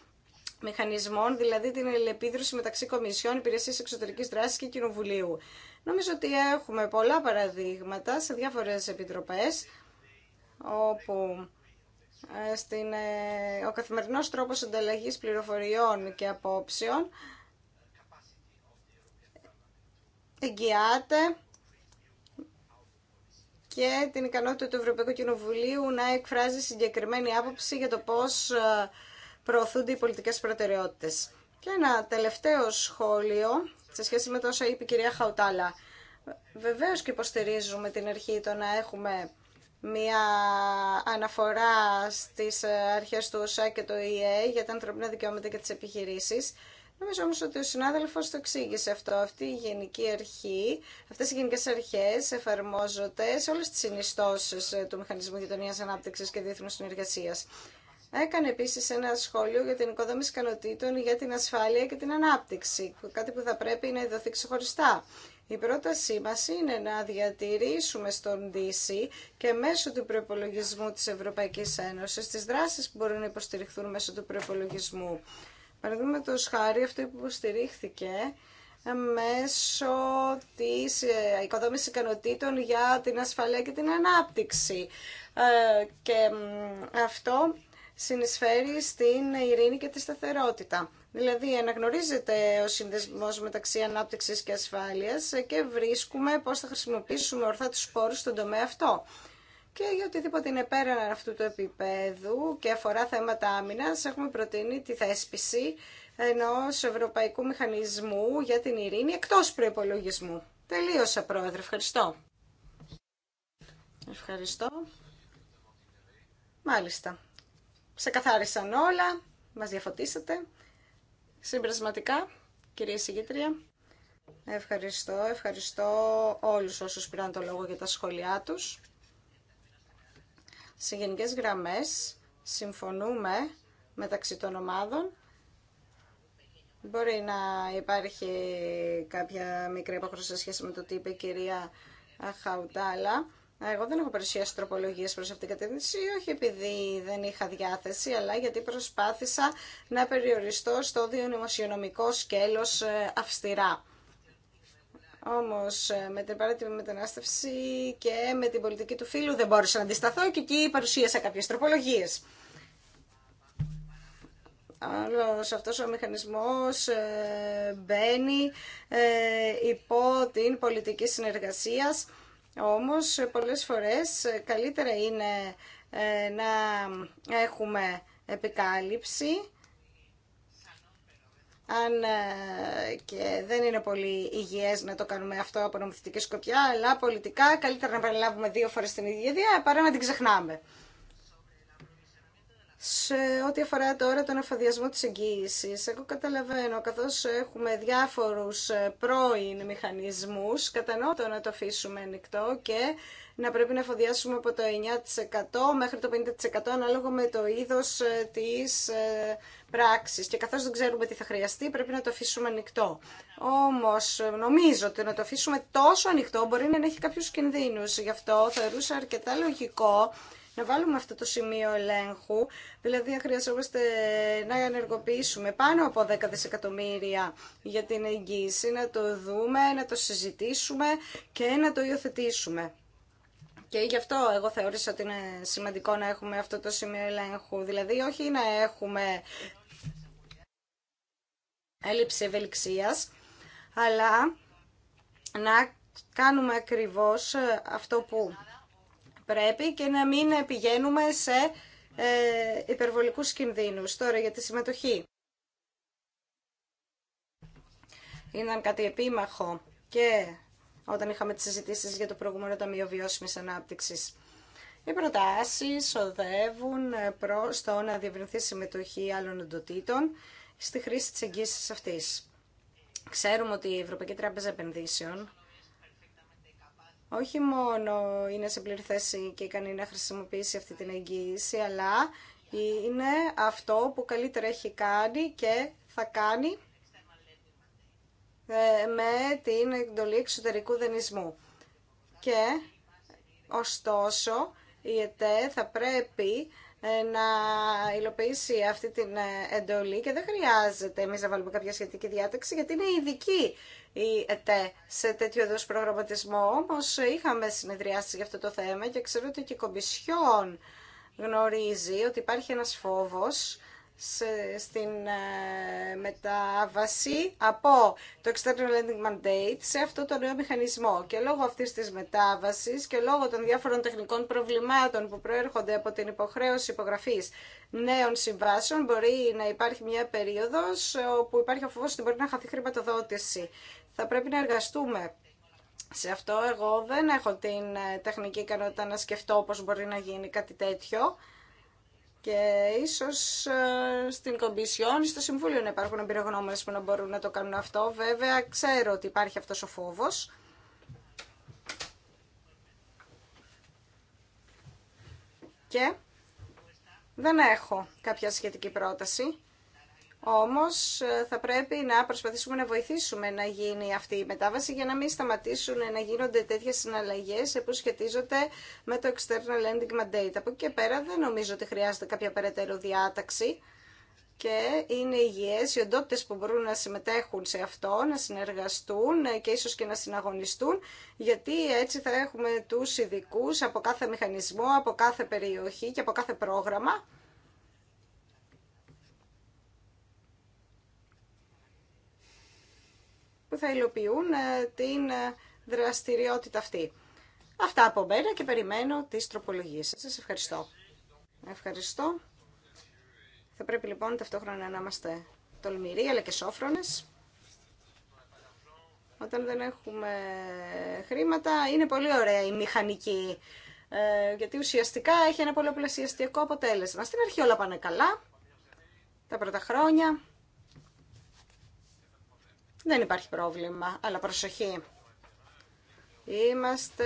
μηχανισμών, δηλαδή την ελεπίδρωση μεταξύ Κομισιών, Υπηρεσία Εξωτερική Δράση και Κοινοβουλίου. Νομίζω ότι έχουμε πολλά παραδείγματα σε διάφορε επιτροπέ όπου ε, στην, ε, ο καθημερινός τρόπος ανταλλαγής πληροφοριών και απόψεων εγγυάται και την ικανότητα του Ευρωπαϊκού Κοινοβουλίου να εκφράζει συγκεκριμένη άποψη για το πώς ε, προωθούνται οι πολιτικές προτεραιότητες. Και ένα τελευταίο σχόλιο σε σχέση με το όσα είπε η κυρία Χαουτάλα. Βεβαίως και υποστηρίζουμε την αρχή το να έχουμε μια αναφορά στις ε, αρχές του ΟΣΑ και του ΙΕ για τα ανθρωπινά δικαιώματα και τις επιχειρήσεις. Νομίζω όμως ότι ο συνάδελφος το εξήγησε αυτό. Αυτή η γενική αρχή, αυτές οι γενικές αρχές εφαρμόζονται σε όλες τις συνιστώσεις ε, του Μηχανισμού γειτονία Ανάπτυξης και Διεθνούς συνεργασία. Έκανε επίση ένα σχόλιο για την οικοδόμηση ικανοτήτων για την ασφάλεια και την ανάπτυξη, κάτι που θα πρέπει να ειδωθεί ξεχωριστά. Η πρότασή μας είναι να διατηρήσουμε στον DC και μέσω του προπολογισμού της Ευρωπαϊκής Ένωσης τις δράσεις που μπορούν να υποστηριχθούν μέσω του προπολογισμού. Παραδείγματο χάρη αυτό που υποστηρίχθηκε μέσω της ε, οικοδόμησης ικανοτήτων για την ασφαλεία και την ανάπτυξη. Ε, και αυτό συνεισφέρει στην ειρήνη και τη σταθερότητα. Δηλαδή αναγνωρίζεται ο συνδεσμός μεταξύ ανάπτυξης και ασφάλειας και βρίσκουμε πώς θα χρησιμοποιήσουμε ορθά τους σπόρους στον τομέα αυτό. Και για οτιδήποτε είναι πέραν αυτού του επίπεδου και αφορά θέματα άμυνας, έχουμε προτείνει τη θέσπιση ενός ευρωπαϊκού μηχανισμού για την ειρήνη εκτός προϋπολογισμού. Τελείωσα, Πρόεδρε. Ευχαριστώ. Ευχαριστώ. Μάλιστα καθάρισαν όλα, μας διαφωτίσατε. Συμπρασματικά, κυρία Συγκήτρια, ευχαριστώ, ευχαριστώ όλους όσους πήραν το λόγο για τα σχόλιά τους. Σε γενικές γραμμές συμφωνούμε μεταξύ των ομάδων. Μπορεί να υπάρχει κάποια μικρή απόχρωση σε σχέση με το τι είπε η κυρία Χαουτάλα εγώ δεν έχω παρουσιάσει τροπολογίες προς αυτήν την κατεύθυνση, όχι επειδή δεν είχα διάθεση, αλλά γιατί προσπάθησα να περιοριστώ στο διονυμοσιονομικό σκέλος ε, αυστηρά. Όμως ε, με την παράτιμη μετανάστευση και με την πολιτική του φίλου δεν μπόρεσα να αντισταθώ και εκεί παρουσίασα κάποιες τροπολογίες. Άλλος αυτός ο μηχανισμός ε, μπαίνει υπό την πολιτική συνεργασίας όμως πολλές φορές καλύτερα είναι ε, να έχουμε επικάλυψη αν ε, και δεν είναι πολύ υγιές να το κάνουμε αυτό από νομοθετική σκοπιά, αλλά πολιτικά καλύτερα να παραλάβουμε δύο φορές την ίδια ιδέα παρά να την ξεχνάμε σε ό,τι αφορά τώρα τον αφοδιασμό της εγγύησης, εγώ καταλαβαίνω, καθώς έχουμε διάφορους ε, πρώην μηχανισμούς, κατανοώ το να το αφήσουμε ανοιχτό και να πρέπει να αφοδιάσουμε από το 9% μέχρι το 50% ανάλογα με το είδος ε, της ε, πράξης. Και καθώς δεν ξέρουμε τι θα χρειαστεί, πρέπει να το αφήσουμε ανοιχτό. Όμως, νομίζω ότι να το αφήσουμε τόσο ανοιχτό μπορεί να έχει κάποιους κινδύνους. Γι' αυτό θεωρούσα αρκετά λογικό να βάλουμε αυτό το σημείο ελέγχου, δηλαδή χρειαζόμαστε να ενεργοποιήσουμε πάνω από 10 δισεκατομμύρια για την εγγύηση, να το δούμε, να το συζητήσουμε και να το υιοθετήσουμε. Και γι' αυτό εγώ θεώρησα ότι είναι σημαντικό να έχουμε αυτό το σημείο ελέγχου, δηλαδή όχι να έχουμε έλλειψη ευελιξίας, αλλά να κάνουμε ακριβώς αυτό που πρέπει και να μην πηγαίνουμε σε ε, υπερβολικούς κινδύνους. Τώρα για τη συμμετοχή. Ήταν κάτι επίμαχο και όταν είχαμε τις συζητήσεις για το προηγούμενο Ταμείο Βιώσιμης Ανάπτυξης. Οι προτάσεις οδεύουν προς το να διευρυνθεί συμμετοχή άλλων εντοτήτων στη χρήση της εγγύησης αυτής. Ξέρουμε ότι η Ευρωπαϊκή Τράπεζα Επενδύσεων όχι μόνο είναι σε πλήρη θέση και ικανή να χρησιμοποιήσει αυτή την εγγύηση, αλλά είναι αυτό που καλύτερα έχει κάνει και θα κάνει ε, με την εντολή εξωτερικού δενισμού Και ωστόσο η ΕΤΕ θα πρέπει ε, να υλοποιήσει αυτή την ε, εντολή και δεν χρειάζεται εμείς να βάλουμε κάποια σχετική διάταξη γιατί είναι ειδική η ΕΤΕ σε τέτοιο είδου προγραμματισμό. Όμω είχαμε συνεδριάσει για αυτό το θέμα και ξέρω ότι και η Κομπισιόν γνωρίζει ότι υπάρχει ένας φόβος στην ε, μετάβαση από το External Lending Mandate σε αυτό το νέο μηχανισμό. Και λόγω αυτής της μετάβασης και λόγω των διάφορων τεχνικών προβλημάτων που προέρχονται από την υποχρέωση υπογραφής νέων συμβάσεων μπορεί να υπάρχει μια περίοδος όπου υπάρχει ο φόβος ότι μπορεί να χαθεί χρηματοδότηση θα πρέπει να εργαστούμε σε αυτό. Εγώ δεν έχω την ε, τεχνική ικανότητα να σκεφτώ πώς μπορεί να γίνει κάτι τέτοιο και ίσως ε, στην Κομπισιόν ή στο Συμβούλιο να υπάρχουν εμπειρογνώμες που να μπορούν να το κάνουν αυτό. Βέβαια, ξέρω ότι υπάρχει αυτός ο φόβος. Και δεν έχω κάποια σχετική πρόταση. Όμως ε, θα πρέπει να προσπαθήσουμε να βοηθήσουμε να γίνει αυτή η μετάβαση για να μην σταματήσουν να γίνονται τέτοιες συναλλαγές ε, που σχετίζονται με το external lending mandate. Από εκεί και πέρα δεν νομίζω ότι χρειάζεται κάποια περαιτέρω διάταξη και είναι υγιές οι οντότητες που μπορούν να συμμετέχουν σε αυτό, να συνεργαστούν ε, και ίσως και να συναγωνιστούν, γιατί έτσι θα έχουμε τους ειδικού από κάθε μηχανισμό, από κάθε περιοχή και από κάθε πρόγραμμα που θα υλοποιούν ε, την ε, δραστηριότητα αυτή. Αυτά από μένα και περιμένω τις τροπολογίες σας. ευχαριστώ. Ευχαριστώ. Θα πρέπει λοιπόν ταυτόχρονα να είμαστε τολμηροί αλλά και σόφρονες. Όταν δεν έχουμε χρήματα είναι πολύ ωραία η μηχανική ε, γιατί ουσιαστικά έχει ένα πολλαπλασιαστικό αποτέλεσμα. Στην αρχή όλα πάνε καλά, τα πρώτα χρόνια, δεν υπάρχει πρόβλημα, αλλά προσοχή. Είμαστε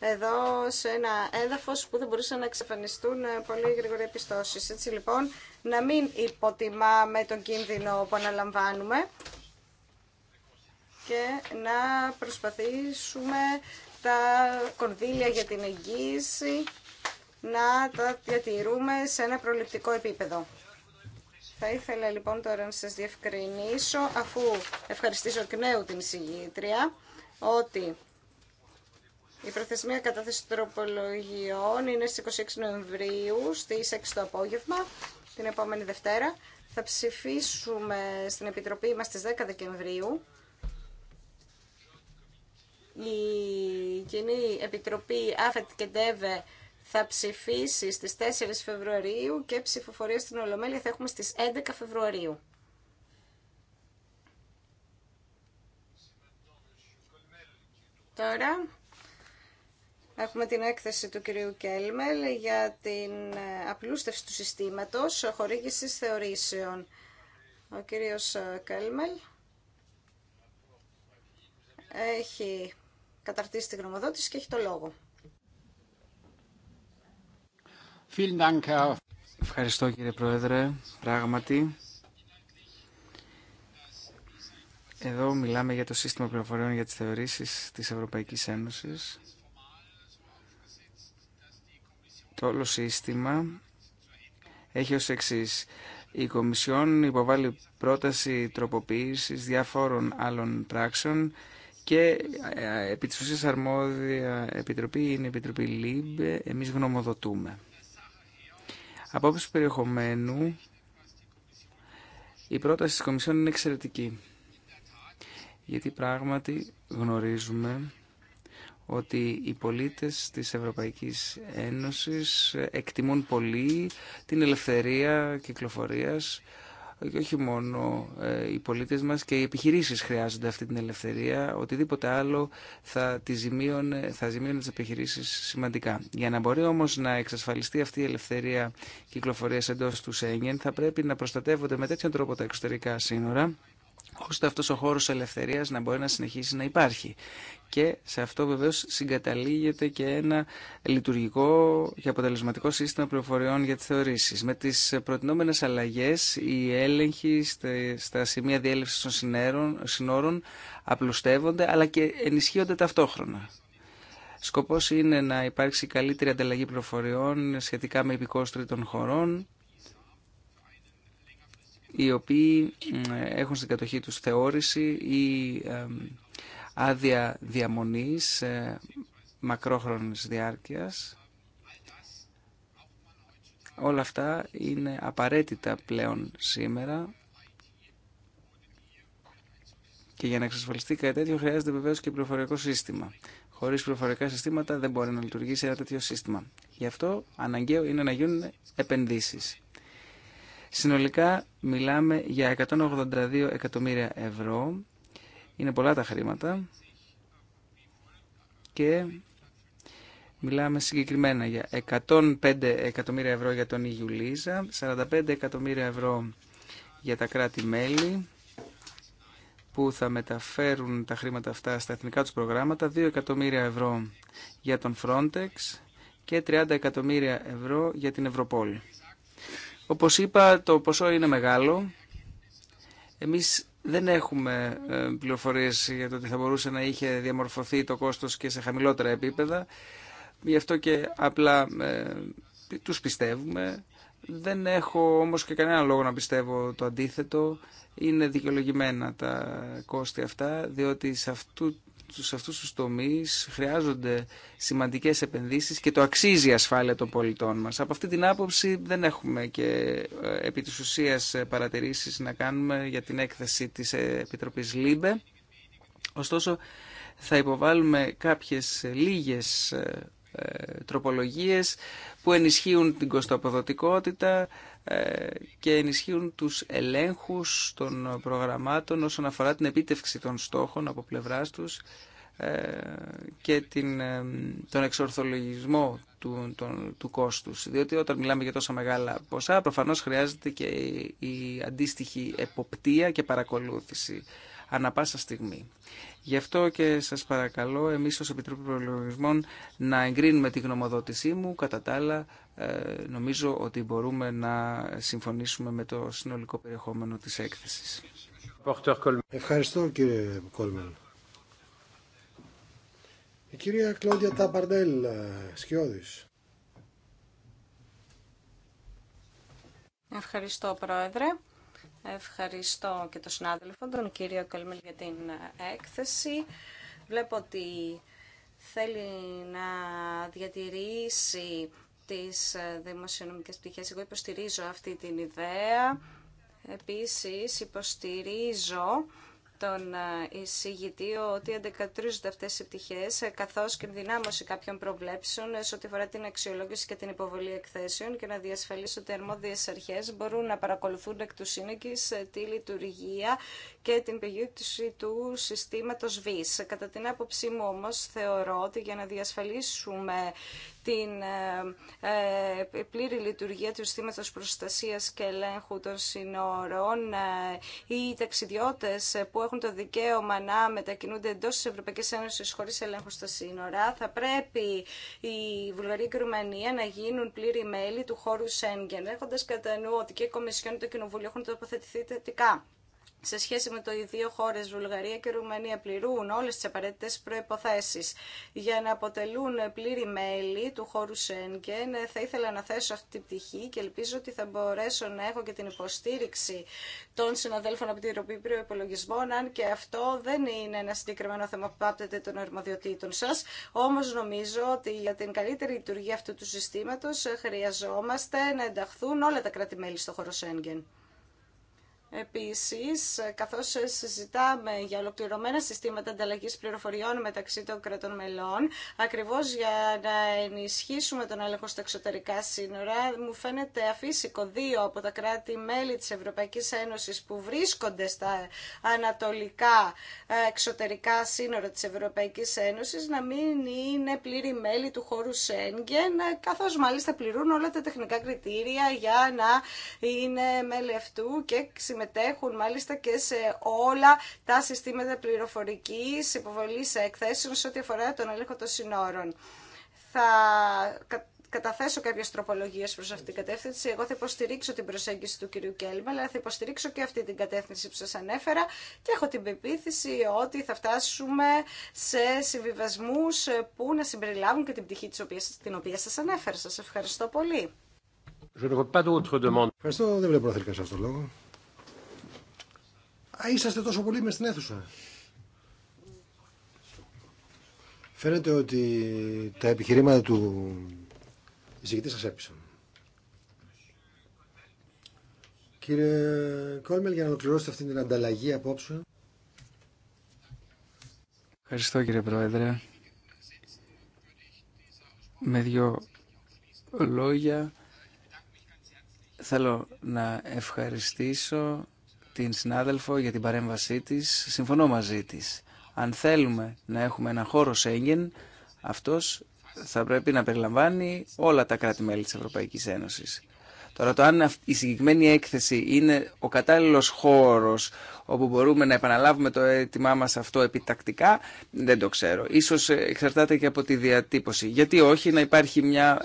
εδώ σε ένα έδαφος που δεν μπορούσαν να εξαφανιστούν πολύ γρήγορα επιστώσεις. Έτσι λοιπόν, να μην υποτιμάμε τον κίνδυνο που αναλαμβάνουμε και να προσπαθήσουμε τα κονδύλια για την εγγύηση να τα διατηρούμε σε ένα προληπτικό επίπεδο. Θα ήθελα λοιπόν τώρα να σας διευκρινίσω, αφού ευχαριστήσω εκ νέου την συγγήτρια, ότι η προθεσμία κατάθεση τροπολογιών είναι στις 26 Νοεμβρίου, στις 6 το απόγευμα, την επόμενη Δευτέρα. Θα ψηφίσουμε στην Επιτροπή μας στις 10 Δεκεμβρίου. Η Κοινή Επιτροπή ΑΦΕΤ και ΝΤΕΒΕ θα ψηφίσει στις 4 Φεβρουαρίου και ψηφοφορία στην Ολομέλεια θα έχουμε στις 11 Φεβρουαρίου. Τώρα έχουμε την έκθεση του κυρίου Κέλμελ για την ε, απλούστευση του συστήματος χορήγησης θεωρήσεων. Ο κύριος ε, Κέλμελ έχει καταρτήσει τη γνωμοδότηση και έχει το λόγο. Ευχαριστώ κύριε Πρόεδρε. Πράγματι, εδώ μιλάμε για το σύστημα πληροφοριών για τις θεωρήσεις της Ευρωπαϊκής Ένωσης. Το όλο σύστημα έχει ως εξής. Η Κομισιόν υποβάλλει πρόταση τροποποίησης διαφόρων άλλων πράξεων και ε, ε, επί της αρμόδια επιτροπή είναι η Επιτροπή ΛΥΜΠ, εμείς γνωμοδοτούμε. Από άποψη περιεχομένου, η πρόταση της Κομισιόν είναι εξαιρετική. Γιατί πράγματι γνωρίζουμε ότι οι πολίτες της Ευρωπαϊκής Ένωσης εκτιμούν πολύ την ελευθερία κυκλοφορίας και ε, όχι μόνο ε, οι πολίτες μας και οι επιχειρήσεις χρειάζονται αυτή την ελευθερία. Οτιδήποτε άλλο θα, τη ζημίωνε, θα ζημίωνε τις επιχειρήσεις σημαντικά. Για να μπορεί όμως να εξασφαλιστεί αυτή η ελευθερία κυκλοφορίας εντός του Σέγγεν θα πρέπει να προστατεύονται με τέτοιον τρόπο τα εξωτερικά σύνορα ώστε αυτός ο χώρος ελευθερίας να μπορεί να συνεχίσει να υπάρχει. Και σε αυτό βεβαίως συγκαταλήγεται και ένα λειτουργικό και αποτελεσματικό σύστημα πληροφοριών για τις θεωρήσεις. Με τις προτινόμενες αλλαγές, οι έλεγχοι στα σημεία διέλευσης των συνόρων απλουστεύονται, αλλά και ενισχύονται ταυτόχρονα. Σκοπός είναι να υπάρξει καλύτερη ανταλλαγή πληροφοριών σχετικά με υπηκόστροι των χωρών, οι οποίοι έχουν στην κατοχή τους θεώρηση ή άδεια διαμονής ε, μακρόχρονης διάρκειας. Όλα αυτά είναι απαραίτητα πλέον σήμερα και για να εξασφαλιστεί κάτι τέτοιο χρειάζεται βεβαίως και πληροφοριακό σύστημα. Χωρίς πληροφορικά συστήματα δεν μπορεί να λειτουργήσει ένα τέτοιο σύστημα. Γι' αυτό αναγκαίο είναι να γίνουν επενδύσεις. Συνολικά μιλάμε για 182 εκατομμύρια ευρώ. Είναι πολλά τα χρήματα και μιλάμε συγκεκριμένα για 105 εκατομμύρια ευρώ για τον Ιουλίζα, 45 εκατομμύρια ευρώ για τα κράτη-μέλη που θα μεταφέρουν τα χρήματα αυτά στα εθνικά τους προγράμματα, 2 εκατομμύρια ευρώ για τον Frontex και 30 εκατομμύρια ευρώ για την Ευρωπόλη. Όπως είπα, το ποσό είναι μεγάλο. Εμείς δεν έχουμε ε, πληροφορίες για το ότι θα μπορούσε να είχε διαμορφωθεί το κόστος και σε χαμηλότερα επίπεδα. Γι' αυτό και απλά ε, τους πιστεύουμε. Δεν έχω όμως και κανένα λόγο να πιστεύω το αντίθετο. Είναι δικαιολογημένα τα κόστη αυτά, διότι σε αυτού σε αυτούς τους τομείς χρειάζονται σημαντικές επενδύσεις και το αξίζει η ασφάλεια των πολιτών μας. Από αυτή την άποψη δεν έχουμε και ε, επί της ουσίας ε, παρατηρήσεις να κάνουμε για την έκθεση της Επιτροπής ΛΥΜΠΕ. Ωστόσο θα υποβάλουμε κάποιες λίγες ε, τροπολογίες που ενισχύουν την κοστοποδοτικότητα, ε, και ενισχύουν τους ελέγχους των προγραμμάτων όσον αφορά την επίτευξη των στόχων από πλευράς τους ε, και την, ε, τον εξορθολογισμό του, τον, του κόστους. Διότι όταν μιλάμε για τόσα μεγάλα ποσά, προφανώς χρειάζεται και η αντίστοιχη εποπτεία και παρακολούθηση ανα πάσα στιγμή. Γι' αυτό και σας παρακαλώ εμείς ως Επιτροπή Προλογισμών να εγκρίνουμε τη γνωμοδότησή μου. Κατά τα άλλα ε, νομίζω ότι μπορούμε να συμφωνήσουμε με το συνολικό περιεχόμενο της έκθεσης. Ευχαριστώ κύριε Κόλμελ. Η κυρία Κλόντια Ταμπαρντέλ, ε, Σκιώδης. Ευχαριστώ πρόεδρε. Ευχαριστώ και τον συνάδελφο, τον κύριο Κολμέλ, για την έκθεση. Βλέπω ότι θέλει να διατηρήσει τις δημοσιονομικές πτυχές. Εγώ υποστηρίζω αυτή την ιδέα. Επίσης, υποστηρίζω τον ε, εισηγητή ότι αντικατρίζονται αυτέ οι πτυχέ ε, καθώ και ενδυνάμωση κάποιων προβλέψεων ε, σε ό,τι αφορά την αξιολόγηση και την υποβολή εκθέσεων και να διασφαλίσει ότι αρμόδιε αρχέ μπορούν να παρακολουθούν εκ του σύνοικη τη λειτουργία και την πηγήτηση του συστήματο ΒΙΣ. Κατά την άποψή μου όμω θεωρώ ότι για να διασφαλίσουμε την ε, ε, πλήρη λειτουργία του συστήματος προστασίας και ελέγχου των συνόρων. Ε, οι ταξιδιώτες που έχουν το δικαίωμα να μετακινούνται εντός της Ευρωπαϊκής Ένωσης χωρίς ελέγχου στα σύνορα θα πρέπει η Βουλγαρία και η Ρουμανία να γίνουν πλήρη μέλη του χώρου Σέγγεν, έχοντας κατά νου ότι και η Κομισιόν και το Κοινοβούλιο έχουν τοποθετηθεί θετικά σε σχέση με το οι δύο χώρε Βουλγαρία και Ρουμανία πληρούν όλε τι απαραίτητε προϋποθέσεις για να αποτελούν πλήρη μέλη του χώρου Σένκεν. Θα ήθελα να θέσω αυτή την πτυχή και ελπίζω ότι θα μπορέσω να έχω και την υποστήριξη των συναδέλφων από την Ευρωπαϊκή Προϋπολογισμών, αν και αυτό δεν είναι ένα συγκεκριμένο θέμα που πάπτεται των αρμοδιοτήτων σα. Όμω νομίζω ότι για την καλύτερη λειτουργία αυτού του συστήματο, ε, χρειαζόμαστε να ενταχθούν όλα τα κράτη-μέλη στο χώρο Σέγγεν. Επίσης, καθώς συζητάμε για ολοκληρωμένα συστήματα ανταλλαγή πληροφοριών μεταξύ των κρατών μελών, ακριβώς για να ενισχύσουμε τον έλεγχο στα εξωτερικά σύνορα, μου φαίνεται αφύσικο δύο από τα κράτη-μέλη της Ευρωπαϊκής Ένωσης που βρίσκονται στα ανατολικά ε, εξωτερικά σύνορα της Ευρωπαϊκής Ένωσης να μην είναι πλήρη μέλη του χώρου Σέγγεν, καθώς μάλιστα πληρούν όλα τα τεχνικά κριτήρια για να είναι μέλη αυτού και συμμετέχουν μάλιστα και σε όλα τα συστήματα πληροφορικής υποβολής εκθέσεων σε ό,τι αφορά τον έλεγχο των συνόρων. Θα καταθέσω κάποιες τροπολογίες προς αυτήν την κατεύθυνση. Εγώ θα υποστηρίξω την προσέγγιση του κυρίου Κέλμα, αλλά θα υποστηρίξω και αυτή την κατεύθυνση που σας ανέφερα και έχω την πεποίθηση ότι θα φτάσουμε σε συμβιβασμούς που να συμπεριλάβουν και την πτυχή της οποίας, την οποία σας ανέφερα. Σας ευχαριστώ πολύ. Ευχαριστώ, δεν βλέπω να θέλει λόγο. Α, είσαστε τόσο πολύ με στην αίθουσα. Φαίνεται ότι τα επιχειρήματα του εισηγητή σας έπεισαν. Κύριε Κόλμελ, για να ολοκληρώσετε αυτή την ανταλλαγή απόψε. Ευχαριστώ κύριε Πρόεδρε. Με δύο λόγια θέλω να ευχαριστήσω την συνάδελφο για την παρέμβασή της. Συμφωνώ μαζί της. Αν θέλουμε να έχουμε ένα χώρο Σέγγεν, αυτός θα πρέπει να περιλαμβάνει όλα τα κράτη-μέλη της Ευρωπαϊκής Ένωσης. Τώρα το αν η συγκεκριμένη έκθεση είναι ο κατάλληλος χώρος όπου μπορούμε να επαναλάβουμε το αίτημά μας αυτό επιτακτικά, δεν το ξέρω. Ίσως ε, εξαρτάται και από τη διατύπωση. Γιατί όχι να υπάρχει μια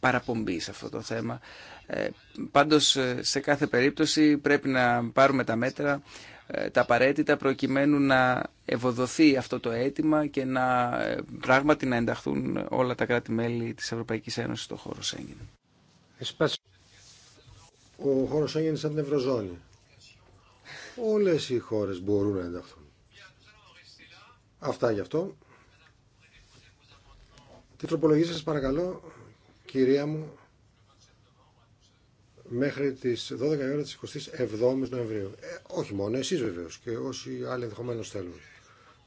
παραπομπή σε αυτό το θέμα ε, πάντως ε, σε κάθε περίπτωση πρέπει να πάρουμε τα μέτρα ε, τα απαραίτητα προκειμένου να ευοδοθεί αυτό το αίτημα και να πράγματι να ενταχθούν όλα τα κράτη-μέλη της Ευρωπαϊκής Ένωσης στο χώρο Σέγγεν. Ο χώρο Σέγγεν είναι σαν την Ευρωζώνη. Όλες οι χώρες μπορούν να ενταχθούν. Αυτά γι' αυτό. Την τροπολογία σας παρακαλώ, κυρία μου μέχρι τις 12 ώρα τη 27 Η Νοεμβρίου. Ε, όχι μόνο, εσείς βεβαίω και όσοι άλλοι ενδεχομένω θέλουν.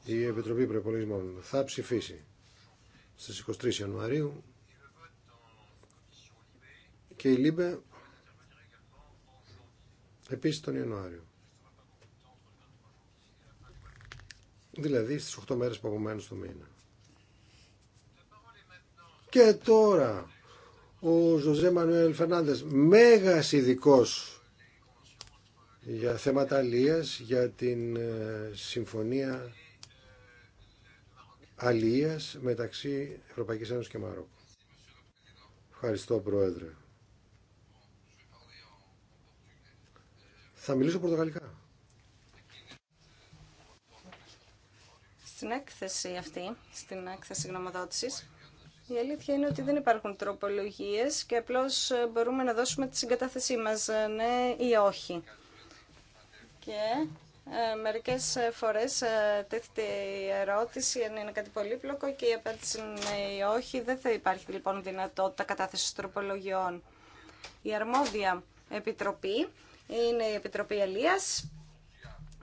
Η Επιτροπή Προπολογισμών θα ψηφίσει στις 23 Ιανουαρίου και η ΛΥΜΠΕ επίση τον Ιανουάριο. Δηλαδή στις 8 μέρες που απομένουν στο μήνα. Και τώρα ο Ζωζέ Μανουέλ Φερνάνδες, μέγας ειδικό για θέματα αλίας, για την ε, συμφωνία αλίας μεταξύ Ευρωπαϊκής Ένωσης και Μαρόκου. Ευχαριστώ, Πρόεδρε. Θα μιλήσω πορτογαλικά. Στην έκθεση αυτή, στην έκθεση γνωμοδότησης, η αλήθεια είναι ότι δεν υπάρχουν τροπολογίες και απλώς ε, μπορούμε να δώσουμε τη συγκατάθεσή μας, ε, ναι ή όχι. Και ε, μερικές ε, φορές ε, η ερώτηση αν είναι κάτι πολύπλοκο και η απάντηση είναι ή όχι. Δεν θα υπάρχει λοιπόν δυνατότητα κατάθεσης τροπολογιών. Η αρμόδια επιτροπή είναι η Επιτροπή Αλίας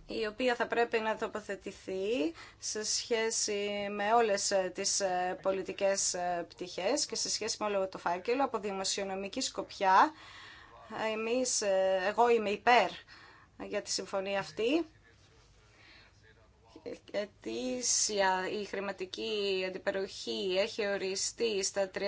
η οποία θα πρέπει να τοποθετηθεί σε σχέση με όλες ε, τις ε, πολιτικές ε, πτυχές και σε σχέση με όλο το φάκελο από δημοσιονομική σκοπιά. Εμείς, εγώ είμαι υπέρ για τη συμφωνία αυτή ετήσια η χρηματική αντιπεροχή έχει οριστεί στα 37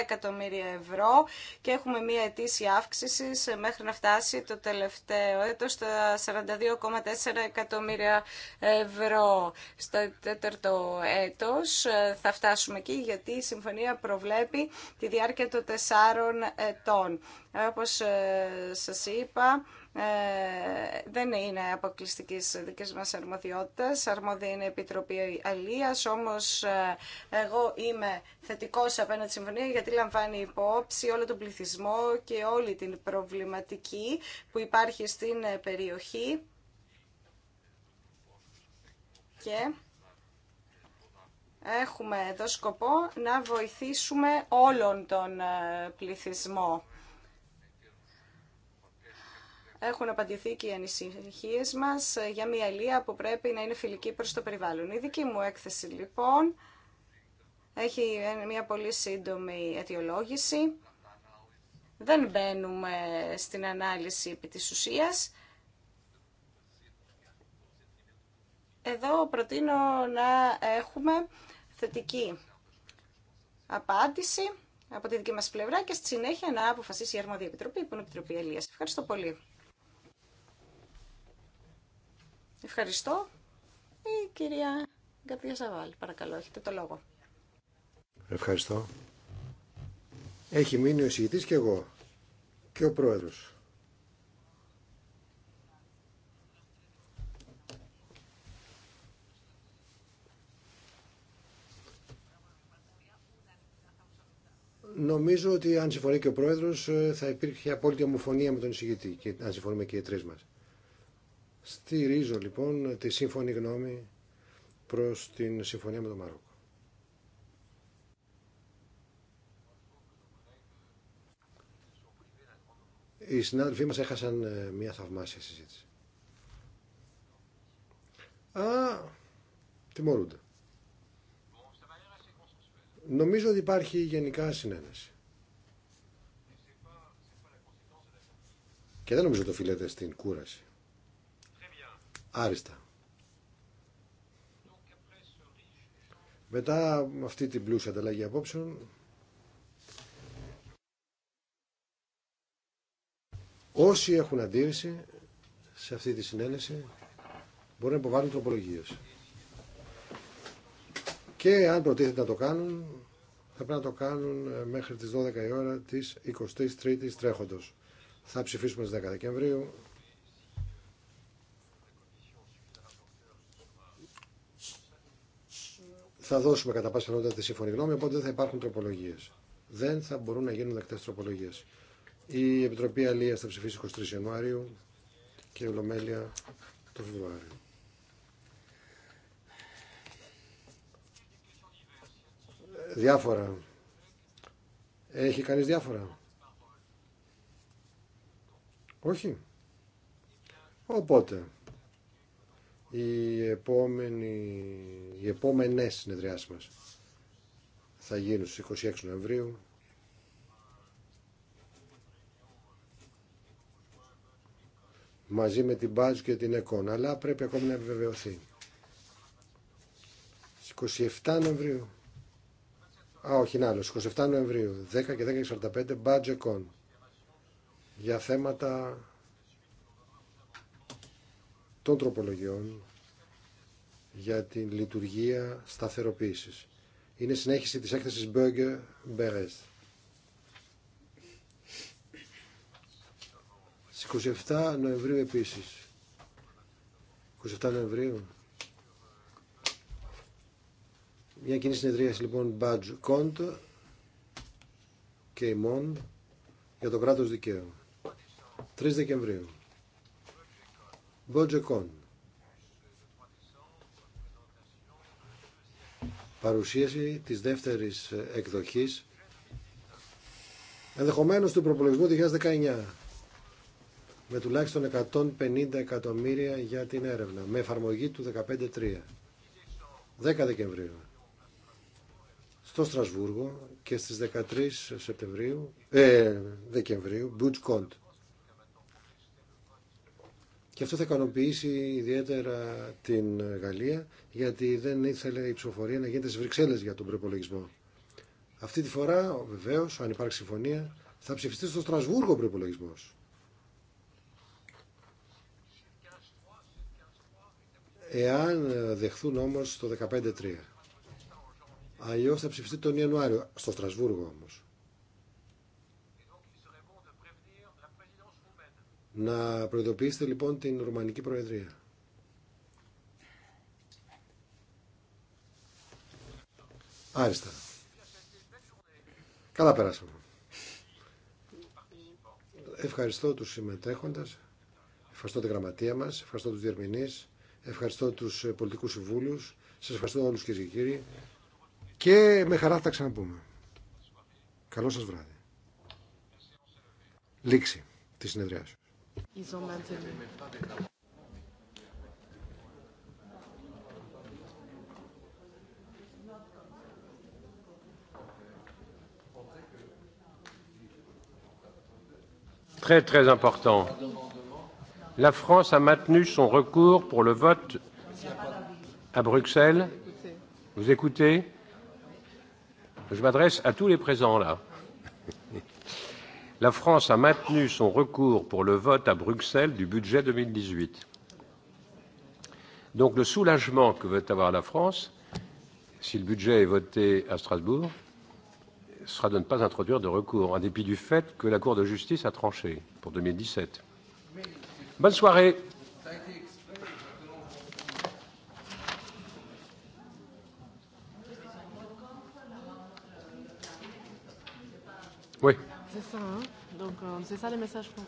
εκατομμύρια ευρώ και έχουμε μία ετήσια αύξηση μέχρι να φτάσει το τελευταίο έτος στα 42,4 εκατομμύρια ευρώ. Στο τέταρτο έτος ε, θα φτάσουμε εκεί γιατί η συμφωνία προβλέπει τη διάρκεια των τεσσάρων ετών. Όπως ε, σας είπα, ε, δεν είναι αποκλειστική δική μα αρμοδιότητα. Αρμόδια είναι η Επιτροπή Αλία. Όμω, ε, εγώ είμαι θετικό απέναντι στη συμφωνία γιατί λαμβάνει υπόψη όλο τον πληθυσμό και όλη την προβληματική που υπάρχει στην ε, περιοχή. Και έχουμε εδώ σκοπό να βοηθήσουμε όλον τον πληθυσμό έχουν απαντηθεί και οι ανησυχίε μας για μια ελία που πρέπει να είναι φιλική προς το περιβάλλον. Η δική μου έκθεση λοιπόν έχει μια πολύ σύντομη αιτιολόγηση. Δεν μπαίνουμε στην ανάλυση επί της ουσίας. Εδώ προτείνω να έχουμε θετική απάντηση από τη δική μας πλευρά και στη συνέχεια να αποφασίσει η Αρμόδια Επιτροπή, που είναι η Επιτροπή Ελίας. Ευχαριστώ πολύ. Ευχαριστώ. Η κυρία Γκαρδιά Σαβάλ, παρακαλώ, έχετε το λόγο. Ευχαριστώ. Έχει μείνει ο εισηγητής και εγώ και ο πρόεδρος. Νομίζω ότι αν συμφωνεί και ο πρόεδρος ε, θα υπήρχε απόλυτη ομοφωνία με τον εισηγητή και αν συμφωνούμε και οι τρεις μας. Στηρίζω λοιπόν τη σύμφωνη γνώμη προς την συμφωνία με το Μαρόκο. Οι συνάδελφοί μας έχασαν ε, μια θαυμάσια συζήτηση. Α, τιμωρούνται. Νομίζω ότι υπάρχει γενικά συνένεση. Και δεν νομίζω ότι οφείλεται στην κούραση άριστα. Μετά αυτή την πλούσια ανταλλαγή απόψεων όσοι έχουν αντίρρηση σε αυτή τη συνένεση μπορούν να υποβάλουν τροπολογίες. Και αν προτίθεται να το κάνουν θα πρέπει να το κάνουν ε, μέχρι τις 12 η ώρα της 23ης τρέχοντος. Θα ψηφίσουμε στις 10 Δεκεμβρίου θα δώσουμε κατά πάσα πιθανότητα τη σύμφωνη γνώμη, οπότε δεν θα υπάρχουν τροπολογίε. Δεν θα μπορούν να γίνουν δεκτέ τροπολογίε. Η Επιτροπή Αλία θα ψηφίσει 23 Ιανουάριου και η Ολομέλεια το Φεβρουάριο. Διάφορα. Έχει κανείς διάφορα. Όχι. Οπότε η επόμενη, οι επόμενες συνεδριάσεις μας θα γίνουν στις 26 Νοεμβρίου μαζί με την Μπάτζ και την ΕΚΟΝ αλλά πρέπει ακόμη να επιβεβαιωθεί στις 27 Νοεμβρίου α όχι άλλο, στις 27 Νοεμβρίου 10 και 10.45 Μπάτζ ΕΚΟΝ για θέματα των τροπολογιών για την λειτουργία σταθεροποίησης. Είναι συνέχιση της έκθεσης Burger Μπέρες. 27 Νοεμβρίου επίσης. 27 Νοεμβρίου. Μια κοινή συνεδρίαση λοιπόν Badge Cont και ημών για το κράτος δικαίου. 3 Δεκεμβρίου. Μποτζεκόν, Παρουσίαση της δεύτερης εκδοχής ενδεχομένως του προπολογισμού 2019 με τουλάχιστον 150 εκατομμύρια για την έρευνα με εφαρμογή του 15-3 10 Δεκεμβρίου στο Στρασβούργο και στις 13 Σεπτεμβρίου, ε, Δεκεμβρίου Μποτζεκόντ. Και αυτό θα ικανοποιήσει ιδιαίτερα την Γαλλία, γιατί δεν ήθελε η ψηφοφορία να γίνεται στι Βρυξέλλε για τον προπολογισμό. Αυτή τη φορά, βεβαίω, αν υπάρξει συμφωνία, θα ψηφιστεί στο Στρασβούργο ο προπολογισμό. Εάν δεχθούν όμω το 15-3. Αλλιώ θα ψηφιστεί τον Ιανουάριο, στο Στρασβούργο όμω. Να προειδοποιήσετε λοιπόν την Ρουμανική Προεδρία. Άριστα. Καλά περάσαμε. Ευχαριστώ τους συμμετέχοντες, ευχαριστώ την γραμματεία μας, ευχαριστώ τους διερμηνείς, ευχαριστώ τους ε, πολιτικούς συμβούλους, σας ευχαριστώ όλους κύριε και κύριοι και με χαρά θα τα ξαναπούμε. Καλό σας βράδυ. Λήξη τη συνεδριάσεως. Ils ont maintenu. Très très important. La France a maintenu son recours pour le vote à Bruxelles. Vous écoutez Je m'adresse à tous les présents là la France a maintenu son recours pour le vote à Bruxelles du budget 2018. Donc le soulagement que veut avoir la France, si le budget est voté à Strasbourg, sera de ne pas introduire de recours, en dépit du fait que la Cour de justice a tranché pour 2017. Bonne soirée. Oui c'est ça, hein. Donc, c'est ça les messages qu'on.